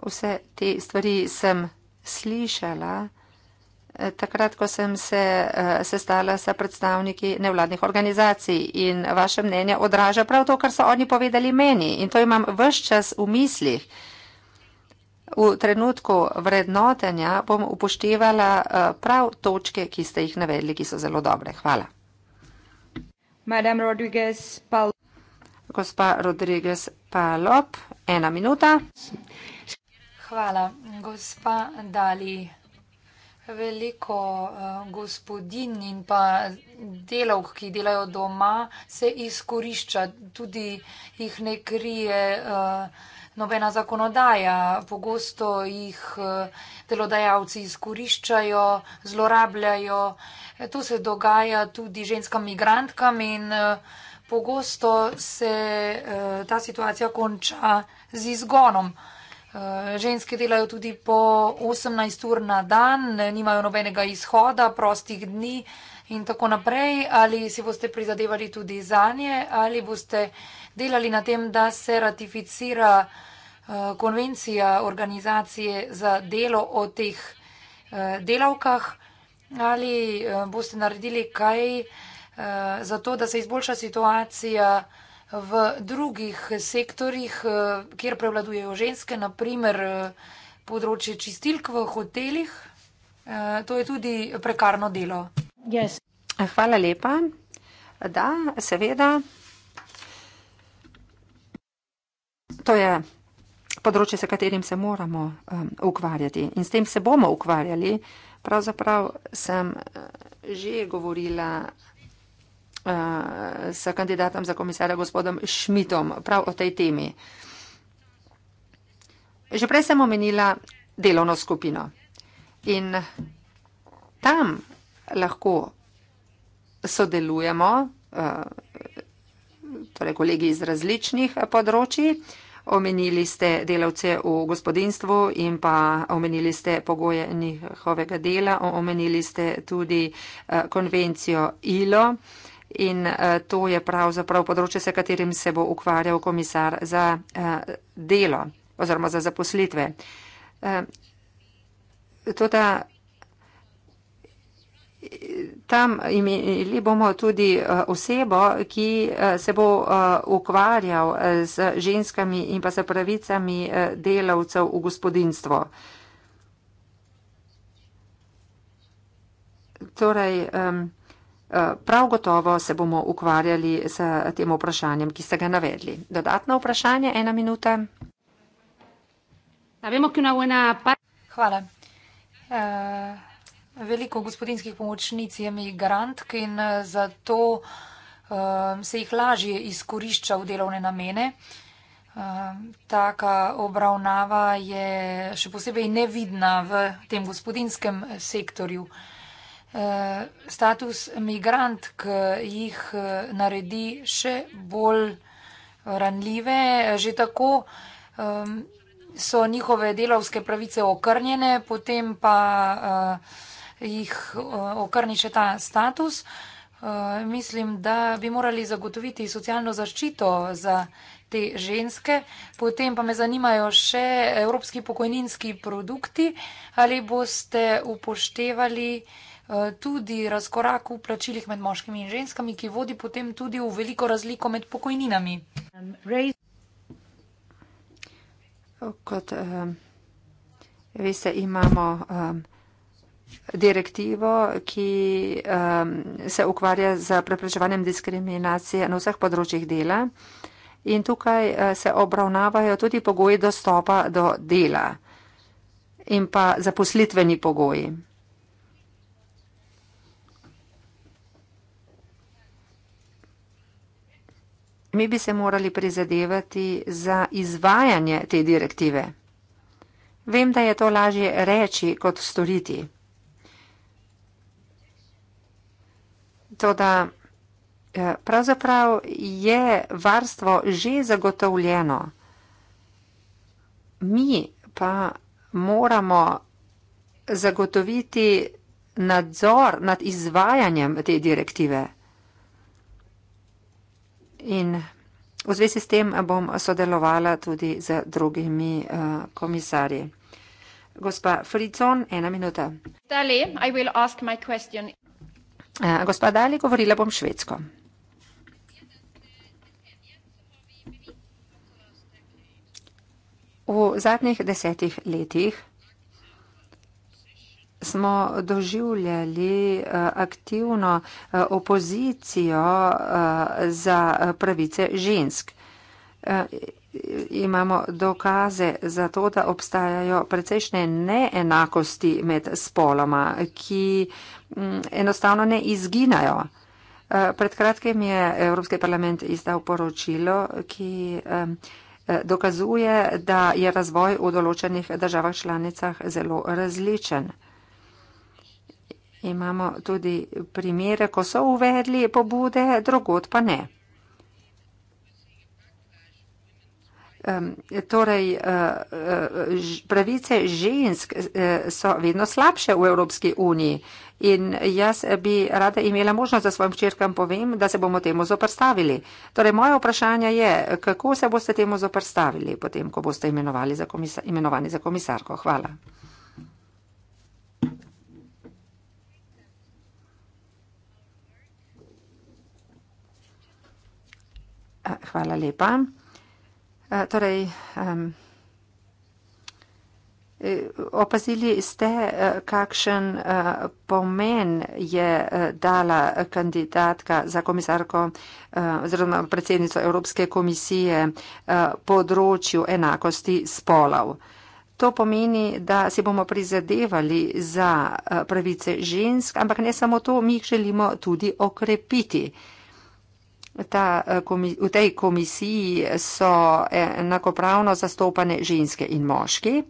Vse te stvari sem slišala eh, takrat, ko sem se eh, sestala sa predstavniki nevladnih organizacij in vaše mnenje odraža prav to, kar so oni povedali meni. In to imam vse čas v mislih. V trenutku vrednotenja bom upoštevala eh, prav točke, ki ste jih navedli, ki so zelo dobre. Hvala. Gospa Rodriguez Palop, ena minuta. Hvala, gospa Dali. Veliko eh, gospodin in pa delavk, ki delajo doma, se izkorišča, tudi jih ne krije. Uh, nobena zakonodaja. Pogosto jih eh, delodajalci izkoriščajo, zlorabljajo. E, to se dogaja tudi ženskam migrantkam in eh, pogosto se eh, ta situacija konča z izgonom. Ženske delajo tudi po 18 ur na dan, nimajo nobenega izhoda, prostih dni in tako naprej. Ali si boste prizadevali tudi zanje ali boste delali na tem, da se ratificira eh, konvencija organizacije za delo o teh eh, delavkah ali eh, boste naredili kaj za to, da se izboljša situacija v drugih sektorjih, kjer prevladujejo ženske, naprimer področje čistilk v hotelih. To je tudi prekarno delo. Yes. Hvala lepa. Da, seveda. to je področje, s katerim se moramo um, ukvarjati in s tem se bomo ukvarjali. Pravzaprav sem eh, že govorila uh, s kandidatom za komisarja gospodom Šmitom prav o tej temi. Že prej sem omenila delovno skupino in tam lahko sodelujemo, uh, torej kolegi iz različnih področji. Uh, omenili ste delavce v gospodinstvu in pa omenili ste pogoje njihovega dela, omenili ste tudi eh, konvencijo ILO in eh, to je pravzaprav področje, s katerim se bo ukvarjal komisar za eh, delo oziroma za zaposlitve. Tudi tota Tam imeli bomo tudi eh, osebo, ki eh, se bo eh, ukvarjal z ženskami in pa s pravicami delavcev v gospodinstvo. Torej, prav gotovo se bomo ukvarjali s tem vprašanjem, ki ste ga navedli. Dodatno vprašanje, ena minuta. Hvala. Uh... Veliko gospodinskih pomočnic je migrantk in eh, zato um, se jih lažje izkorišča v delovne namene. Um, taka obravnava je še posebej nevidna v tem gospodinskem sektorju. Uh, status migrantk jih naredi še bolj ranljive, že tako. Um, so njihove delovske pravice okrnjene, potem pa uh, jih eh, okrni še ta status. Eh, mislim, da bi morali zagotoviti socialno zaščito za te ženske. Potem pa me zanimajo še evropski pokojninski produkti. Ali boste upoštevali eh, tudi razkorak v plačilih med moškimi in ženskami, ki vodi potem tudi v veliko razliko med pokojninami? Kot um, veste, imamo. Um, direktivo, ki um, se ukvarja z preprečevanjem diskriminacije na vseh področjih dela. In tukaj uh, se obravnavajo tudi pogoji dostopa do dela in pa zaposlitveni pogoji. Mi bi se morali prizadevati za izvajanje te direktive. Vem, da je to lažje reči kot storiti. Toda eh, pravzaprav je varstvo že zagotovljeno. Mi pa moramo zagotoviti nadzor nad izvajanjem te direktive. In v zvezi s tem bom sodelovala tudi z drugimi uh, komisarji. Gospa Fricon, ena minuta. Dali, Eh, Gospodali, govorila bom švedsko. V zadnjih desetih letih smo doživljali eh, aktivno eh, opozicijo za pravice žensk imamo dokaze za to, da obstajajo precejšnje neenakosti med spoloma, ki mm, enostavno ne izginajo. Eh, pred kratkim je Evropski parlament izdal poročilo, ki eh, dokazuje, da je razvoj v določenih državah članicah zelo različen. Imamo tudi primere, ko so uvedli pobude, drugot pa ne. Torej, eh, eh, pravice žensk eh, so vedno slabše v Evropski uniji in jaz bi rada imela možnost, da svojim črkam povem, da se bomo temu zoprstavili. Torej, moje vprašanje je, kako se boste temu zoprstavili, potem, ko boste imenovali za komisar, imenovani za komisarko. Hvala. Hvala lepa. Eh, torej, um, opazili ste, eh, kakšen pomen je dala kandidatka za komisarko oziroma predsednico Evropske komisije področju enakosti spolov. To pomeni, da si bomo prizadevali za pravice žensk, ampak ne samo to, mi jih želimo tudi okrepiti ta, eh, v tej komisiji so eh, enakopravno zastopane ženske in moški.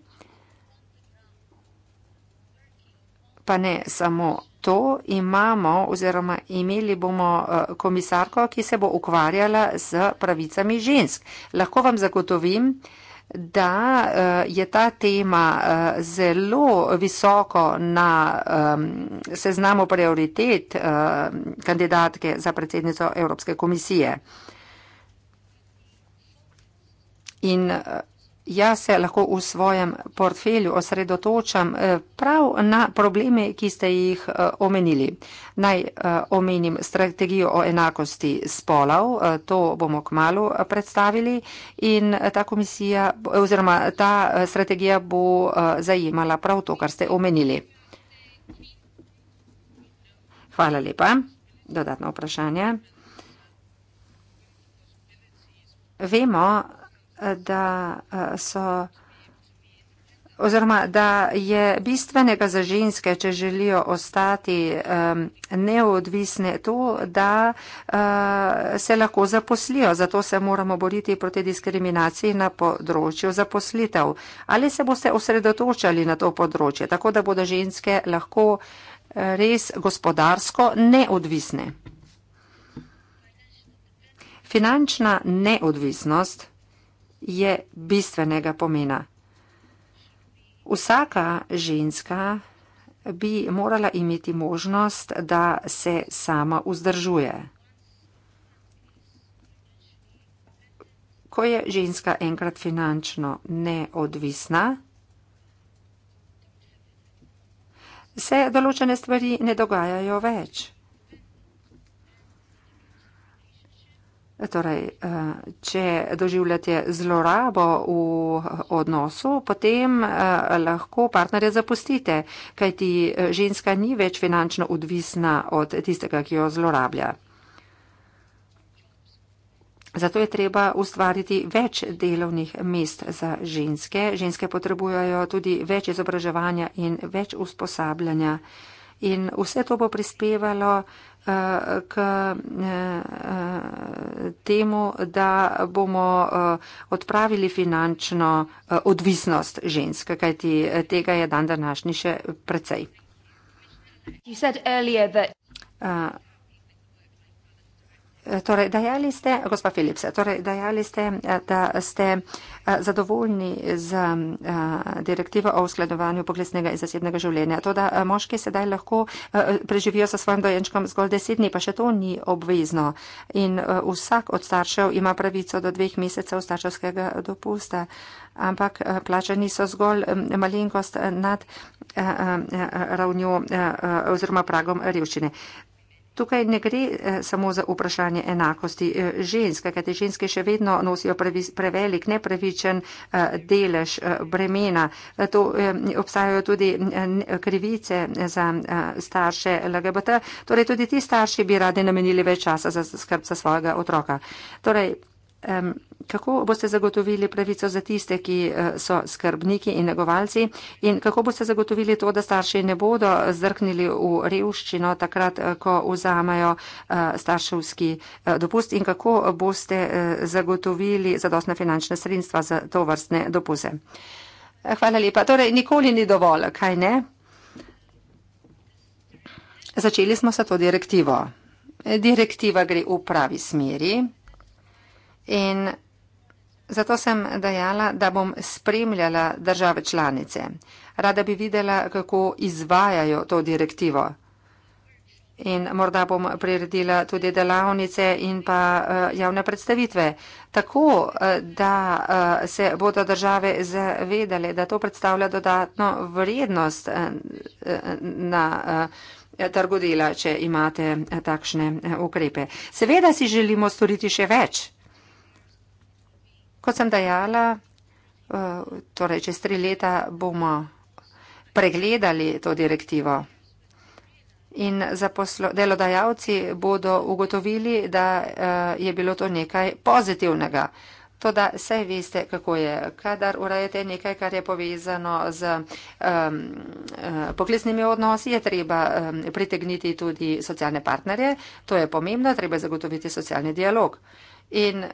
Pa ne samo to, imamo oziroma imeli bomo eh, komisarko, ki se bo ukvarjala z pravicami žensk. Lahko vam zagotovim, da da eh, je ta tema eh, zelo visoko na ehm, seznamu prioritet ehm, kandidatke za predsednico Evropske komisije. In eh, Jaz se lahko v svojem portfelju osredotočam eh, prav na probleme, ki ste jih eh, omenili. Naj eh, omenim strategijo o enakosti spolov, to bomo k malu predstavili in ta komisija oziroma ta strategija bo zajemala prav to, kar ste omenili. Hvala lepa. Dodatno vprašanje. Vemo, da da eh, so oziroma da je bistvenega za ženske, če želijo ostati um, neodvisne, to, da uh, se lahko zaposlijo. Zato se moramo boriti proti diskriminaciji na področju zaposlitev. Ali se boste osredotočali na to področje, tako da bodo ženske lahko eh, res gospodarsko neodvisne? Finančna neodvisnost je bistvenega pomena. Vsaka ženska bi morala imeti možnost, da se sama vzdržuje. Ko je ženska enkrat finančno neodvisna, se določene stvari ne dogajajo več. Torej, eh, če doživljate zlorabo v eh, odnosu, potem eh, lahko partnerja zapustite, kajti ženska ni več finančno odvisna od tistega, ki jo zlorablja. Zato je treba ustvariti več delovnih mest za ženske. Ženske potrebujejo tudi več izobraževanja in več usposabljanja. In vse to bo prispevalo k eh, eh, temu, da bomo eh, odpravili finančno odvisnost žensk, kajti tega je dan današnji še precej. Eh, torej, dajali ste, gospa Filipse, torej, dajali ste, eh, da ste eh, zadovoljni z direktivo o uskladovanju poklesnega in zasebnega življenja. To, da moški sedaj lahko preživijo sa svojim dojenčkom zgolj deset dni, pa še to ni obvezno. In vsak od staršev ima pravico do dveh mesecev starševskega dopusta, ampak plačani so zgolj malinkost nad ravnjo oziroma pragom revščine. Tukaj ne gre eh, samo za vprašanje enakosti eh, žensk, kaj te ženske še vedno nosijo prevelik, nepravičen eh, delež bremena. To obstajajo tudi krivice za starše LGBT. Torej, tudi ti starši bi radi namenili več časa za skrb za svojega otroka. Torej, Kako boste zagotovili pravico za tiste, ki eh, so skrbniki in negovalci in kako boste zagotovili to, da starši ne bodo zdrknili v revščino takrat, eh, ko vzamajo eh, starševski dopust in kako boste zagotovili zadostne finančne sredstva za to vrstne dopuze? Hvala lepa. Torej, nikoli ni dovolj, kaj ne? Začeli smo sa to direktivo. Direktiva gre v pravi smeri. In zato sem dejala, da bom spremljala države članice. Rada bi videla, kako izvajajo to direktivo. In morda bom priredila tudi delavnice in pa eh, javne predstavitve, tako eh, da eh, se bodo države zavedale, da to predstavlja dodatno vrednost na trgu dela, če imate takšne ukrepe. Seveda si želimo storiti še več. Kot sem dejala, eh, torej čez tri leta bomo pregledali to direktivo in delodajalci bodo ugotovili, da eh, je bilo to nekaj pozitivnega. To, da vse veste, kako je, kadar urajate nekaj, kar je povezano z um, eh, poklesnimi odnosi, je treba um, pritegniti tudi socialne partnerje. To je pomembno, treba zagotoviti socialni dialog. In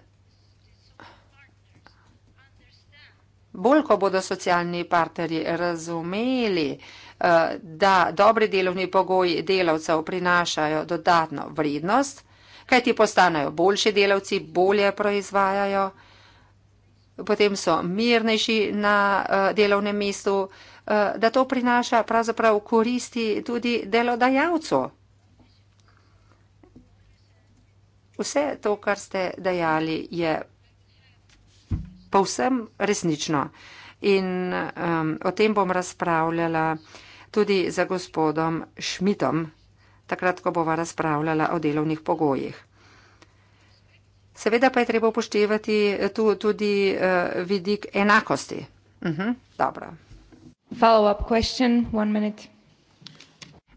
Bolj, ko bodo socialni partnerji razumeli, eh, da dobri delovni pogoji delavcev prinašajo dodatno vrednost, kajti postanejo boljši delavci, bolje proizvajajo, potem so mirnejši na eh, delovnem mestu, eh, da to prinaša pravzaprav koristi tudi delodajalcu. Vse to, kar ste dejali, je povsem resnično. In um, o tem bom razpravljala tudi za gospodom Šmitom, takrat, ko bova razpravljala o delovnih pogojih. Seveda pa je treba upoštevati eh, tu tudi uh, vidik enakosti. Uh mhm, -huh, dobro. Follow-up question, one minute.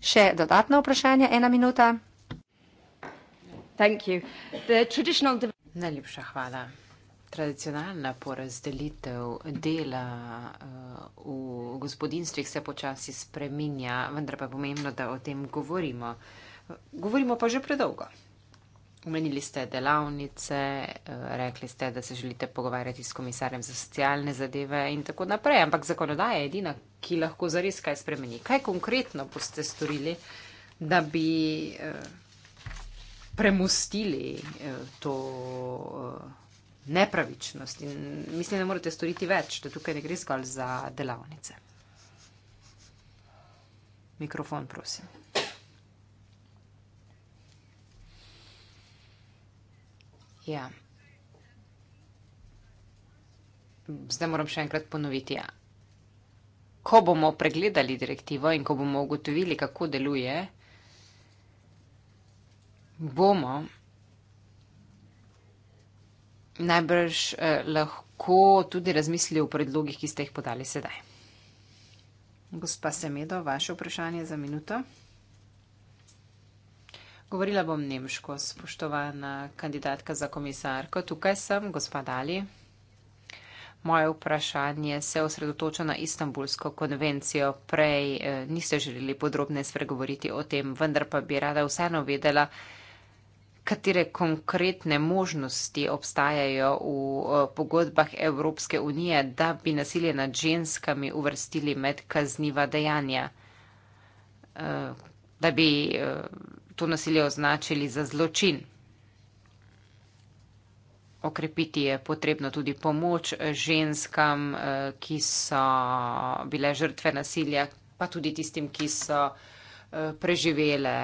Še dodatno vprašanje, ena minuta. Najlepša hvala tradicionalna porazdelitev dela eh, v gospodinstvih se počasi spreminja, vendar pa je pomembno, da o tem govorimo. Govorimo pa že predolgo. Umenili ste delavnice, eh, rekli ste, da se želite pogovarjati s komisarjem za socialne zadeve in tako naprej, ampak zakonodaja je edina, ki lahko zares kaj spremeni. Kaj konkretno boste storili, da bi eh, premustili to nepravičnost in mislim, da morate storiti več, da tukaj ne gre zgolj za delavnice. Mikrofon, prosim. Ja. Zdaj moram še enkrat ponoviti. Ja. Ko bomo pregledali direktivo in ko bomo ugotovili, kako deluje, bomo najbrž eh, lahko tudi razmisli o predlogih, ki ste jih podali sedaj. Gospa Semedo, vaše vprašanje za minuto. Govorila bom nemško, spoštovana kandidatka za komisarko. Tukaj sem, gospa Dali. Moje vprašanje se osredotoča na Istanbulsko konvencijo. Prej eh, niste želeli podrobne spregovoriti o tem, vendar pa bi rada vseeno vedela, eh, katere konkretne možnosti obstajajo v eh, pogodbah Evropske unije, da bi nasilje nad ženskami uvrstili med kazniva dejanja, eh, da bi eh, to nasilje označili za zločin. Okrepiti je potrebno tudi pomoč ženskam, ki so bile žrtve nasilja, pa tudi tistim, ki so preživele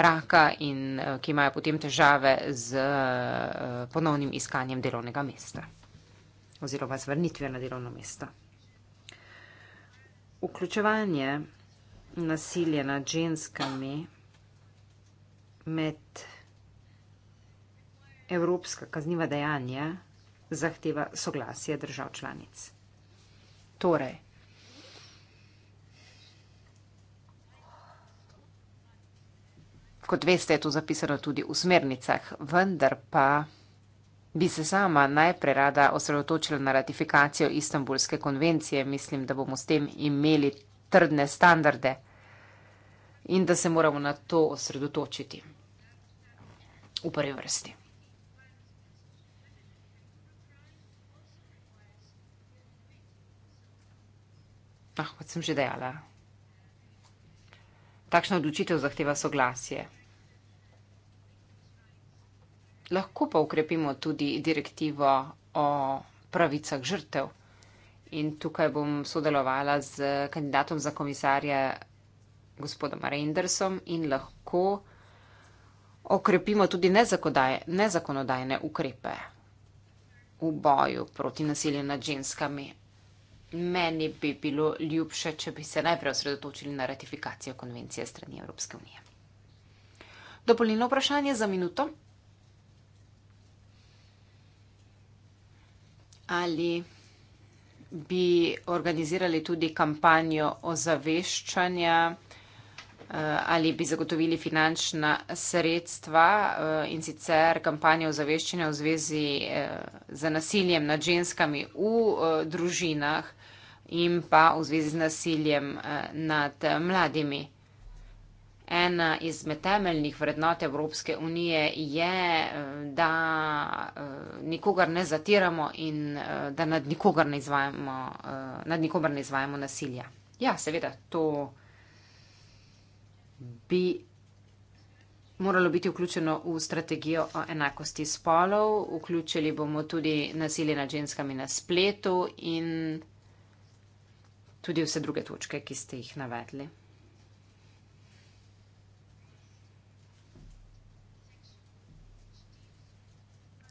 raka in eh, ki imajo potem težave z eh, ponovnim iskanjem delovnega mesta oziroma z vrnitvijo na delovno mesto. Vključevanje nasilja nad ženskami med evropska kazniva dejanja zahteva soglasje držav članic. Torej, Kot veste, je to zapisano tudi v smernicah, vendar pa bi se sama najprej rada osredotočila na ratifikacijo Istanbulske konvencije. Mislim, da bomo s tem imeli trdne standarde in da se moramo na to osredotočiti v prvi vrsti. Ah, kot sem že dejala, Takšna odločitev zahteva soglasje. Lahko pa ukrepimo tudi direktivo o pravicah žrtev. In tukaj bom sodelovala z kandidatom za komisarja gospodom Reindersom in lahko okrepimo tudi nezakonodajne ukrepe v boju proti nasilju nad ženskami. Meni bi bilo ljubše, če bi se najprej osredotočili na ratifikacijo konvencije strani Evropske unije. Dopolnilno vprašanje za minuto. Ali bi organizirali tudi kampanjo ozaveščanja? Eh, ali bi zagotovili finančna sredstva eh, in sicer kampanje ozaveščanja v zvezi eh, z nasiljem nad ženskami v družinah in pa v zvezi z nasiljem nad mladimi. Ena izmed temeljnih vrednot Evropske unije je, da nikogar ne zatiramo in da nad nikogar ne izvajamo, nad nikogar ne izvajamo nasilja. Ja, seveda, to bi moralo biti vključeno v strategijo o enakosti spolov. Vključili bomo tudi nasilje nad ženskami na spletu in tudi vse druge točke, ki ste jih navedli.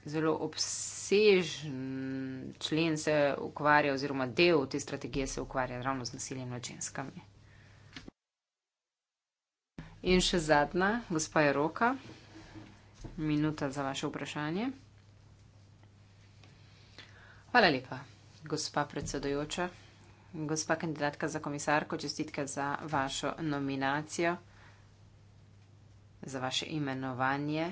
Zelo obsežen člen se ukvarja oziroma del te strategije se ukvarja ravno z nasiljem nad ženskami. In še zadnja, gospa je roka, minuta za vaše vprašanje. Hvala lepa, gospa predsedojoča, gospa kandidatka za komisarko, čestitke za vašo nominacijo, za vaše imenovanje.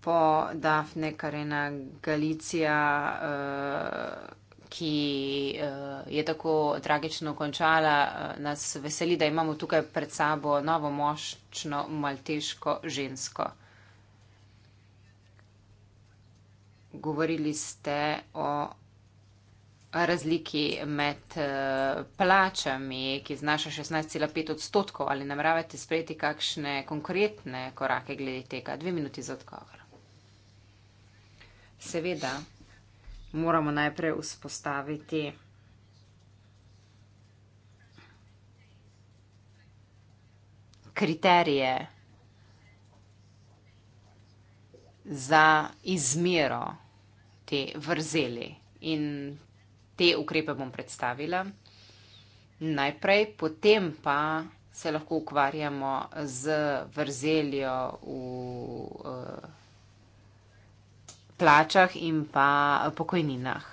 Po Dafne Karena Galicija. Uh, ki uh, je tako tragično končala, uh, nas veseli, da imamo tukaj pred sabo novo močno malteško žensko. Govorili ste o razliki med uh, plačami, ki znaša 16,5 odstotkov, ali nameravate sprejeti kakšne konkretne korake glede tega? Dve minuti za odgovor. Seveda moramo najprej vzpostaviti kriterije za izmero te vrzeli. In te ukrepe bom predstavila najprej, potem pa se lahko ukvarjamo z vrzeljo v. Uh, plačah in pa pokojninah.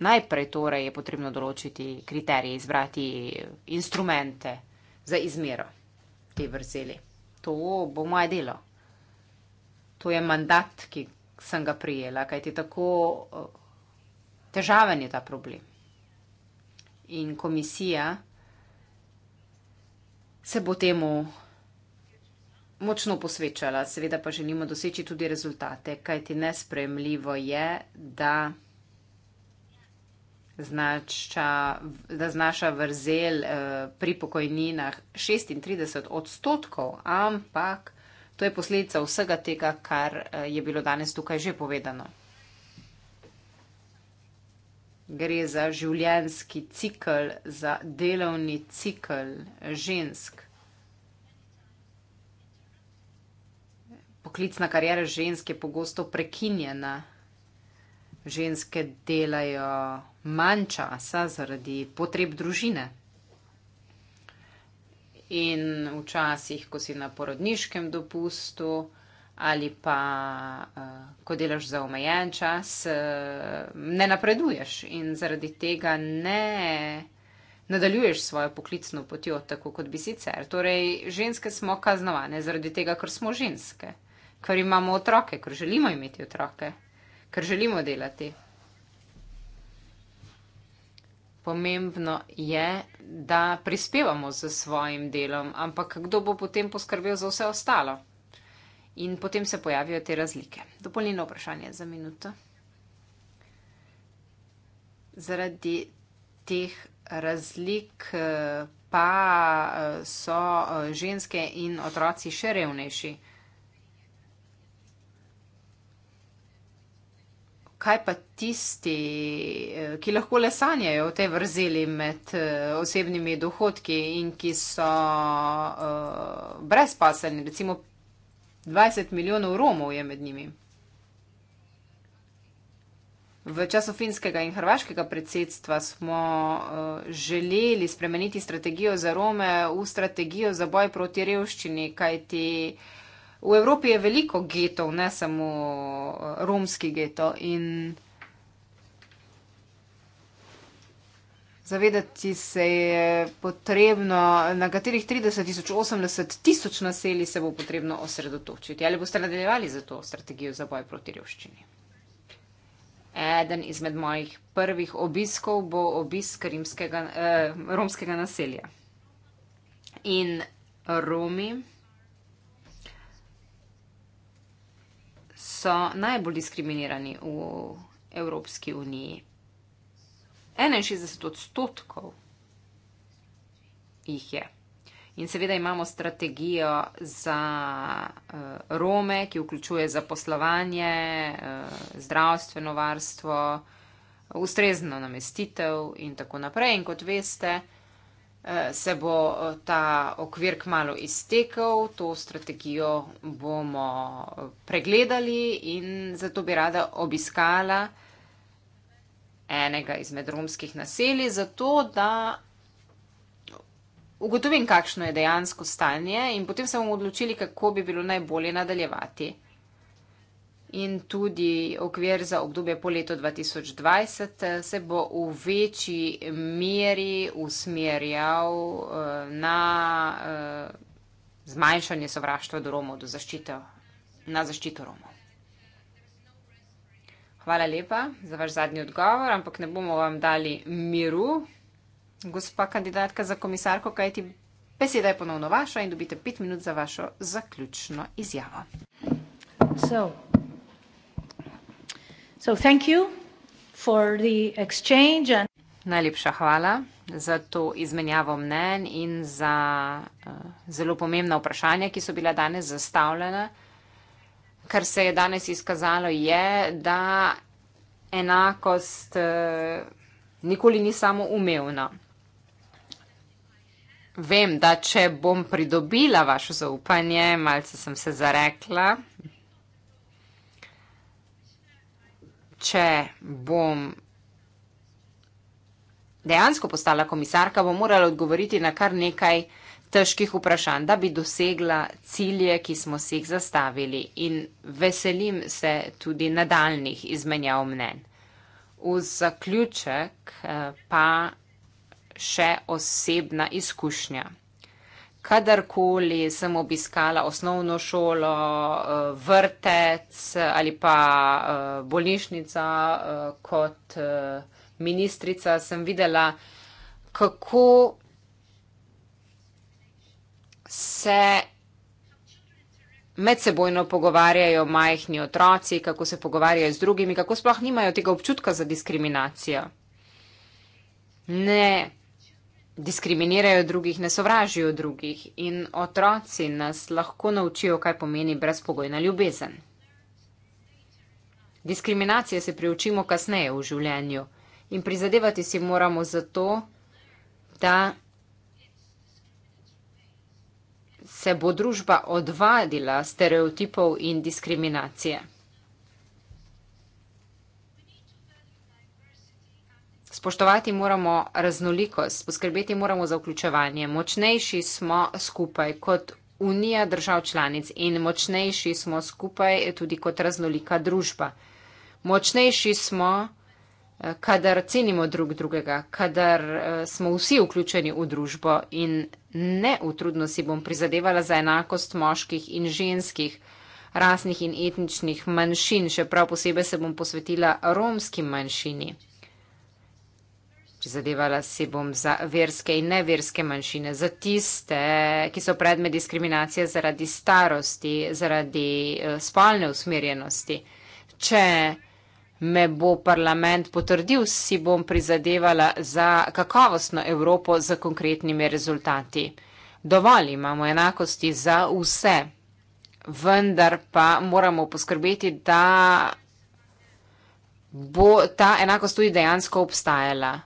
Najprej torej je potrebno določiti kriterije, izbrati instrumente za izmero te vrzeli. To bo moje delo. To je mandat, ki sem ga prijela, kajti tako eh, težaven je ta problem. In komisija se bo temu močno posvečala, seveda pa želimo doseči tudi rezultate, kajti nespremljivo je, da, znača, da znaša vrzel eh, pri pokojninah 36 odstotkov, ampak to je posledica vsega tega, kar eh, je bilo danes tukaj že povedano. Gre za življenski cikl, za delovni cikl žensk. poklicna karijera žensk je pogosto prekinjena. Ženske delajo manj časa zaradi potreb družine. In včasih, ko si na porodniškem dopustu ali pa eh, ko delaš za omejen čas, eh, ne napreduješ in zaradi tega ne nadaljuješ svojo poklicno potjo tako, kot bi sicer. Torej, ženske smo kaznovane zaradi tega, ker smo ženske ker imamo otroke, ker želimo imeti otroke, ker želimo delati. Pomembno je, da prispevamo z svojim delom, ampak kdo bo potem poskrbel za vse ostalo? In potem se pojavijo te razlike. Dopolnilno vprašanje za minuto. Zaradi teh razlik eh, pa eh, so eh, ženske in otroci še revnejši. kaj pa tisti, eh, ki lahko le sanjajo o tej vrzeli med eh, osebnimi dohodki in ki so uh, eh, brezpaselni, recimo 20 milijonov Romov je med njimi. V času finskega in hrvaškega predsedstva smo uh, želeli spremeniti strategijo za Rome v strategijo za boj proti revščini, kajti uh, v Evropi je veliko getov, ne samo eh, romski geto. In zavedati se je potrebno, na katerih 30 tisoč, 80 tisoč naselij se bo potrebno osredotočiti. Ali boste nadaljevali za to strategijo za boj proti revščini? Eden izmed mojih prvih obiskov bo obisk rimskega, eh, romskega naselja. In Romi, so najbolj diskriminirani v Evropski uniji. 61 odstotkov jih je. In seveda imamo strategijo za eh, Rome, ki vključuje zaposlovanje, eh, zdravstveno varstvo, ustrezno namestitev in tako naprej. In kot veste, Eh, se bo eh, ta okvir kmalo iztekel, to strategijo bomo eh, pregledali in zato bi rada obiskala enega izmed romskih naselij, zato da ugotovim, kakšno je dejansko stanje in potem se bomo odločili, kako bi bilo najbolje nadaljevati in tudi okvir za obdobje po letu 2020 eh, se bo v večji meri usmerjal eh, na eh, zmanjšanje sovraštva do Romov, do zaščito, na zaščito Romov. Hvala lepa za vaš zadnji odgovor, ampak ne bomo vam dali miru, gospa kandidatka za komisarko, kajti beseda je ponovno vaša in dobite pet minut za vašo zaključno izjavo. So. Najlepša hvala za to izmenjavo mnen in za eh, zelo pomembna vprašanja, ki so bila danes zastavljena. Kar se je danes izkazalo, je, da enakost eh, nikoli ni samo umevna. Vem, da če bom pridobila vaše zaupanje, malce sem se zarekla, če bom dejansko postala komisarka, bom morala odgovoriti na kar nekaj težkih vprašanj, da bi dosegla cilje, ki smo si jih zastavili in veselim se tudi nadaljnih izmenjav mnen. V zaključek eh, pa še osebna izkušnja kadarkoli sem obiskala osnovno šolo, eh, vrtec ali pa eh, bolnišnica, eh, kot ministrica, sem videla, kako se medsebojno pogovarjajo majhni otroci, kako se pogovarjajo z drugimi, kako sploh nimajo tega občutka za diskriminacijo. Ne diskriminirajo drugih, ne sovražijo drugih in otroci nas lahko naučijo, kaj pomeni brezpogojna ljubezen. Diskriminacije se priučimo kasneje v življenju in prizadevati si moramo za to, da se bo družba odvadila stereotipov in diskriminacije. spoštovati moramo raznolikost, poskrbeti moramo za vključevanje. Močnejši smo skupaj kot unija držav članic in močnejši smo skupaj tudi kot raznolika družba. Močnejši smo, eh, kadar cenimo drug drugega, kadar eh, smo vsi vključeni v družbo in ne v trudnosti bom prizadevala za enakost moških in ženskih rasnih in etničnih manjšin, še prav posebej se bom posvetila romski manjšini. Prizadevala si bom za verske in neverske manjšine, za tiste, ki so predmet diskriminacije zaradi starosti, zaradi eh, spolne usmerjenosti. Če me bo parlament potrdil, si bom prizadevala za kakovostno Evropo z konkretnimi rezultati. Dovolj imamo enakosti za vse, vendar pa moramo poskrbeti, da bo ta enakost tudi dejansko obstajala.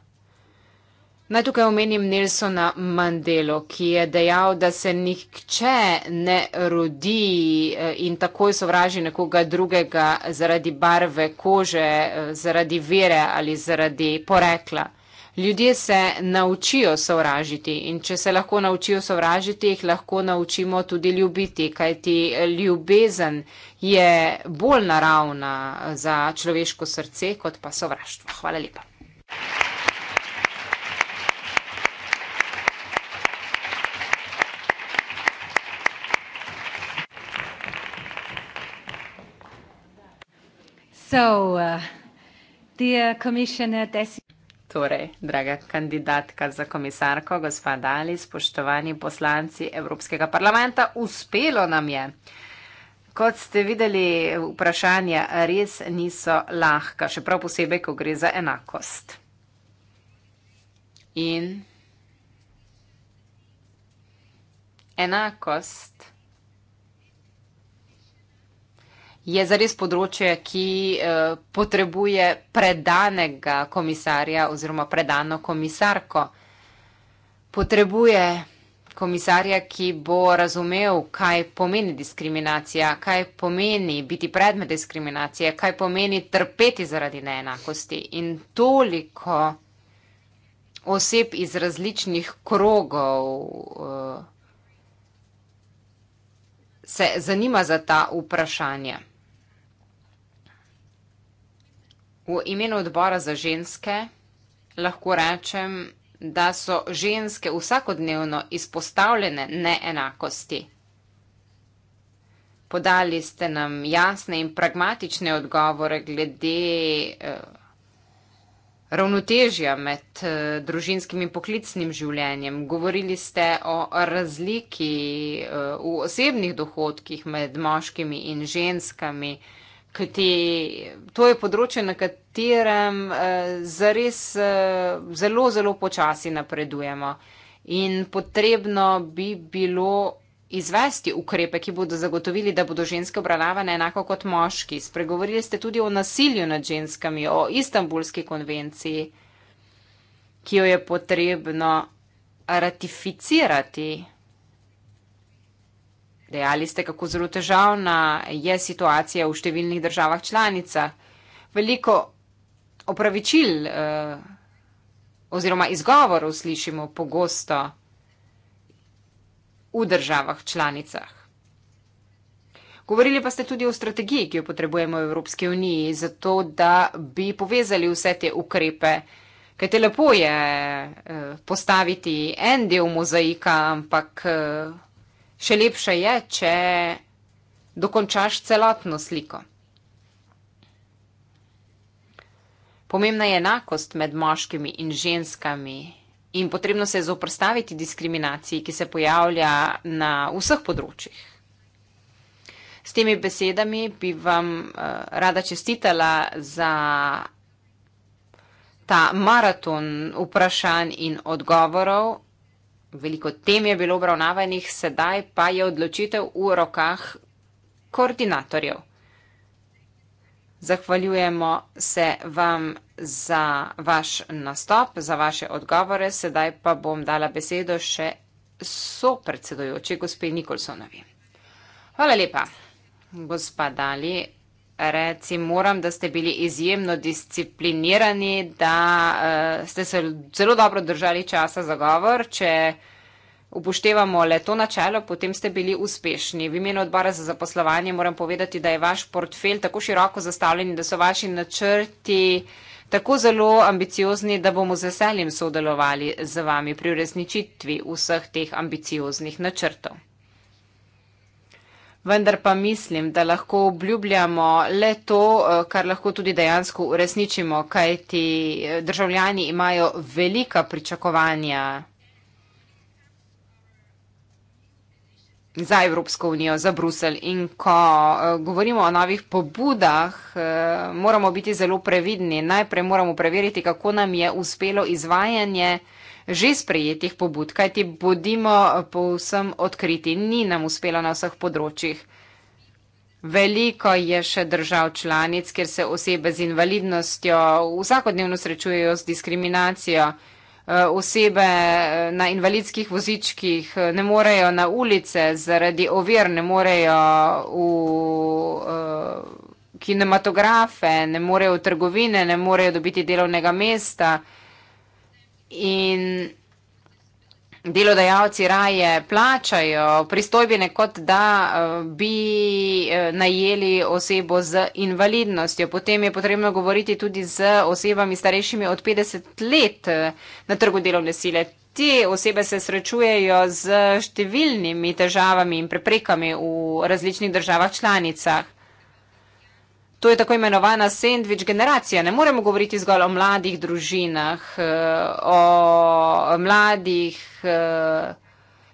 Naj tukaj omenim Nelsona Mandelo, ki je dejal, da se nihče ne rodi eh, in takoj sovraži nekoga drugega zaradi barve kože, eh, zaradi vere ali zaradi porekla. Ljudje se naučijo sovražiti in če se lahko naučijo sovražiti, jih lahko naučimo tudi ljubiti, kajti ljubezen je bolj naravna za človeško srce kot pa sovraštvo. Hvala lepa. So, uh, torej, draga kandidatka za komisarko, gospa Dali, spoštovani poslanci Evropskega parlamenta, uspelo nam je. Kot ste videli, vprašanja res niso lahka, še prav posebej, ko gre za enakost. In enakost. je zares področje, ki eh, potrebuje predanega komisarja oziroma predano komisarko. Potrebuje komisarja, ki bo razumel, kaj pomeni diskriminacija, kaj pomeni biti predmet diskriminacije, kaj pomeni trpeti zaradi neenakosti. In toliko oseb iz različnih krogov uh, se zanima za ta vprašanja. V imenu odbora za ženske lahko rečem, da so ženske vsakodnevno izpostavljene neenakosti. Podali ste nam jasne in pragmatične odgovore glede eh, ravnotežja med eh, družinskim in poklicnim življenjem. Govorili ste o razliki eh, v osebnih dohodkih med moškimi in ženskami. Kajti to je področje, na katerem uh, zares uh, zelo, zelo počasi napredujemo. In potrebno bi bilo izvesti ukrepe, ki bodo zagotovili, da bodo ženske obravnavane enako kot moški. Spregovorili ste tudi o nasilju nad ženskami, o istambulski konvenciji, ki jo je potrebno ratificirati. Dejali ste, kako zelo težavna je situacija v številnih državah članica. Veliko opravičil eh, oziroma izgovorov slišimo pogosto v državah članicah. Govorili pa ste tudi o strategiji, ki jo potrebujemo v Evropski uniji, zato da bi povezali vse te ukrepe. Kaj te lepo je eh, postaviti en del mozaika, ampak eh, Še lepše je, če dokončaš celotno sliko. Pomembna je enakost med moškimi in ženskami in potrebno se je zoprstaviti diskriminaciji, ki se pojavlja na vseh področjih. S temi besedami bi vam uh, rada čestitala za ta maraton vprašanj in odgovorov. Veliko tem je bilo obravnavanih, sedaj pa je odločitev v rokah koordinatorjev. Zahvaljujemo se vam za vaš nastop, za vaše odgovore. Sedaj pa bom dala besedo še so predsedojoči gospe Nikolsonovi. Hvala lepa, gospa Dali reči, moram, da ste bili izjemno disciplinirani, da uh, ste se zelo dobro držali časa za govor. Če upoštevamo le to načelo, potem ste bili uspešni. V imenu odbora za zaposlovanje moram povedati, da je vaš portfelj tako široko zastavljen, da so vaši načrti. Tako zelo ambiciozni, da bomo z veseljem sodelovali z vami pri uresničitvi vseh teh ambicioznih načrtov vendar pa mislim, da lahko obljubljamo le to, eh, kar lahko tudi dejansko uresničimo, kaj ti eh, državljani imajo velika pričakovanja za Evropsko unijo, za Bruselj. In ko eh, govorimo o novih pobudah, moramo biti zelo previdni. Najprej moramo preveriti, kako nam je uspelo izvajanje že sprejetih pobud, kajti bodimo povsem odkriti, ni nam uspelo na vseh področjih. Veliko je še držav članic, kjer se osebe z invalidnostjo vsakodnevno srečujejo z diskriminacijo. E, osebe e, na invalidskih vozičkih e, ne morejo na ulice zaradi ovir, ne morejo v kinematografe, ne morejo v trgovine, ne morejo dobiti delovnega mesta in delodajalci raje plačajo pristojbine, kot da eh, bi eh, najeli osebo z invalidnostjo. Potem je potrebno govoriti tudi z osebami starejšimi od 50 let eh, na trgu delovne sile. Te osebe se srečujejo z številnimi težavami in preprekami v različnih državah članicah. To je tako imenovana sandvič generacija. Ne moremo govoriti zgolj o mladih družinah, eh, o mladih eh,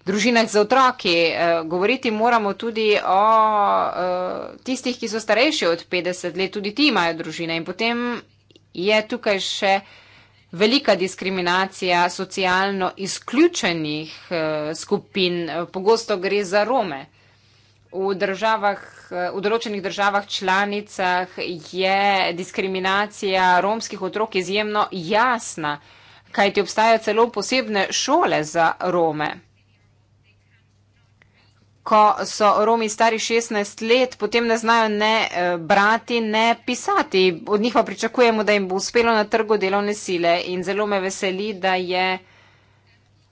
družinah z otroki. Eh, govoriti moramo tudi o tistih, ki so starejši od 50 let, tudi ti imajo družine. In potem je tukaj še velika diskriminacija socialno izključenih skupin. Pogosto gre za Rome. V, državah, v določenih državah članicah je diskriminacija romskih otrok izjemno jasna, kajti obstajajo celo posebne šole za Rome. Ko so Romi stari 16 let, potem ne znajo ne eh, brati, ne pisati. Od njih pa pričakujemo, da jim bo uspelo na trgu delovne sile. In zelo me veseli, da je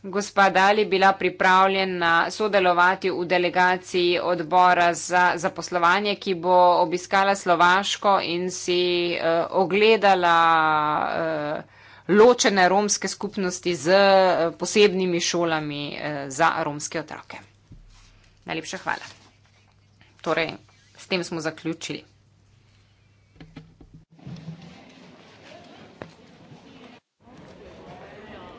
gospa Dali bila pripravljena sodelovati v delegaciji odbora za zaposlovanje, ki bo obiskala Slovaško in si uh, ogledala uh, ločene romske skupnosti z uh, posebnimi šolami uh, za romske otroke. Najlepša hvala. Torej, s tem smo zaključili.